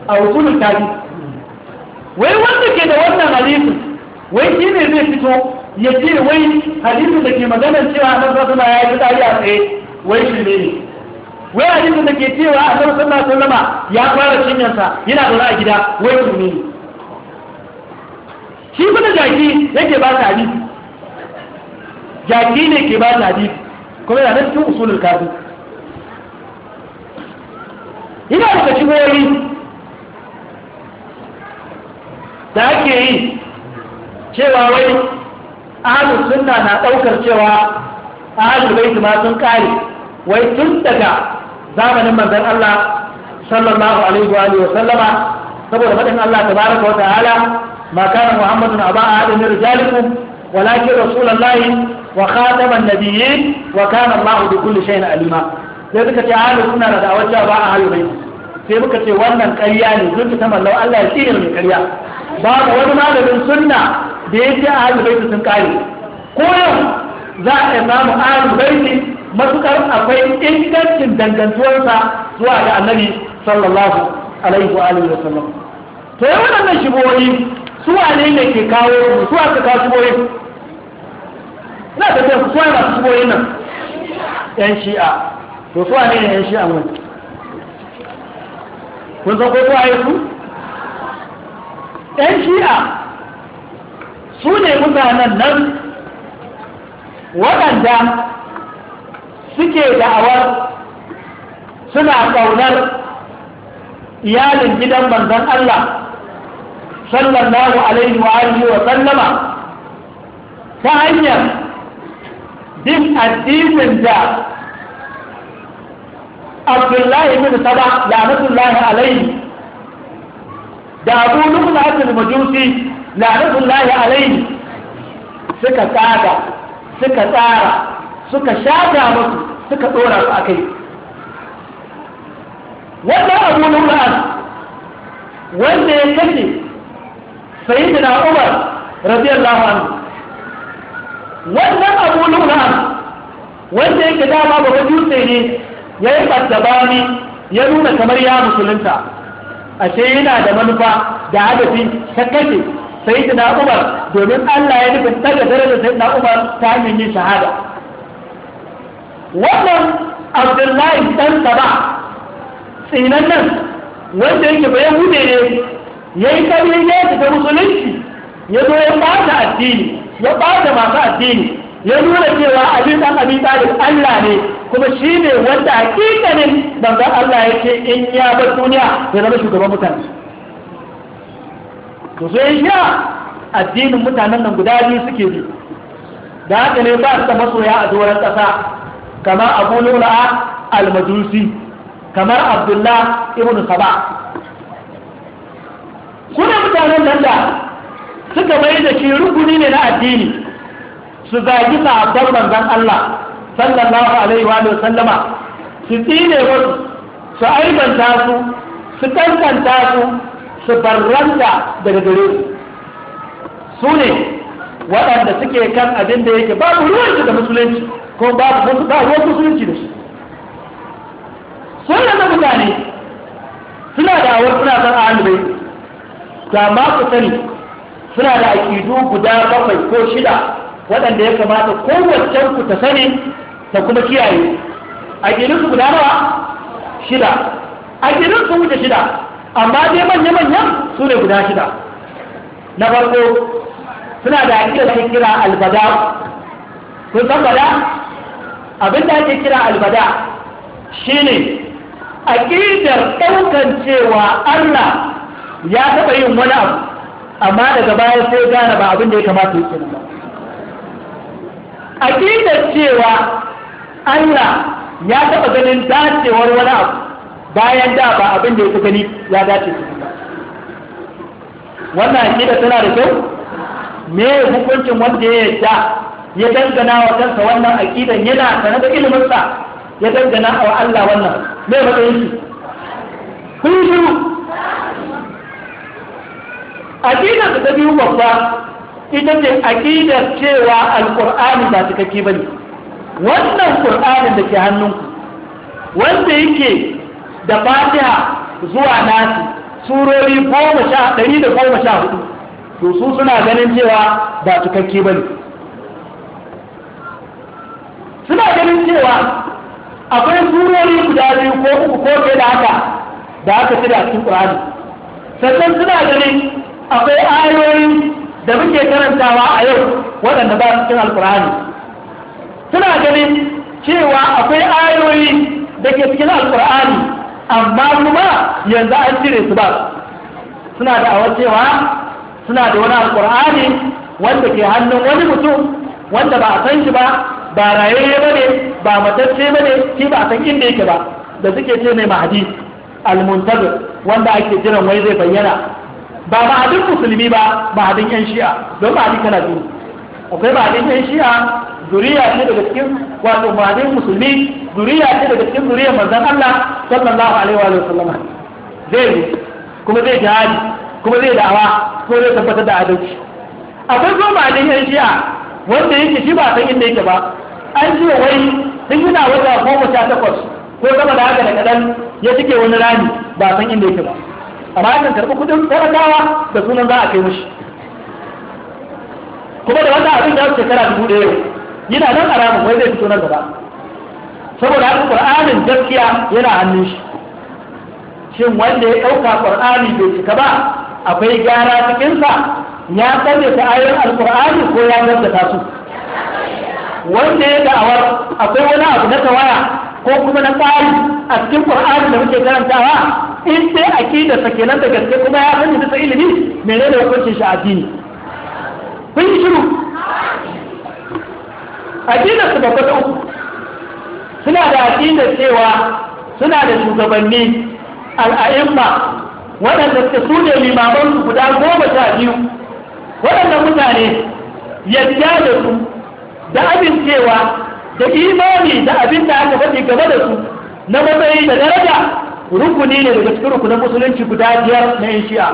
a usulul tari wai wanda ke da wannan hadisi wai shi ne zai fito ya ce wai hadisin da ke magana cewa a sallallahu alaihi ya yi tsari a tsaye wai shi ne wai hadisin da ke cewa a annabi sallallahu alaihi ya fara cinyarsa yana zaune a gida wai shi ne shi kuma jaki yake ba ta hadisi jaki ne ke ba ta hadisi kuma yana cikin usulul kafin ina da cikin goyi da ake yi cewa wai ahalus sunna na ɗaukar cewa ahalul baiti ma sun kare wai tun daga zamanin mangan Allah sallallahu alaihi wa wa sallama saboda faɗin Allah tabaraka wa ta'ala ma kana muhammadun aba ahadin min rijalikum walakin rasulullahi wa khataman nabiyyin wa kana Allah bi kulli shay'in alima sai suka ce ahalus na da'awar ba ahalul baiti sai muka ce wannan ƙarya ne zuci ta mallau Allah ya tsire mai ƙarya Ba ga wani malamin sunna da ya ce a baiti sun kare ko yau za a iya samu ahalul baiti matukar akwai ingancin dangantuwarsa zuwa ga annabi sallallahu alaihi wa alihi wa sallam to yau waɗannan shigoyi su wane ne ke kawo su aka kawo shigoyi ina da ku su wane masu shigoyin nan yan shi'a to su wane ne yan shi'a mun kun san ko ko su ɗan shi'a su ne mutanen nan waɗanda suke da'awar suna ƙaunar iyalin gidan manzon Allah sallallahu alaihi wa alihi wa sallama ta hanyar din addinin da Abdullahi bin Saba la'anatullahi alaihi da abu lubun hasil majusi la'anatullahi alaihi suka tsada suka tsara suka shata musu suka dora su akai wannan abu lubun wanda ya kashe sayyidina umar radiyallahu anhu wannan abu lubun wanda yake dama ba majusi ne ya yi ya nuna kamar ya musulunta ashe yana da manufa da hadafi ta kashe sai da na umar domin allah ya nufin daga darajar sai na umar ta hanyar yin shahada wannan abdullahi dan saba tsinan nan wanda yake bayan hude ne ya yi ta musulunci ya zo ya ɓata addini ya ɓata masu addini ya nuna cewa abin dan abin talib Allah ne kuma shi ne wanda hakikanin manzon Allah ya ce in ya bar duniya ya zama shugaban mutane to sai ya addinin mutanen nan guda biyu suke bi da haka ne ba su da masoya a doron ƙasa kamar abu lula'a al-majusi kamar abdullah ibn saba kuna mutanen nan da suka bai da shi rukuni ne na addini su zagi sabon manzan Allah sallallahu alaihi wa sallama su tsine wasu su aibanta su su kankanta su su barranta daga gare su su ne waɗanda suke kan abin da yake babu ruwansu da musulunci ko babu wasu ba ruwan musulunci da su. sun na mutane suna da awar suna san ahalbai ga ma ku sani suna da aƙidu guda bakwai ko shida waɗanda ya kamata kowaccen ku ta sani ta kuma kiyaye a gidan su guda nawa shida a gidan su wuce shida amma dai manya-manyan su ne guda shida na farko suna da aƙida da kira albada kun san bada abin da ake kira albada shine aƙidar ɗaukan cewa Allah ya taɓa yin wani abu amma daga baya sai gane ba abin da ya kamata yake nan ba aƙidar cewa Allah ya taɓa ganin dacewar wani abu bayan da ba abin da ya gani ya dace su ba wannan aƙida tana da kyau me hukuncin wanda ya yarda ya dangana wa kansa wannan aƙidan yana sanar da iliminsa ya dangana wa Allah wannan me matsayin shi kun shiru aƙidar da ta biyu babba ita ce aƙidar cewa alƙur'ani ba cikakke ba ne wannan ƙur'ani da ke hannunku wanda yake da fatiha zuwa nasi surori goma sha ɗari da goma sha hudu to su suna ganin cewa ba cikakke ba ne suna ganin cewa akwai surori guda biyu ko uku ko ke da haka da aka cire cikin ƙur'ani sannan suna ganin akwai ayoyi da muke karantawa a yau waɗanda ba su cikin alkur'ani suna ganin cewa akwai ayoyi da ke cikin alkur'ani amma kuma yanzu an cire su ba suna da awar cewa suna da wani alkur'ani wanda ke hannun wani mutum wanda ba a san shi ba ba rayayye ba ne ba matacce ba ne shi ba a san inda yake ba da suke ce mai mahadi al al-muntazir wanda ake jiran wai zai bayyana ba ma'adin musulmi ba ma'adin yan shi'a don ma'adin kana biyu akwai ma'adin yan shi'a zuriya ce daga cikin wato ma'adin musulmi zuriya ce daga cikin zuriya manzon Allah sallallahu alaihi wa sallam zai yi kuma zai jihadi kuma zai da'awa ko zai tabbatar da adalci akwai ba ma'adin yan shi'a wanda yake shi ba san inda yake ba an ji wai sun yana wata goma sha takwas ko sama da haka da kaɗan ya cike wani rami ba san inda yake ba bayan kan karɓi kuɗin talakawa da sunan za a kai mushi kuma da wata abin ya shekara dubu ɗaya yana nan a ramin wai zai fito nan gaba saboda haka gaskiya yana hannun shi shin wanda ya ɗauka ƙur'ani bai cika ba akwai gyara cikinsa ya sanya ta ayoyin alƙur'ani ko ya gaskata su wanda ya da'awar akwai wani abu na tawaya ko kuma na tsari a cikin Qur'ani da muke karantawa in sai akida nan da gaske kuma ya sani bisa ilimi menene hukuncin shi addini kun yi shiru akidar su babba ta suna da akidar cewa suna da shugabanni al'a'imma waɗanda suka su ne limaman su guda goma sha biyu waɗanda mutane yadda da su da abin cewa da imani da abin da aka faɗi gaba da su na matsayi da daraja rukuni ne daga cikin rukunin musulunci guda biyar na yin shi'a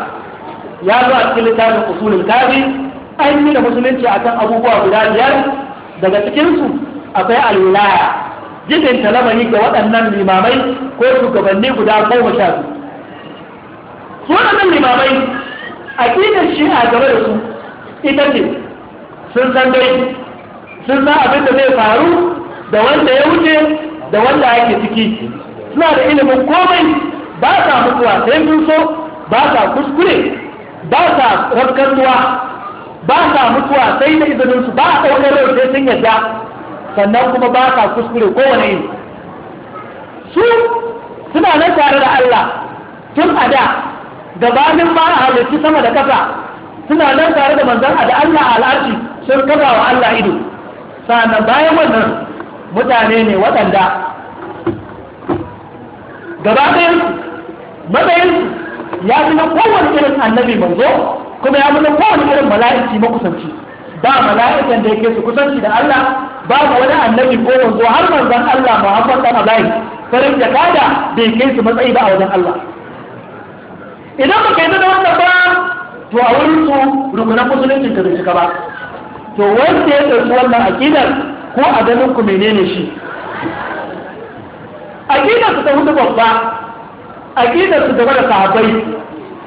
ya zo a cikin littafin usulul kafi an yi da musulunci akan abubuwa guda biyar daga cikinsu akwai alwilaya jikin talabari ga waɗannan limamai ko shugabanni guda goma sha biyu su waɗannan limamai a ƙidan shi'a gaba da su ita ce sun san dai sun san abin da zai faru da wanda ya wuce da wanda ake ciki suna da ilimin komai ba sa mutuwa sai sun so ba sa kuskure ba sa rafkantuwa ba sa mutuwa sai da izininsu ba a ɗaukar rai sai sun yadda sannan kuma ba sa kuskure kowane yi su suna nan tare da Allah tun a da gabanin ma a halittu sama da kasa suna nan tare da manzan a da Allah al'arci sun kafa wa Allah ido sa'annan bayan wannan mutane ne waɗanda gaba ɗayan matsayin ya fi na kowane irin annabi manzo kuma ya fi na kowane irin mala'iki makusanci ba mala'ikan da yake su kusanci da Allah ba babu wani annabi ko manzo har manzon Allah Muhammad dan Abdullahi sarin da kada da ke su matsayi ba a wajen Allah idan baka yi da wannan ba to a wurin su rukunan musulunci ka bai cika ba to wanda ya ɗauki wannan aƙidar ko a ganin ku menene shi aƙidar su ta hudu babba aƙidar su gaba da sahabbai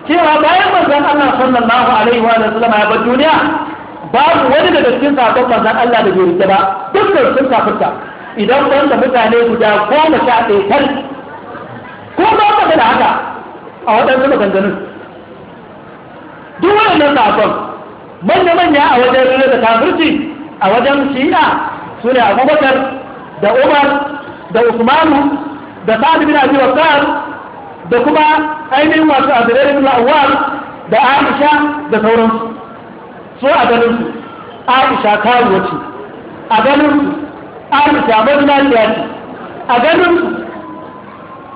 cewa bayan manzon Allah sallallahu alaihi wa sallam ya bar duniya babu wani daga cikin sahabban manzon Allah da bai rike ba dukkan sun kafirta idan wanda mutane guda goma sha ɗaya kan ko ba ka da haka a waɗansu maganganun duk waɗannan sahabban manya-manya a wajen rina da kafirci a wajen shi'a su ne abubakar da umar da usmanu da sa'adu bin abi wasar da kuma ainihin wasu zirar bin lawar, da aisha da sauransu su a ganinsu aisha kawo ce a ganinsu aisha mazinaciya ce a ganinsu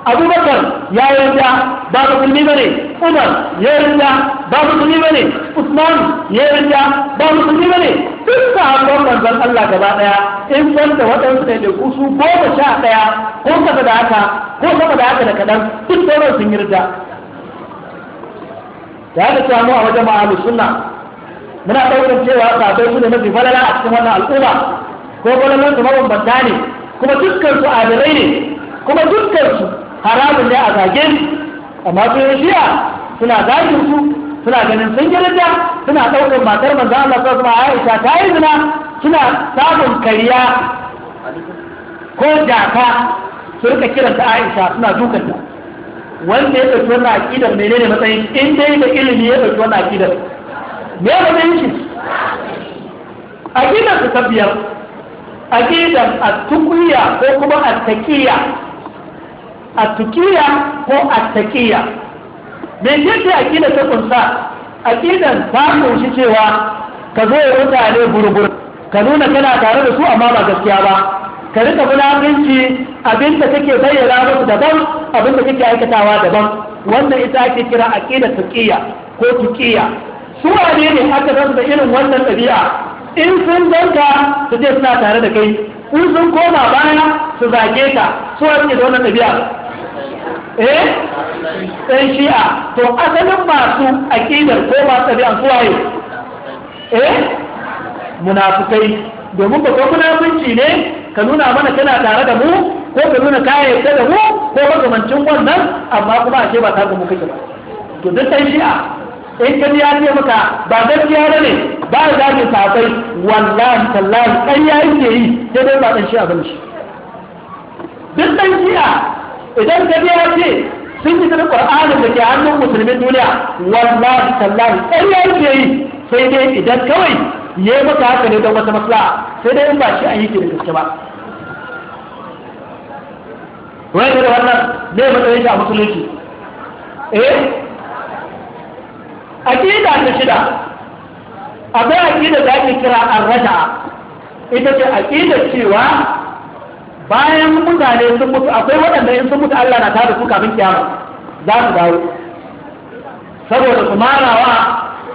abubakar ya yarda ba musulmi bane umar ya yarda ba musulmi bane usman ya yarda ba musulmi bane duk sahabban manzon Allah gaba daya in wanda waɗansu ne da kusu goma sha daya ko sama da haka ko sama da haka da kaɗan duk sauran sun yarda da haka samu a wajen ma'alu sunna muna ɗaukar cewa sahabbai su ne mafi falala a cikin wannan al'umma ko falalan mabambanta ne kuma dukkan su adalai ne kuma dukkan su haramun ne a zage amma su yi shiya suna zagin su suna ganin sun da suna ɗaukar matar manzan Allah sa kuma Aisha ta yi zina suna samun kariya ko jaka su rika kiranta Aisha suna dukanta wanda ya ɗauki wannan aƙidar menene matsayin in dai da ilimi ya ɗauki wannan aƙidar me ya matsayin shi akidar su tabbiyar akidar aƙidar a tukuliya ko kuma a taƙiya A ko التكية هو التكية من جد أكيدة تقنصا أكيدة تامو ka nuna kana tare da su amma ba gaskiya ba ka rika abin da kake bayyana musu daban abinda kake aikatawa daban wannan ita ake kira aqida tukiya ko tukiya su wane ne aka san da irin wannan ɗabi'a in sun danka su je suna tare da kai in sun koma baya su zage ka su wane da wannan ɗabi'a eh ɗan shi'a to asalin masu aƙidar ko masu ɗabi'an suwaye eh munafukai domin ba ko munafunci ne ka nuna mana kana tare da mu ko ka nuna kayan da mu ko makamancin wannan amma kuma ce ba ta da mu kake ba to duk ɗan shi'a in ka ya ce maka ba gaskiya ba ne ba da zagin safai wallahi tallahi yayin yake yi sai dai ba ɗan shi'a ba ne duk ɗan shi'a idan ka biya ce sun yi tsarin ƙwar'anin da ke hannun musulmin duniya wallahi tallahi ƙarya yake yi sai dai idan kawai ya yi maka haka ne don wata maslaha sai dai in ba shi an yi ke da gaske ba wani da wannan ne matsayin shi a musulunci eh aƙida ta shida akwai aƙida da ki kira an raja ita ce aƙidar cewa bayan mutane sun mutu akwai waɗanda in sun mutu Allah na tada su kafin kiyama za su dawo saboda su marawa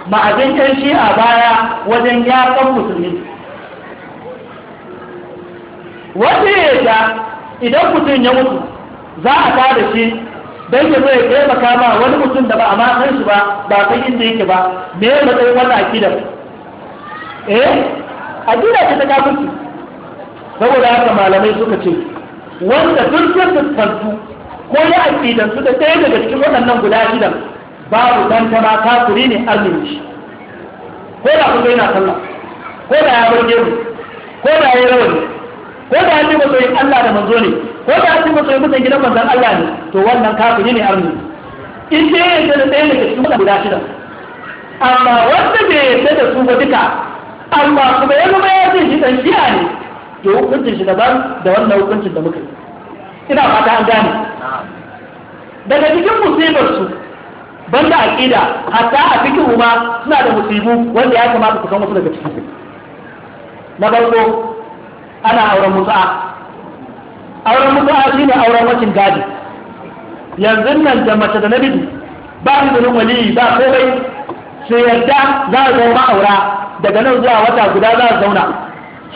ma'ajin shi a baya wajen yaƙon musulmi wanda ya ga idan mutum ya mutu za a tada shi don ya zai taimaka ma wani mutum da ba a matsayin shi ba ba san inda yake ba me ya matsayin wannan akidar eh akida shi ta kafirci saboda haka malamai suka ce wanda duk sun fuskantu ko ya su da ɗaya daga cikin waɗannan guda shidan babu tantama kafiri ne arzikin shi ko da kuma yana sallah ko da ya bar gemu ko da ya rawani ko da ya ce masoyin Allah da manzo ne ko da ya ce masoyin mutan gidan manzon Allah ne to wannan kafiri ne arzikin in dai ya ce da ɗaya daga cikin waɗannan guda shidan amma wanda bai yarda da su ba duka amma kuma ya zama ya ce shi ɗan shi'a ne to hukuncin shi daban da wannan hukuncin da muka yi ina fata an gane daga cikin musibar su banda aqida hatta a cikin uma suna da musibu wanda ya kamata ku san wasu daga cikin su na farko ana auren mutu'a auren mutu'a shine auren wacin gadi yanzu nan da mace da nabi ba nan wali ba komai sai yadda za a zama aura daga nan zuwa wata guda za a zauna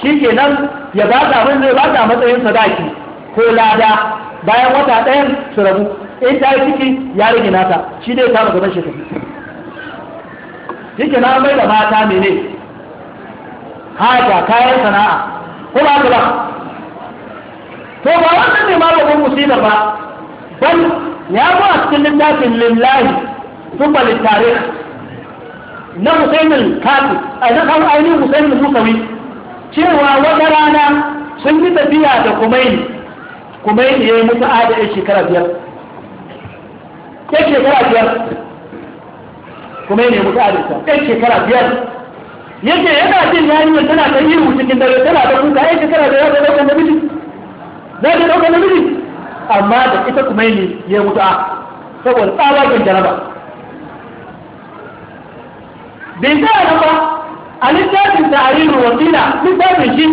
shi ke nan. ya ba ta abin zai ba ta matsayin sadaki ko lada bayan wata ɗayan su rabu in ta yi ciki ya rage nata shi dai ta gaban shekaru yake na mai da mata mene haka kayan sana'a ko ba ka ba to ba wannan ne ma babban musina ba ban ya zo a cikin littafin lillahi sun ba littare na husainin kati na ainihin husainin musawi cewa wata rana sun yi tafiya da kumaini kumaini ya yi mutu ada ya shekara biyar ya shekara biyar kumaini ya mutu ada ya shekara biyar yake yana jin yarinyar tana ta ihu cikin dare tana da kuka ya shekara da ya ta namiji za ta ɗaukar namiji amma da ita kumaini ya mutu a saboda tsawagen jaraba bai tsaya nan ba a littafin tarihin wasila littafin shi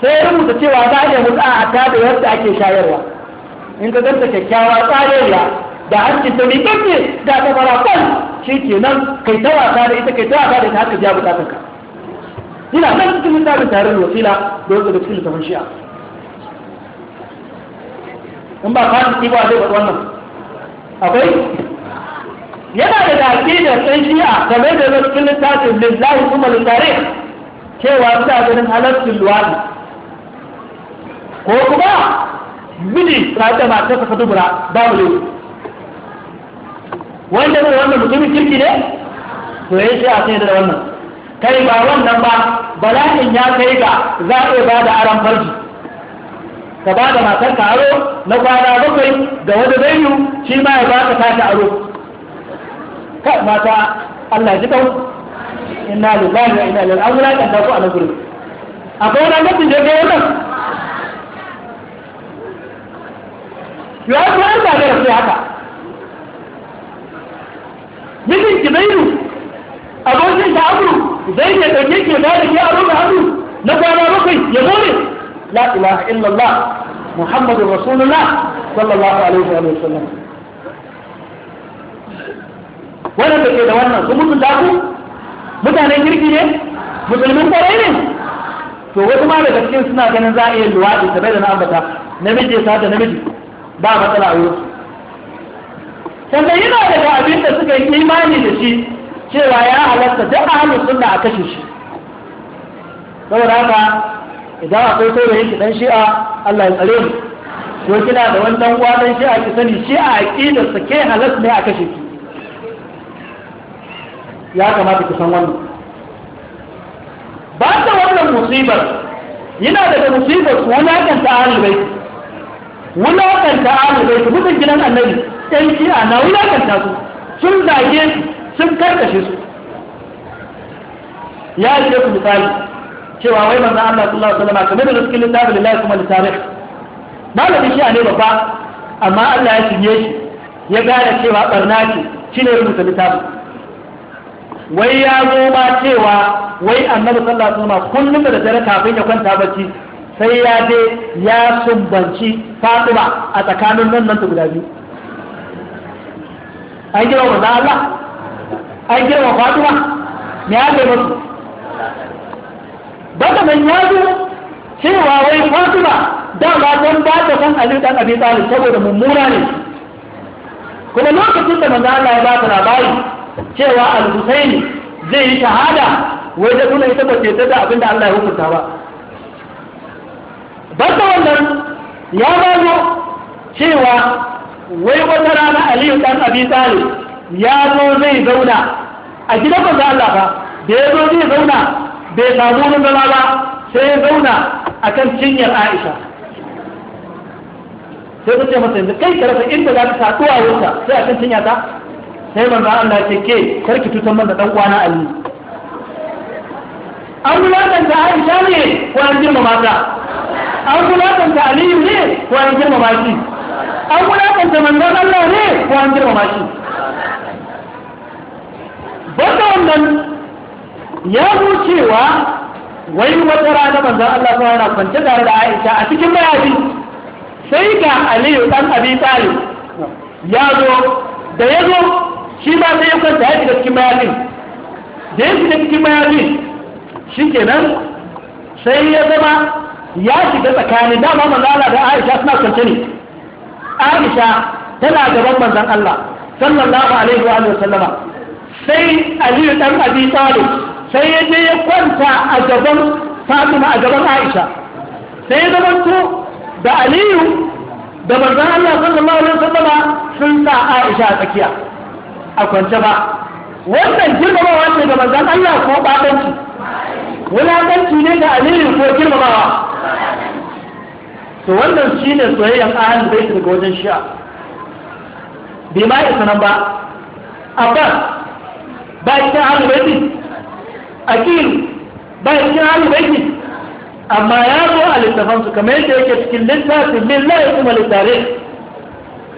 sai ya rubuta cewa za a iya mutu a ta da yadda ake shayarwa in ka ganta kyakkyawa tsarewa da harshen ta miƙaƙe da ta fara kwan shi ke nan kai ta wasa da ita kai ta wasa da ita haka bukatar ka ina nan cikin littafin tarihin wasila da wasu da cikin littafin shi'a in ba kwanci ba zai faɗi wannan akwai yana da daƙi da ɗan shi'a game da cikin littafin lillahi kuma Tare, cewa suna ganin halarcin luwadi ko kuma mini rata da ta saka dubura ba mu yau wanda ne wannan mutumin kirki ne to ya shi a sai da wannan kai ba wannan ba bala'in ya kai ga za a ba da aran farji ka ba da matar ka aro na kwana bakwai da wani bayu shi ma ya ba ka tashi aro kai mata Allah ji kau inna lillahi wa inna ilaihi raji'un da ku a nan gurin akwai wani mutum da ga wannan ya ku an da sai haka mijin jibairu abokin da abu zai ne dauke ke ba da ke aro da abu na kwana bakwai ya gore la ilaha illallah muhammadur rasulullah sallallahu alaihi wa sallam waɗanda ke da wannan sun mutu ku mutanen kirki ne musulmin kwarai ne to wasu ma da gaske suna ganin za a iya luwaɗi bai da na ambata namiji ya sata namiji ba matsala a yau. sannan yana daga abin da suka yi imani da shi cewa ya halatta duk a sun da a kashe shi saboda haka idan akwai saurayin shi dan shi'a Allah ya tsare mu ko kina da wannan uwa dan shi'a ki sani shi'a a sa ke halatta ne a kashe ki ya kamata ku san wannan ba da wannan musibar yana daga musibar su wulakanta ahalbai wulakanta alibai su mutum gidan annabi ɗan a na wulakanta su sun zage sun karkashe su ya yi ku misali cewa wai manzan Allah sallallahu alaihi wasallam kamar da cikin littafin lillahi kuma littafin shi a ne babba amma Allah ya shige shi ya gane cewa barna ce shine rubuta littafin wai ya zo ba cewa wai annabi sallallahu alaihi wasallam kullum da dare kafin ya kwanta bacci sai ya je ya sumbanci fatima a tsakanin nan nan guda biyu an wa da Allah an wa fatima me ya kai musu baka nan ya zo cewa wai fatima ba don ba ta san Ali dan Abi Talib saboda mummuna ne kuma lokacin da manzo Allah ya ba ta labari cewa al-husaini zai yi shahada wai da nuna ita bace ta da abinda Allah ya hukunta ba banda wannan ya gano cewa wai wata rana Aliyu dan Abi Talib ya zo zai zauna a gidan manzo Allah ba da ya zo zai zauna bai samu wurin zama ba sai ya zauna akan cinyar Aisha sai ta ce masa yanzu kai ka rasa inda za ka saduwa wuta sai akan cinya ta sai manzo Allah ce ke karki tutan man da dan kwana Ali an wulakanta Aisha ne ko an girma mata an wulakanta Aliyu ne ko an girma mashi an wulakanta manzon Allah ne ko an girma mashi bada wannan ya cewa wai wata rana banza Allah ta yana kwance tare da Aisha a cikin bayani sai ga Aliyu dan Abi Talib ya zo da ya zo shi ba sai ya kwanta ya shiga cikin mayafin da ya shiga cikin mayafin shi kenan sai ya zama ya shiga tsakani dama manzala da aisha suna kwance ne aisha tana gaban manzan allah sallallahu alaihi wa sallama sai aliyu dan abi talib sai ya je ya kwanta a gaban fatima a gaban aisha sai ya zama to da aliyu da manzan allah sallallahu alaihi wa sallama sun sa aisha a tsakiya a kwance ba wannan girmamawa ce ga manzan Allah ko babanci wulakanci ne ga aliyu ko girmamawa to wannan shi ne soyayyen ahal bai daga wajen shi'a bai ma yi sanan ba abbas ba cikin ahal bai akilu ba cikin ahal bai amma ya zo a littafansu kamar yadda yake cikin littafin min la ya kuma littare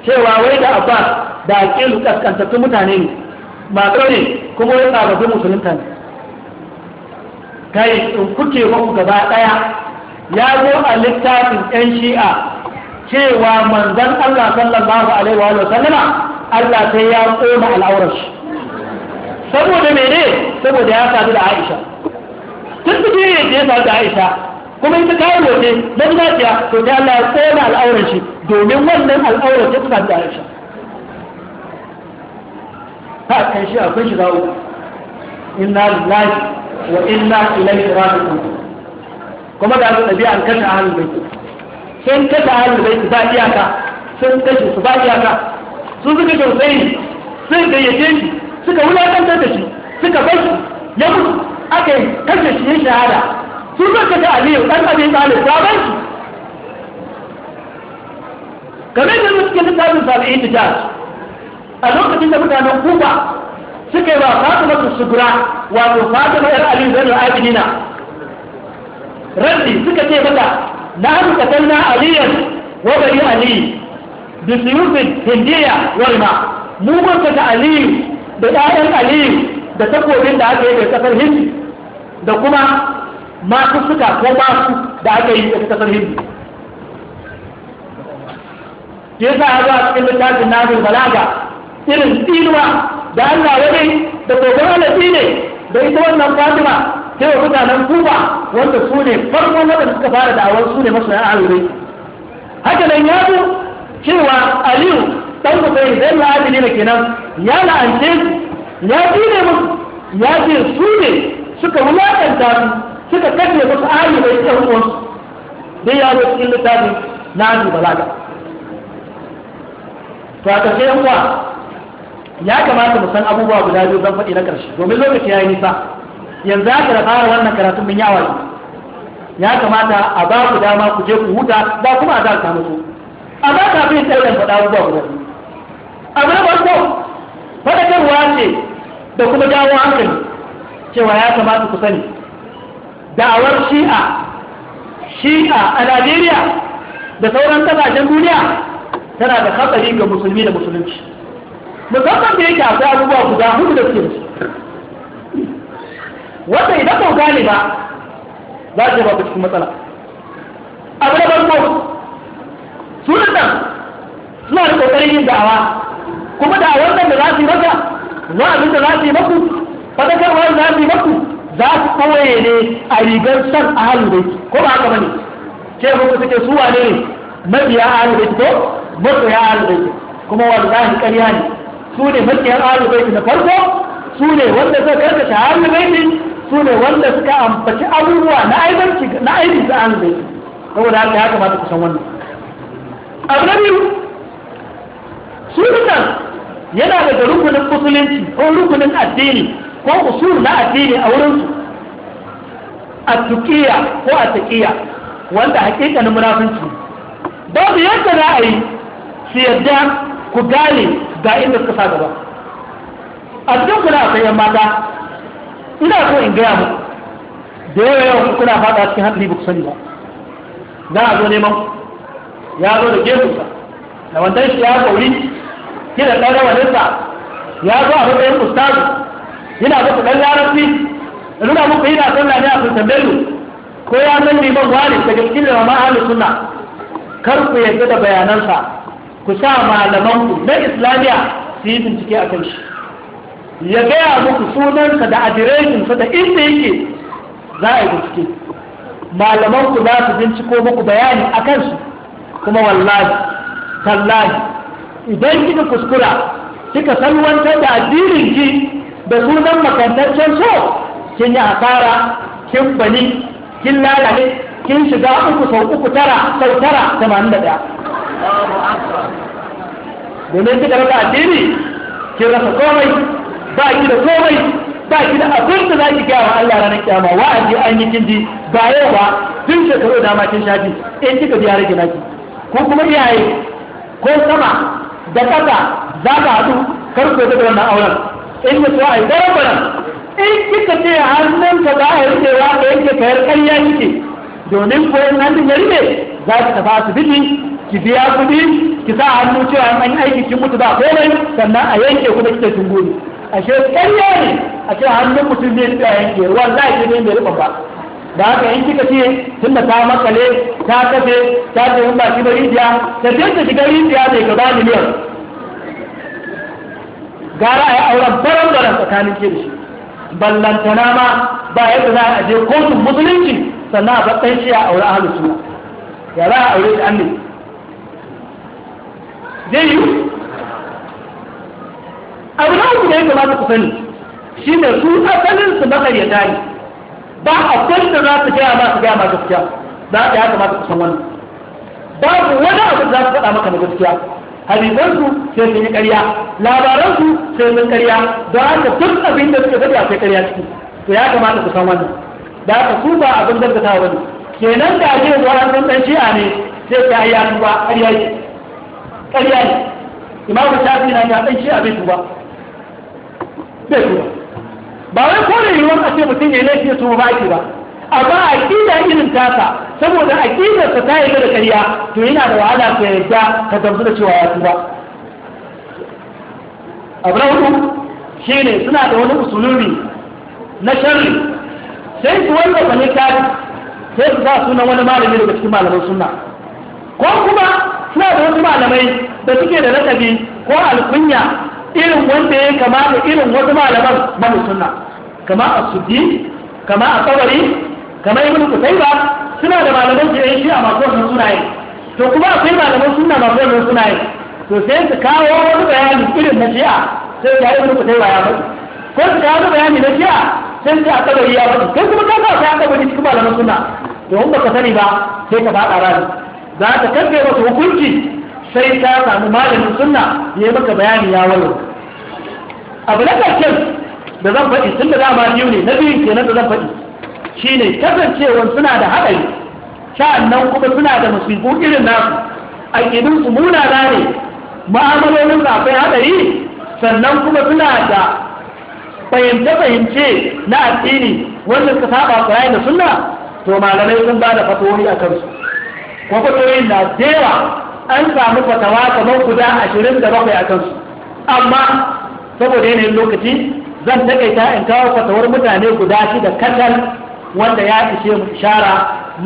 cewa wai da abbas da aƙilu kaskantattun mutane ne masu ne kuma ya tsarafin musulunta ne kai in kuke ku gaba ɗaya ya zo a littafin 'yan shi'a cewa manzan Allah sallallahu alaihi wa sallama Allah sai ya koma al'aurar shi saboda mene saboda ya sadu da Aisha tun da ya sadu da Aisha kuma ita kawo lote don zafiya to dai Allah ya koma al'aurar shi domin wannan al'aurar ta sadu da Aisha ta kan shi akwai shiga uku inna lillahi wa inna ilaihi raji'un kuma da su ɗabi'a kan ahlul bait sun kashe ahlul bait ba iyaka sun kashe su ba iyaka sun suka tausayi sun gayyace shi suka wulakantar da shi suka bar shi ya mutu aka yi kashe shi shahada sun suka ta aliyu ɗan abin talib ba bar shi kamar da suke littafin sabi'in da jihar a lokacin da mutanen kuka suka yi ba fatima su sugura wato fatima yar ali zainul abidina rabbi suka ce mata na hadu katanna aliyan wa ali bi suyufin hindiya walma mu mun ta aliyu da ɗayan aliyu da takobin da aka yi da kasar hindi da kuma masu masussuka ko masu da aka yi da kasar hindi sa ya zo cikin littafin nazir balaga irin tsinuwa da Allah wani da gobe alaƙi ne da ita wannan fatima sai wa mutanen kuba wanda su ne farkon wanda suka fara da'awar su ne yan aure haka nan ya zo cewa aliyu ɗan kusurin zai la'adini da kenan ya la'ance su ya tsine musu ya ce su ne suka wulaƙanta su suka kashe musu ayi da ita hukunsu dai ya zo cikin littafin na balaga to a ƙarshe yan ya kamata mu san abubuwa guda biyu zan faɗi na ƙarshe domin lokaci ya yi nisa yanzu haka da fara wannan karatun mun yawa ya kamata a ba ku dama ku je ku huta ba kuma a za ka a za ka fi sai da faɗa abubuwa guda biyu abu na farko faɗakarwa ce da kuma jawo hankali cewa ya kamata ku sani da'awar shi'a shi'a a najeriya da sauran kasashen duniya tana da hatsari ga musulmi da musulunci musamman da yake akwai abubuwa guda hudu da suke wanda idan ba gane ba za ta ba cikin matsala abu da farko su nan suna da kokarin yin da'awa kuma da wannan da za su yi maka a da za su yi maku fadakarwa wani za su yi maku za su koye ne a rigar san da yake ko ba haka ne? ke muku suke su wane ne mabiya da yake ko masoya da yake kuma wallahi ƙarya ne su ne makiyan ahlul baiti na farko su ne wanda suka karkata ahlul baiti su ne wanda suka ambaci abubuwa na aibanci na aibin da ahlul baiti saboda haka ya kamata ku san wannan abu na biyu su yana daga rukunin musulunci ko rukunin addini ko usul na addini a wurin su tukiya tuqiya ko a tukiya wanda hakikanin munafinci su yadda za a yi su yadda ku gane ga inda suka sa gaba a cikin kula akwai yan mata ina so in gaya mu. da yawa yawa kuna fada cikin hankali ba ku sani ba za a zo neman ya zo da gefensa da wanda shi ya kauri da ɗan rawaninsa ya zo a matsayin ustazu yana da ɗan larabci da nuna muku yana sallah ne a sultan bello ko ya san neman wani daga cikin lamar ahalin suna. kar ku yarda da bayanansa ku sa malamanku na islamiyya su yi bincike a kan shi ya gaya muku sunansa da adireshinsa da inda yake za a yi bincike malamanku za su binciko muku bayani a kansu kuma wallahi tallahi idan kika kuskura kika salwantar da addinin ki da sunan makantaccen so kin yi asara kin bani kin lalace kin shiga uku sau uku tara sau tara tamanin da ɗaya domin kika rasa addini ki rasa komai ba ki da komai ba ki da abin da za ki gaya wa Allah ranar kiyama wa'azi an yi kinji ba yau ba tun shekaru da ma kin shafi in kika biya rage naki ko kuma iyaye ko sama da kasa za ka haɗu karko da wannan auren in ka so a yi barabaran in kika ce hannunka za a rikewa da yanke kayar ƙarya kike domin koyon hannun ya rike za ki tafi asibiti ki biya kuɗi ki sa hannu cewa an yi aiki kin mutu ba komai sannan a yanke kuma kike kin gudu ashe ƙarya ne a ce hannun mutum zai a yanke wallahi sai ne bai riba ba da haka in kika ce tun da ta makale ta kafe ta ce mun ba shi ba rijiya ta ce ta shiga rijiya mai gaba miliyan gara a yi auren baran baran tsakanin ke da shi ballantana ma ba yadda za a je kotun musulunci sannan a batsan shi a aure ahalus suna ya ba a aure da annu zai yi abu na wuce da ya kamata ku sani shi ne su asalin su ya tari. ba a da za su gaya ma su gaya masu gaskiya za ya kamata ku san wannan su wani abu za su faɗa maka na gaskiya hadisansu sai sun yi ƙarya labaransu sai sun ƙarya don haka duk abin da suka faɗi akwai ƙarya ciki to ya kamata ku san wannan da haka su ba abin ta wani kenan da ake zuwa an san dan shi'a ne sai ta yanzu ba ƙarya ne ƙarya ne imamu shafi na ya dan shi'a bai tuba bai tuba ba wai kore yiwuwar a ce mutum ya laifi ya tuba ba ake ba amma ƙida irin tasa saboda a ƙida ta ta yi da ƙarya to yana da wahala ta yadda ka gamsu da cewa ya tuba abu na hudu shi ne suna da wani usuluri na sharri sai su wanda ba kari sai su sa sunan wani malami daga cikin malaman sunna ko kuma suna da wasu malamai da suke da lakabi ko alkunya irin wanda ya kama da irin wasu malaman manu sunna kama a suddi kama a tsawari kama ibn ba? suna da malaman su yan a masu wannan sunaye to kuma akwai malaman sunna masu wannan sunaye to sai su kawo wani bayani irin na shi'a sai ya ibn kutaiba ya faɗi ko su kawo wani bayani na shi'a sun ce a kabari ya faɗi kai kuma ka ta kabari cikin malaman suna domin baka sani ba sai ka faɗa rani za ka kafe masa hukunci sai ta samu malamin suna ya yi maka bayani ya wani abu na karshen da zan faɗi tun da dama biyu ne na biyun kenan da zan faɗi shine kasancewar suna da haɗari sa'annan kuma suna da musibu irin nasu aƙidinsu na ne ma'amalolin akwai haɗari sannan kuma suna da fahimce-fahimce na addini wanda suka saba Qur'ani da Sunna to malamai sun ba da fatawoyi a kansu ko na dewa an samu fatawa kamar guda ashirin da bakwai a kansu amma saboda yanayin lokaci zan takaita in kawo fatawar mutane guda shida kacal wanda ya ishe mu ishara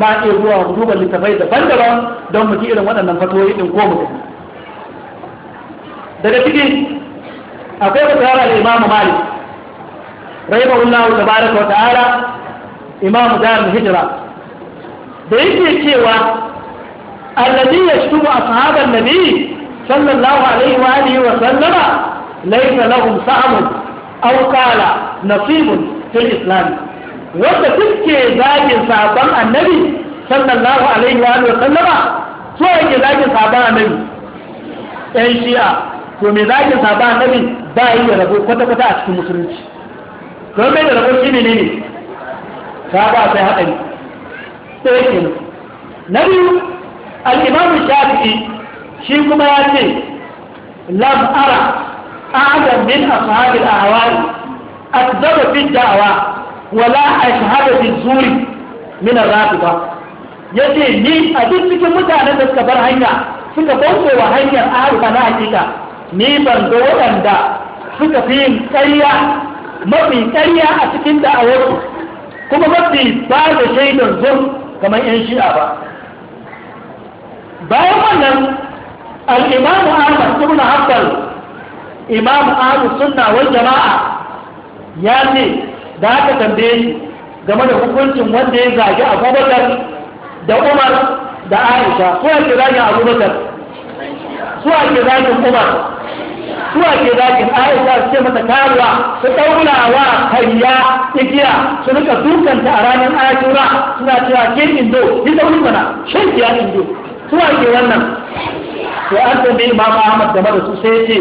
ma iya zuwa duban littafai daban-daban don mu ji irin waɗannan fatawoyi ɗin ko mu daga ciki akwai fatawar al Malik rahimahullahu tabaraka wa ta'ala imam darul hijra da yake cewa alladhi yashtumu ashaban nabi sallallahu alaihi wa alihi wa sallama laysa lahum sa'mun aw qala nasibun fil islam wanda kuke zagin sabon annabi sallallahu alaihi wa alihi wa sallama so yake zagin sabon annabi ɗan shi'a to me zagin sabon annabi ba yi da rabo kwata-kwata a cikin musulunci don bai da rabon ilimi ne ka ba sai haɗari ɗaya ke na biyu al'imamu shafi'i shi kuma ya ce lam ara أعلم من أصحاب الأهوال أكذب في الدعوة ولا أشهد في الزور من الرافضة yace ni a duk cikin mutanen da suka bar hanya suka bauta wa hanyar arufa na hakika ni ban ga waɗanda suka fi yin ƙarya mafi ƙarya a cikin da'awarsu kuma mafi ba da shaidar zon kamar 'yan shi'a ba bayan wannan al'imamu ahmad Suna hanbal imamu ahmad Suna wani jama'a ya ce da aka tambaye game da hukuncin wanda ya zagi abubakar da umar da aisha su ke zagin abubakar su ke zagin umar suwa ke zakin aisha su ce mata karuwa su ɗaura wa kariya igiya su rika dukanta a ranar ashura suna cewa ke indo ki zaune mana shan kiya indo suwa ke wannan to an tambayi imam ahmad game da su sai ce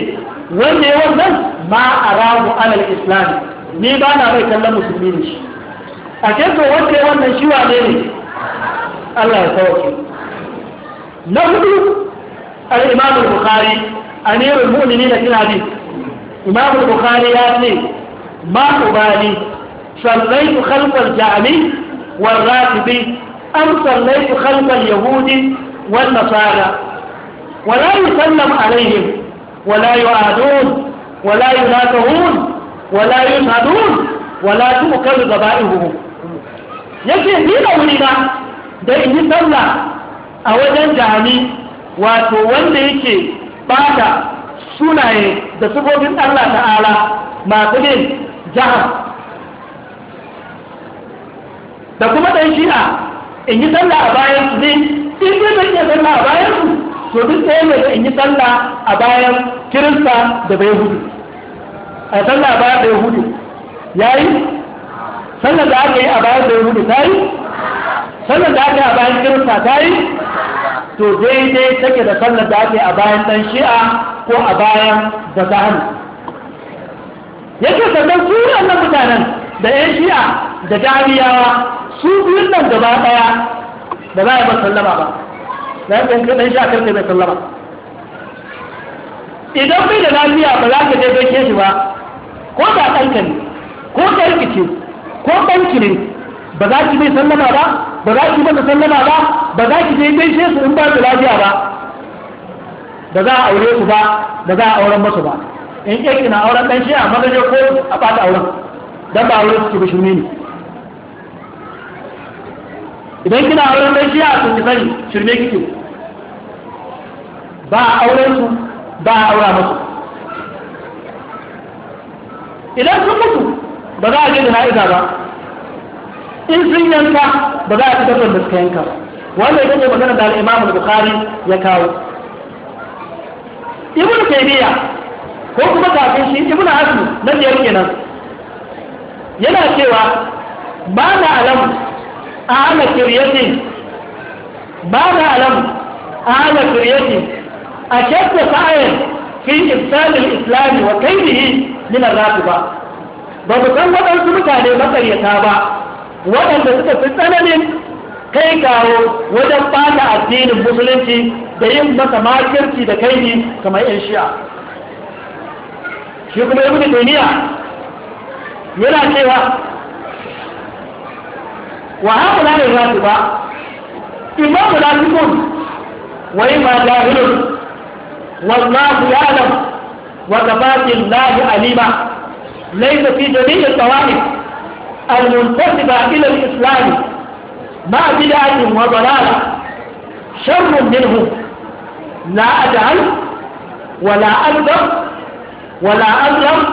wanda ya wannan ma arahu alal islam ni ba na mai kallon musulmi ne shi a kento wanda ya wannan shi wane ne Allah ya sauke na hudu al-imam al-bukhari أمير المؤمنين في العديث إمام البخاري يأتي ما أبالي صليت خلف الجعمي والراتبي أم صليت خلف اليهود والنصارى ولا يسلم عليهم ولا يعادون ولا يناتهون ولا يسعدون ولا تؤكل ضبائهم يجب دين أولينا دين الله أولا جعمي وتولي كي ta sunaye da sufofin Allah ta'ala masu yin jihar da kuma ɗan shi'a in yi sallah a bayan su ne in zai zai iya sallah a bayan su to duk ɗaya ne da in yi sallah a bayan kirista da bai hudu a sallah a bayan bai hudu ya yi sallah da aka yi a bayan bai hudu ta yi sallah da aka yi a bayan kirista ta yi to daidai take da sallar da ake a bayan dan shi'a ko a bayan bazahan yake sannan su wannan mutanen da yan shi'a da dariyawa su biyun nan gaba daya da ba ya ba sallama ba da yan kaɗan shi'a karfe mai sallama idan bai da lafiya ba za ka daidai ke shi ba ko da ɗanka ne ko ƙarfi ce ko ɗanki ne ba za ki bai sallama ba ba za ki masa sallama ba ba za ki bai gaishe su in ba su lafiya ba ba za a aure su ba ba za a auren masu ba in yake kina auren dan shi'a magaje ko a bata auren dan ba aure ke bishirme ne idan kina auren dan a sun ki sani shirme kike ba a auren su ba a aura masu idan sun mutu ba za a je jana'iza ba in sun yanka ba za a ci da suka yanka wanda ya kake magana da al'imam bukhari ya kawo ibn taymiya ko kuma kafin shi ibn hasan na biyar kenan yana cewa ba na alam a ala kiryati ba na alam a ala kiryati a shakka sa'ayin fi isalin islami wa kaidihi min arrafi ba ba ku san waɗansu mutane matsayyata ba waɗanda suka fi tsananin kai kawo wajen bada addinin musulunci da yin masa makirci da kai ne kamar yan shi'a shi kuma ibn duniya yana cewa wa na da zafi ba imam da cikin wai ma jahilun wallahu ya'lam wa gabatin lahi alima laifafi jami'in jami'il المنتسبة إلى الإسلام مع بدعة وضلال شر منه لا أجعل ولا أكبر ولا أظلم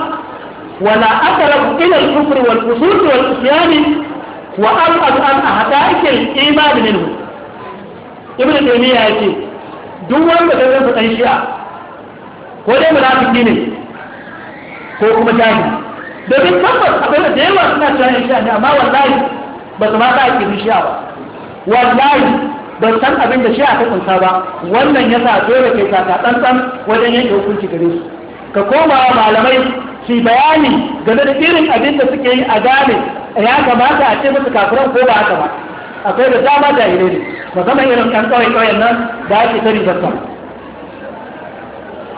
ولا أقرب إلى الكفر والفسوق والإسلام وأبعد أن أحدائك الإيمان منه ابن تيمية يأتي duk wanda ta zai ɗan لا ko dai munafiki domin tabbas abin da yawa suna cewa shi shi'a ne amma wallahi ba su ma sa ake shi'a ba wallahi ban san abin da shi a ta kunsa ba wannan ya sa dole ke sata tsantsan wajen yanke hukunci gare su ka koma malamai su bayani game da irin abin da suke yi a gane ya kamata a ce musu kafiran ko ba haka ba akwai da dama da ire ne musamman irin kan kawai kawai nan da ake tari ta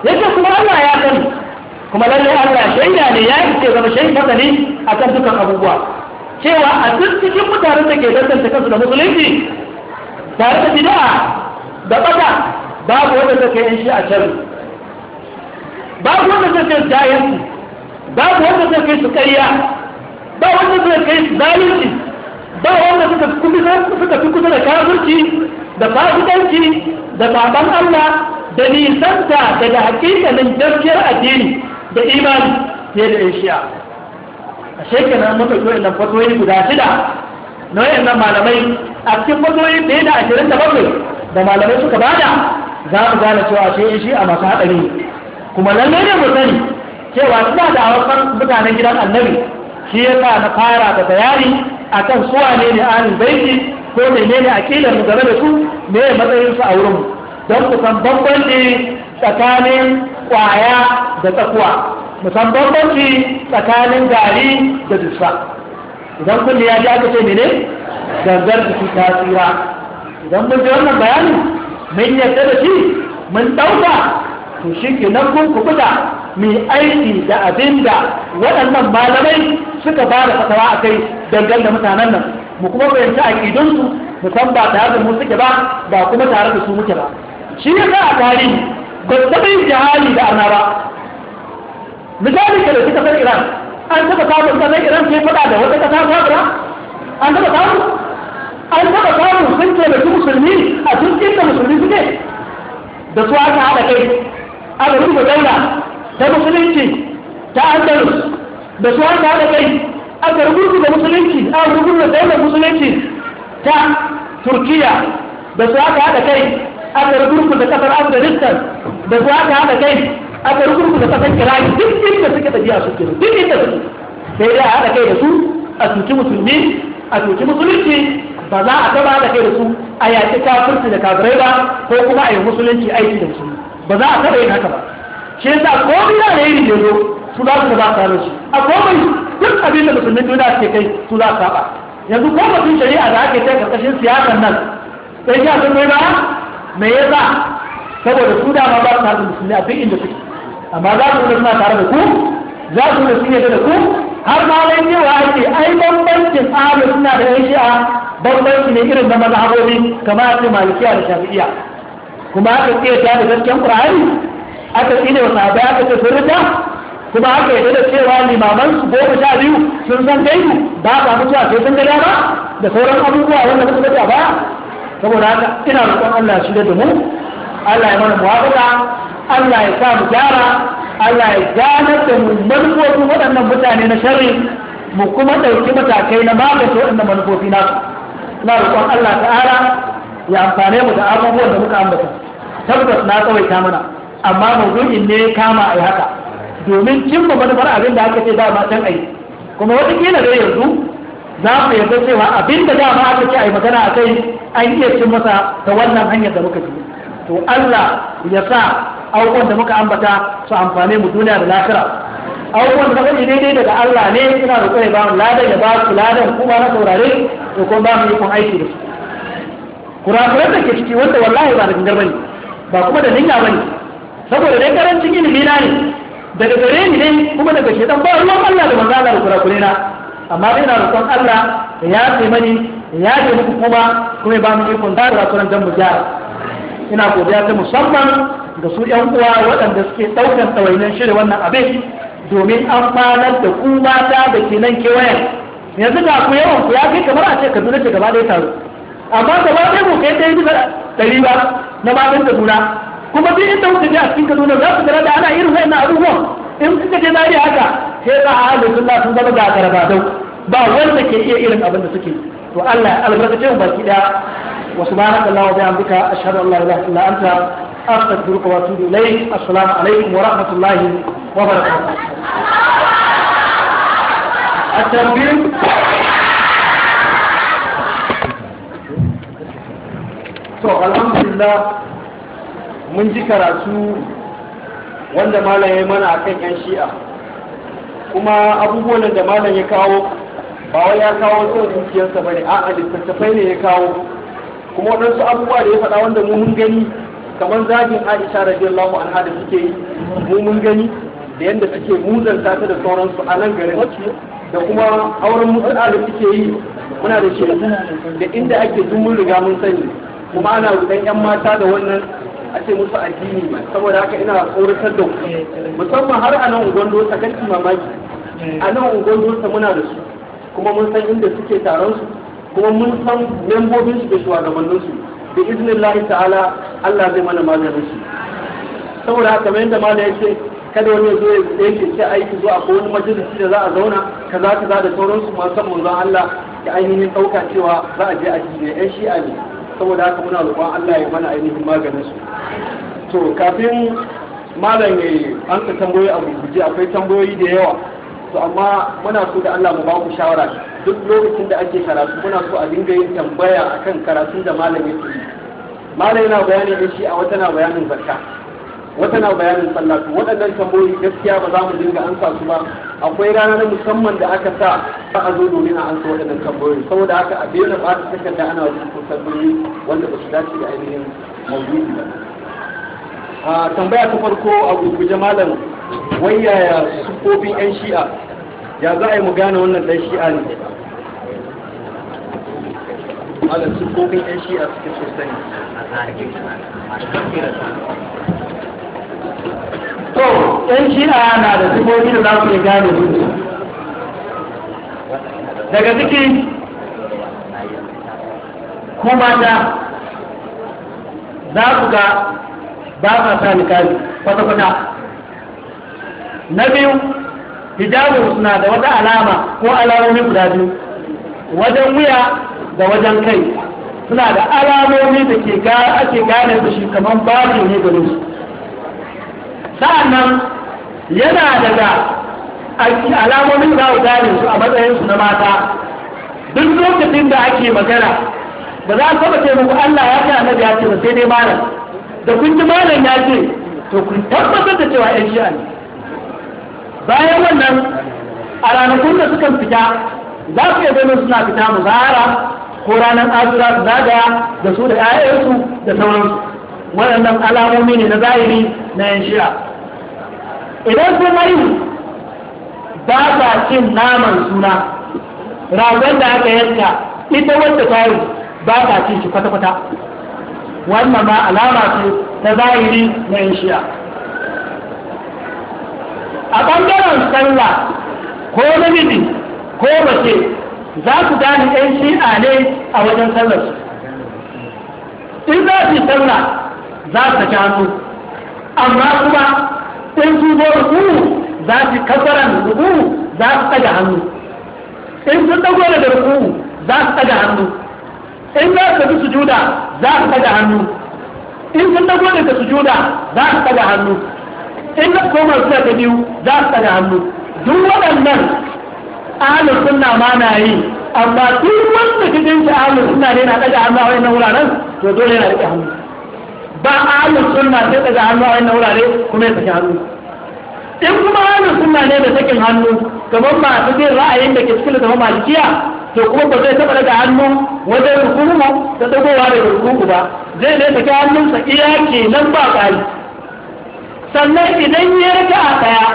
yake kuma Allah ya sani kuma lallai Allah shaida ne ya ce zama shaida ne akan dukan abubuwa cewa a duk cikin mutanen da ke danganta kansu da musulunci tare da bid'a da bata babu wanda take yin shi a can babu wanda take jayanci babu wanda take su kariya ba wanda take su zalunci ba wanda suka suka fi kusa da kafirci da fasikanci da baban Allah da nisanta daga hakikanin gaskiyar addini da imani fiye da yan A a shekana muka zo inda fasoyi guda shida na wayannan malamai a cikin fasoyi ɗaya da ashirin da bakwai da malamai suka bada za mu gane cewa sai shi a masu haɗari kuma lallai ne mu sani cewa suna da hawan mutanen gidan annabi shi ya sa na fara da bayani akan suwa ne ne alin baiti ko menene akidar mu game da su me matsayin su a wurin don ku san bambanci tsakanin kwaya da tsakuwa musan bambanci tsakanin gari da dusa idan kulle ya ji aka ce mene gangar jiki ta tsira idan mun ji wannan bayani mun yadda da shi mun ɗauka to shi ke nan kun kubuta mai aiki da abin da waɗannan malamai suka ba da fasawa a kai dangan da mutanen nan mu kuma bayanci aƙidunsu mu musamman ba tare da mu suke ba ba kuma tare da su muke ba shi ne za a tarihi ba su taɓa yin jihadi da arna ba misali ke da suka san iran an taɓa samun ƙasar iran sai faɗa da wata ƙasa ta an taɓa samu an taɓa samun sun taimaki musulmi a turkin da musulmi suke da su aka haɗa kai aka rufe daula ta musulunci ta andalus da su aka haɗa kai aka rubuta da musulunci aka rubuta da daular musulunci ta turkiya da su aka haɗa kai aka rugurku da kasar afghanistan da su aka haɗa kai aka rugurku da kasar kiraki duk inda suke tafiya su ke duk inda su sai dai a haɗa kai da su a cuci musulmi a cuci musulunci ba za a gaba haɗa kai da su a yaƙi kafirci da kafirai ba ko kuma a yi musulunci aiki da su ba za a taɓa yin haka ba shi yasa ko bila da yi da zo su za su ba su hannun shi a komai duk abin da musulmin duniya ke kai su za su saba yanzu ko mutum shari'a da ake kai karkashin siyasar nan sai shi a sun ba me yasa saboda su dama ba su haɗu musulmi a duk inda suke amma za su da suna tare da ku za su da sun da ku har ma wani yawa ake ai bambancin ahlus suna da yan shi'a bambanci ne irin na mazhabobi kamar ce malikiya da shafi'iya kuma aka tsaye ta da gaskiyar qur'ani aka tsine wa sahabbai aka ce sun rida kuma aka yadda da cewa limaman su goma sha biyu sun san gaibu ba ka mutuwa sai sun gada ba da sauran abubuwa wanda muka ta baya saboda haka ina roƙon Allah shi da mu Allah ya mana muwafaqa Allah ya sa mu gyara Allah ya gane da mu manufofin waɗannan mutane na sharri mu kuma ɗauki matakai na magance waɗannan manufofi na ina roƙon Allah ta'ala ya amfane mu da abubuwan da muka ambata tabbas na tsawaita mana amma mawdu'in ne kama ai haka domin cimma manufar abin da aka ce ma can ai kuma wata kila dai yanzu za ku yarda cewa abin da dama aka ce a yi magana a kai an iya cin masa ta wannan hanyar da muka ji to Allah ya sa aukon da muka ambata su amfane mu duniya da lafira. aukon da muka daidai daga Allah ne ina da ya ba mu ladan ya ba su ladan kuma na saurare to kuma ba mu yi kun aiki da su kurakuran da ke ciki wanda wallahi ba da gangar bane ba kuma da niyya bane saboda dai karancin ilimi na ne daga gare ni ne kuma daga shedan ba ruwan Allah da manzalar Allah na amma ina roƙon Allah ya yafe mani ya yafe muku kuma kuma ba mu ikon da rakuran dan mu gyara ina godiya ta musamman ga su ƴan uwa waɗanda suke ɗaukan tsawainin shirin wannan abin domin an fanar da ku mata da ke nan kewayen yanzu ga ku yawan ku ya kai kamar a ce Kaduna ce gaba ɗaya taro amma gaba ɗaya mu kai ɗaya ɗari ba na da Kaduna kuma duk inda kuka je a cikin Kaduna za ku gara da ana irin wannan abubuwan in kuka je zariya haka sai za a halin sun zama ga garbadau ba wanda ke iya irin abin da suke to Allah albarkacin baki da wa subhanaka Allah wa bihamdika ashhadu an la ilaha illa anta astaghfiruka wa atubu ilayk assalamu alaikum wa rahmatullahi wa barakatuh التنبيه to alhamdulillah mun ji karatu wanda malam ya mana akan yan shi'a kuma abubuwan da malam ya kawo ba wai ya kawo son zuciyarsa ba ne a'a littattafai ne ya kawo kuma waɗansu abubuwa da ya faɗa wanda mun gani kamar zagin Aisha radiyallahu anha da suke yi mun gani da yadda suke muzanta ta da sauransu a nan garin da kuma auren mutu'a da suke yi muna da shi da inda ake tun riga mun sani kuma ana rudan yan mata da wannan a ce musu addini saboda haka ina tsoratar da ku musamman har a nan ungwando dosa mamaki a nan ungwando ta muna da su kuma mun san inda suke taron su kuma mun san membobin su da shugabannin su da iznin ta'ala Allah zai mana magana shi saboda haka mai yadda mala ce, kada wani ya zo ya yake ce aiki zuwa ko wani majalisi da za a zauna kaza kaza da sauransu san zan Allah ya ainihin ɗauka cewa za a je a ne yan shi'a ne saboda haka muna roƙon Allah ya mana ainihin maganin su to kafin malam ya yi an tambayoyi a gurguje akwai tambayoyi da yawa to amma muna so da Allah mu ba ku shawara duk lokacin da ake karatu muna so a dinga yin tambaya akan karatun da malami yake yi malam yana bayani da shi a wata na bayanin zakka wata na bayanin sallah to waɗannan tambayoyi gaskiya ba za mu dinga ansa su ba akwai rana na musamman da aka sa ba a zo domin a ansa waɗannan tambayoyi saboda haka a daina ba ta takarda ana wajen kusan wanda ba su dace da ainihin maudu'i ba a tambaya ta farko a gurguje malam wai yaya sufofin yan shi'a ya za a yi mu gane wannan dan shi'a ne malam sufofin yan shi'a suke sosai to yan shi'a na da sufofi da za su gane su daga ciki kuma da za su ga ba ma sa ni kari kwata-kwata na biyu hijabu suna da wata alama ko alamomi guda biyu wajen wuya da wajen kai suna da alamomi da ke ake gane da shi kamar babu ne gare su sa'annan yana daga alamomin za a gane su a matsayinsu na mata duk lokacin da ake magana ba za a saba ce muku Allah ya ce annabi ya ce ba sai dai malam da kun ji malam ya ce to kun tabbatar da cewa yan shi'a ne bayan wannan a ranakun da suka fita za su iya ganin suna fita muzahara ko ranar azura su zaga da su da 'ya'yansu da sauransu waɗannan alamomi ne na zahiri na yan shi'a idan sun haihu ba sa cin naman suna ragon da aka yanka ita wadda ta yi ba ta cin shi kwata-kwata wannan ma alama ce ta zahiri na yan shi'a a ɓangaren sallah ko namiji ko mace za su gane yan shi'a ne a wajen sallar in za su yi sallah za su ta hannu amma kuma in su zo za su kasaran ruku za su ɗaga hannu in sun ɗago da ruku za su ɗaga hannu in za ka bi sujuda za ka taga hannu in sun dago su sujuda za ka taga hannu in ka koma suna ka biyu za ka taga hannu duk waɗannan ahalin sunna ma na yi amma duk wanda ka jinci ahalin sunna ne na taga hannu a wannan wuraren to dole yana riƙe hannu ba ahalin sunna sai taga hannu a wannan wurare kuma ya taga hannu in kuma ana suna ne da sakin hannu kamar masu bin ra'ayin da ke cikin da malikiya to kuma ba zai taɓa daga hannu wajen rukumu ta dagowa da rukumu ba zai ne saki hannunsa iya ke nan ba ƙari sannan idan ya raka a ɗaya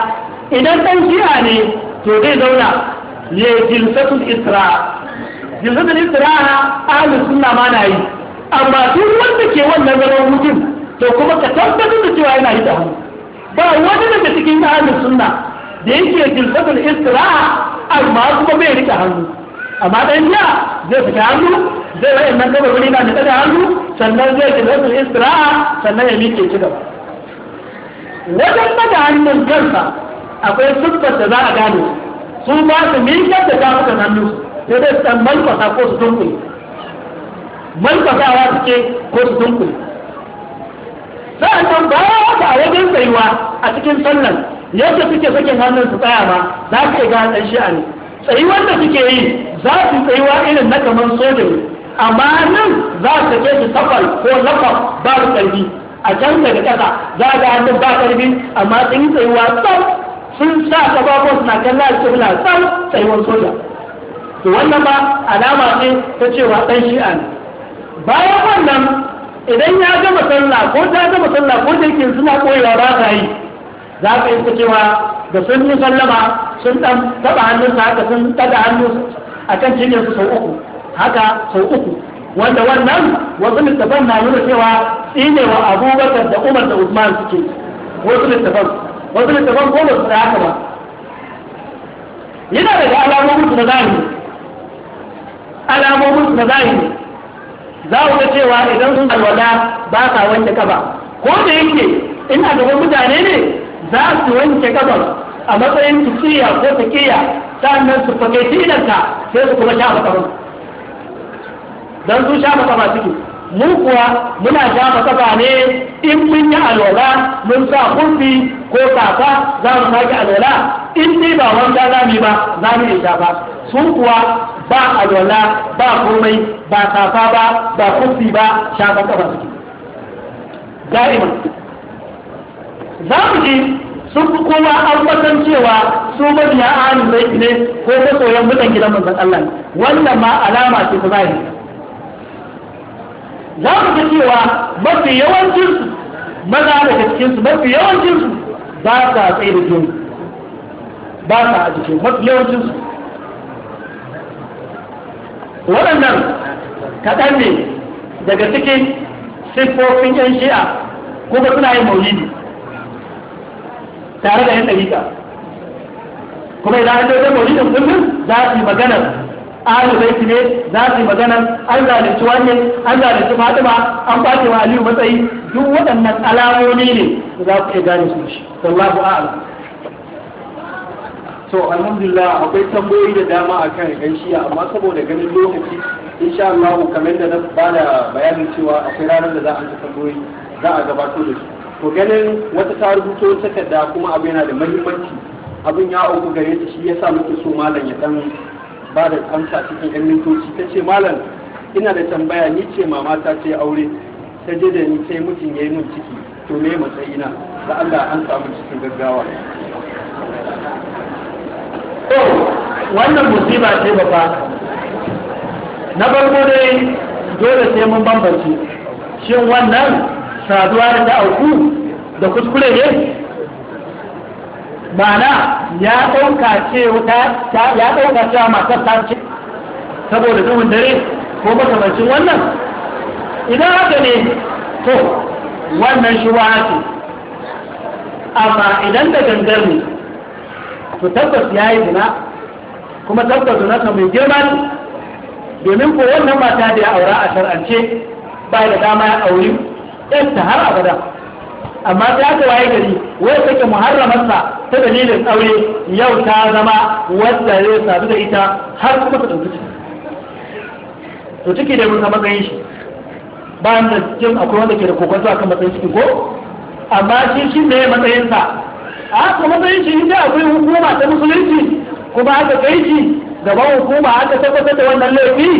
idan ɗan shi'a ne to zai zauna ya isra isra'a isra na ahalin suna ma na yi amma duk wanda ke wannan zaman mutum to kuma ka tabbatar da cewa yana yi da hannu ba wani daga cikin ahlus sunna da yake istira istiraha amma kuma bai rike hannu amma dan ya zai fita hannu zai wa'in nan gaba wuri na da hannu sannan zai jilbatul istira sannan ya miƙe ci gaba wajen daga hannun kansa akwai siffar da za a gane su ba su miƙar da tafukan hannu sai dai su ɗan malfasa ko su dunkule malfasawa suke ko su dunkule sa'annan bayan haka a wajen tsayuwa a cikin sallan yadda suke sakin hannun su tsaya ma za ka ga ɗan shi'a ne tsayuwar da suke yi za su tsayuwa irin na kamar soja amma nan za su ke su safar ko lafa ba su ƙarfi a can daga ƙasa za ga hannun ba ƙarfi amma sun yi tsayuwa tsaf sun sa kababon suna kalla a cikin tsaf tsayuwar soja to wannan ba alama ce ta cewa ɗan shi'a bayan wannan idan ya gama sallah ko ta gama sallah ko take suna koyewa ba ta yi za ka yi cewa da sun yi sallama sun dan taba hannunsa haka sun daga hannu a kan su sau uku haka sau uku wanda wannan wasu littafan na nuna cewa tsine wa abubakar da umar da usman suke wasu littafan wasu littafan ko ba su haka ba yana daga alamomin su na zahiri alamomin su na zahiri za ku ga cewa idan sun alwala ba ka wanke kaba ko da yake ina gaban mutane ne za su wanke kafa a matsayin tukiya ko takiya sannan su fakai tilanta sai su kuma shafa kaban dan su shafa kaba suke mu kuwa muna shafa kaba ne in mun yi alwala mun sa kurfi ko kafa za mu sake alwala in dai ba wanda za mu yi ba za mu yi shafa sun kuwa ba alwala ba komai ba safa ba ba kusi ba shafan kafa suke da'iman za mu ji sun fi kowa an kwatan cewa su mabiya ahalin laifi ne ko masoyan mutan gidan manzan Allah wannan ma alama ce ta zahiri za mu ji cewa mafi yawancinsu maza daga cikinsu mafi yawancinsu ba sa tsaye da jini ba sa a jikin mafi yawancinsu waɗannan kaɗan ne daga cikin siffofin yan shi'a ba suna yin maulidi tare da yan ɗarika kuma idan an ɗauke maulidin kullum za su yi maganar zai baiti ne za su yi magana an zalunci wani an zalunci fatima an bace wa aliyu matsayi duk waɗannan alamomi ne za ku iya gane su shi wallahu a'lam to alhamdulillah akwai tambayoyi da dama akan yan shiya amma saboda ganin lokaci insha Allah kamar da na ba da bayanin cewa akwai ranar da za a ci tambayoyi za a gabatar da su to ganin wata ta rubuto takarda kuma abu yana da muhimmanci abin ya auku gare ta shi yasa muke so malam ya dan ba da amsa cikin yan mintoci ta ce malam ina da tambaya ni ce mama ta ce aure ta je da ni sai mutum ya yi min ciki to me matsayina da Allah an samu cikin gaggawa to wannan musiba ce babba na farko dai dole sai mun bambanci. shin wannan saduwa da ta auku da kuskure ne mana ya ɗauka ce wuta ya ɗauka cewa matar ta ce saboda duhun dare ko makamancin wannan idan haka ne to wannan shi ce amma idan da gangar ne to tabbas ya yi zina kuma tabbas zina ta mai girma ne domin ko wannan mata da ya aura a shar'ance ba da dama ya auri ta har abada amma ta yaka waye gari wai take muharramarsa ta dalilin aure yau ta zama wadda zai sadu da ita har kuma ta ɗauki ciki to ciki dai mun matsayin shi bayan da jin akwai wanda ke da zuwa akan matsayin ciki ko amma shi shi ne matsayinsa a haka matsayinci shi inda akwai hukuma ta musulunci kuma aka kai shi gaban hukuma aka tabbatar da wannan laifi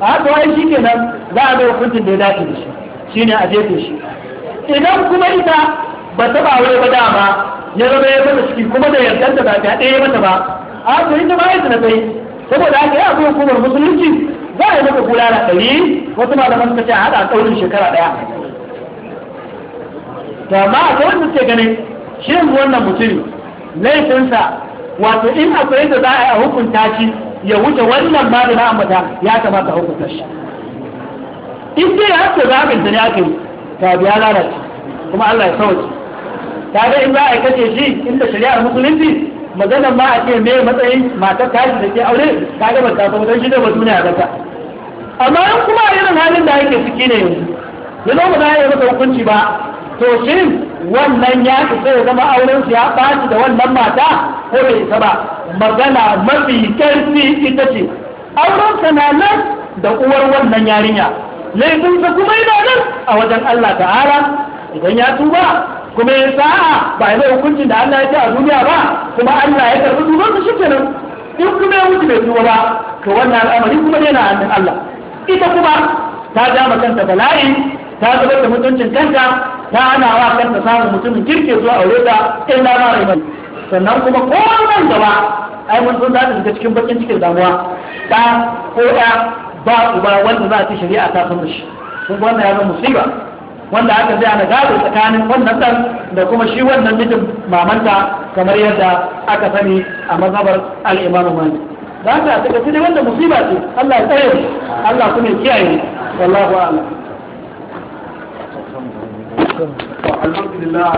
a haka wai shi ke nan za a ga hukuncin da ya dace da shi shine a jefe shi idan kuma ita ba ta aure ba dama ya zama ya zama ciki kuma da yardar da ba ta ɗaya mata ba a haka ita ma yadda na kai saboda haka ya akwai hukumar musulunci za a yi maka da ɗari wasu malaman suka ce a haɗa ɗaurin shekara ɗaya to amma a kawai suke ganin shin wannan mutum laifinsa wato in akwai da za a yi a hukunta shi ya wuce wannan ba da mata ya kamata a hukunta shi in dai ya haka zaɓin da ne ake ta biya lalace kuma Allah ya sauke ta ga in za a kace shi inda shari'ar musulunci magana ma a ce me matsayin matar tashi da ke aure ta ga bata don shi da mutum ne a gata amma in kuma irin halin da ake ciki ne yanzu ya zo ba za a yi masa hukunci ba to shi wannan ya isa ya zama auren su ya baci da wannan mata ko bai isa ba magana mafi karfi ita ce auren sa na nan da uwar wannan yarinya laifin sa kuma yana nan a wajen Allah ta'ala idan ya tuba kuma ya sa'a ba ya hukuncin da Allah ya ce a duniya ba kuma Allah ya karɓi duban su nan in kuma ya wuce bai tuba ba to wannan al'amari kuma yana na hannun Allah ita kuma ta ja kanta bala'i ta zubar da mutuncin kanta ta ana wa kanta samun mutumin kirke zuwa aure ta in na ba rai sannan kuma ko nan gaba ai mun sun zata shiga cikin bakin cikin damuwa ta ko ya ba uba wanda za ta shari'a ta san shi ga wannan ya zama musiba wanda aka zai ana gado tsakanin wannan dan da kuma shi wannan mijin mamanta kamar yadda aka sani a mazhabar al-Imam Malik dan ta take cikin wannan musiba ce Allah ya tsare Allah kuma ya kiyaye wallahu a'lam الحمد لله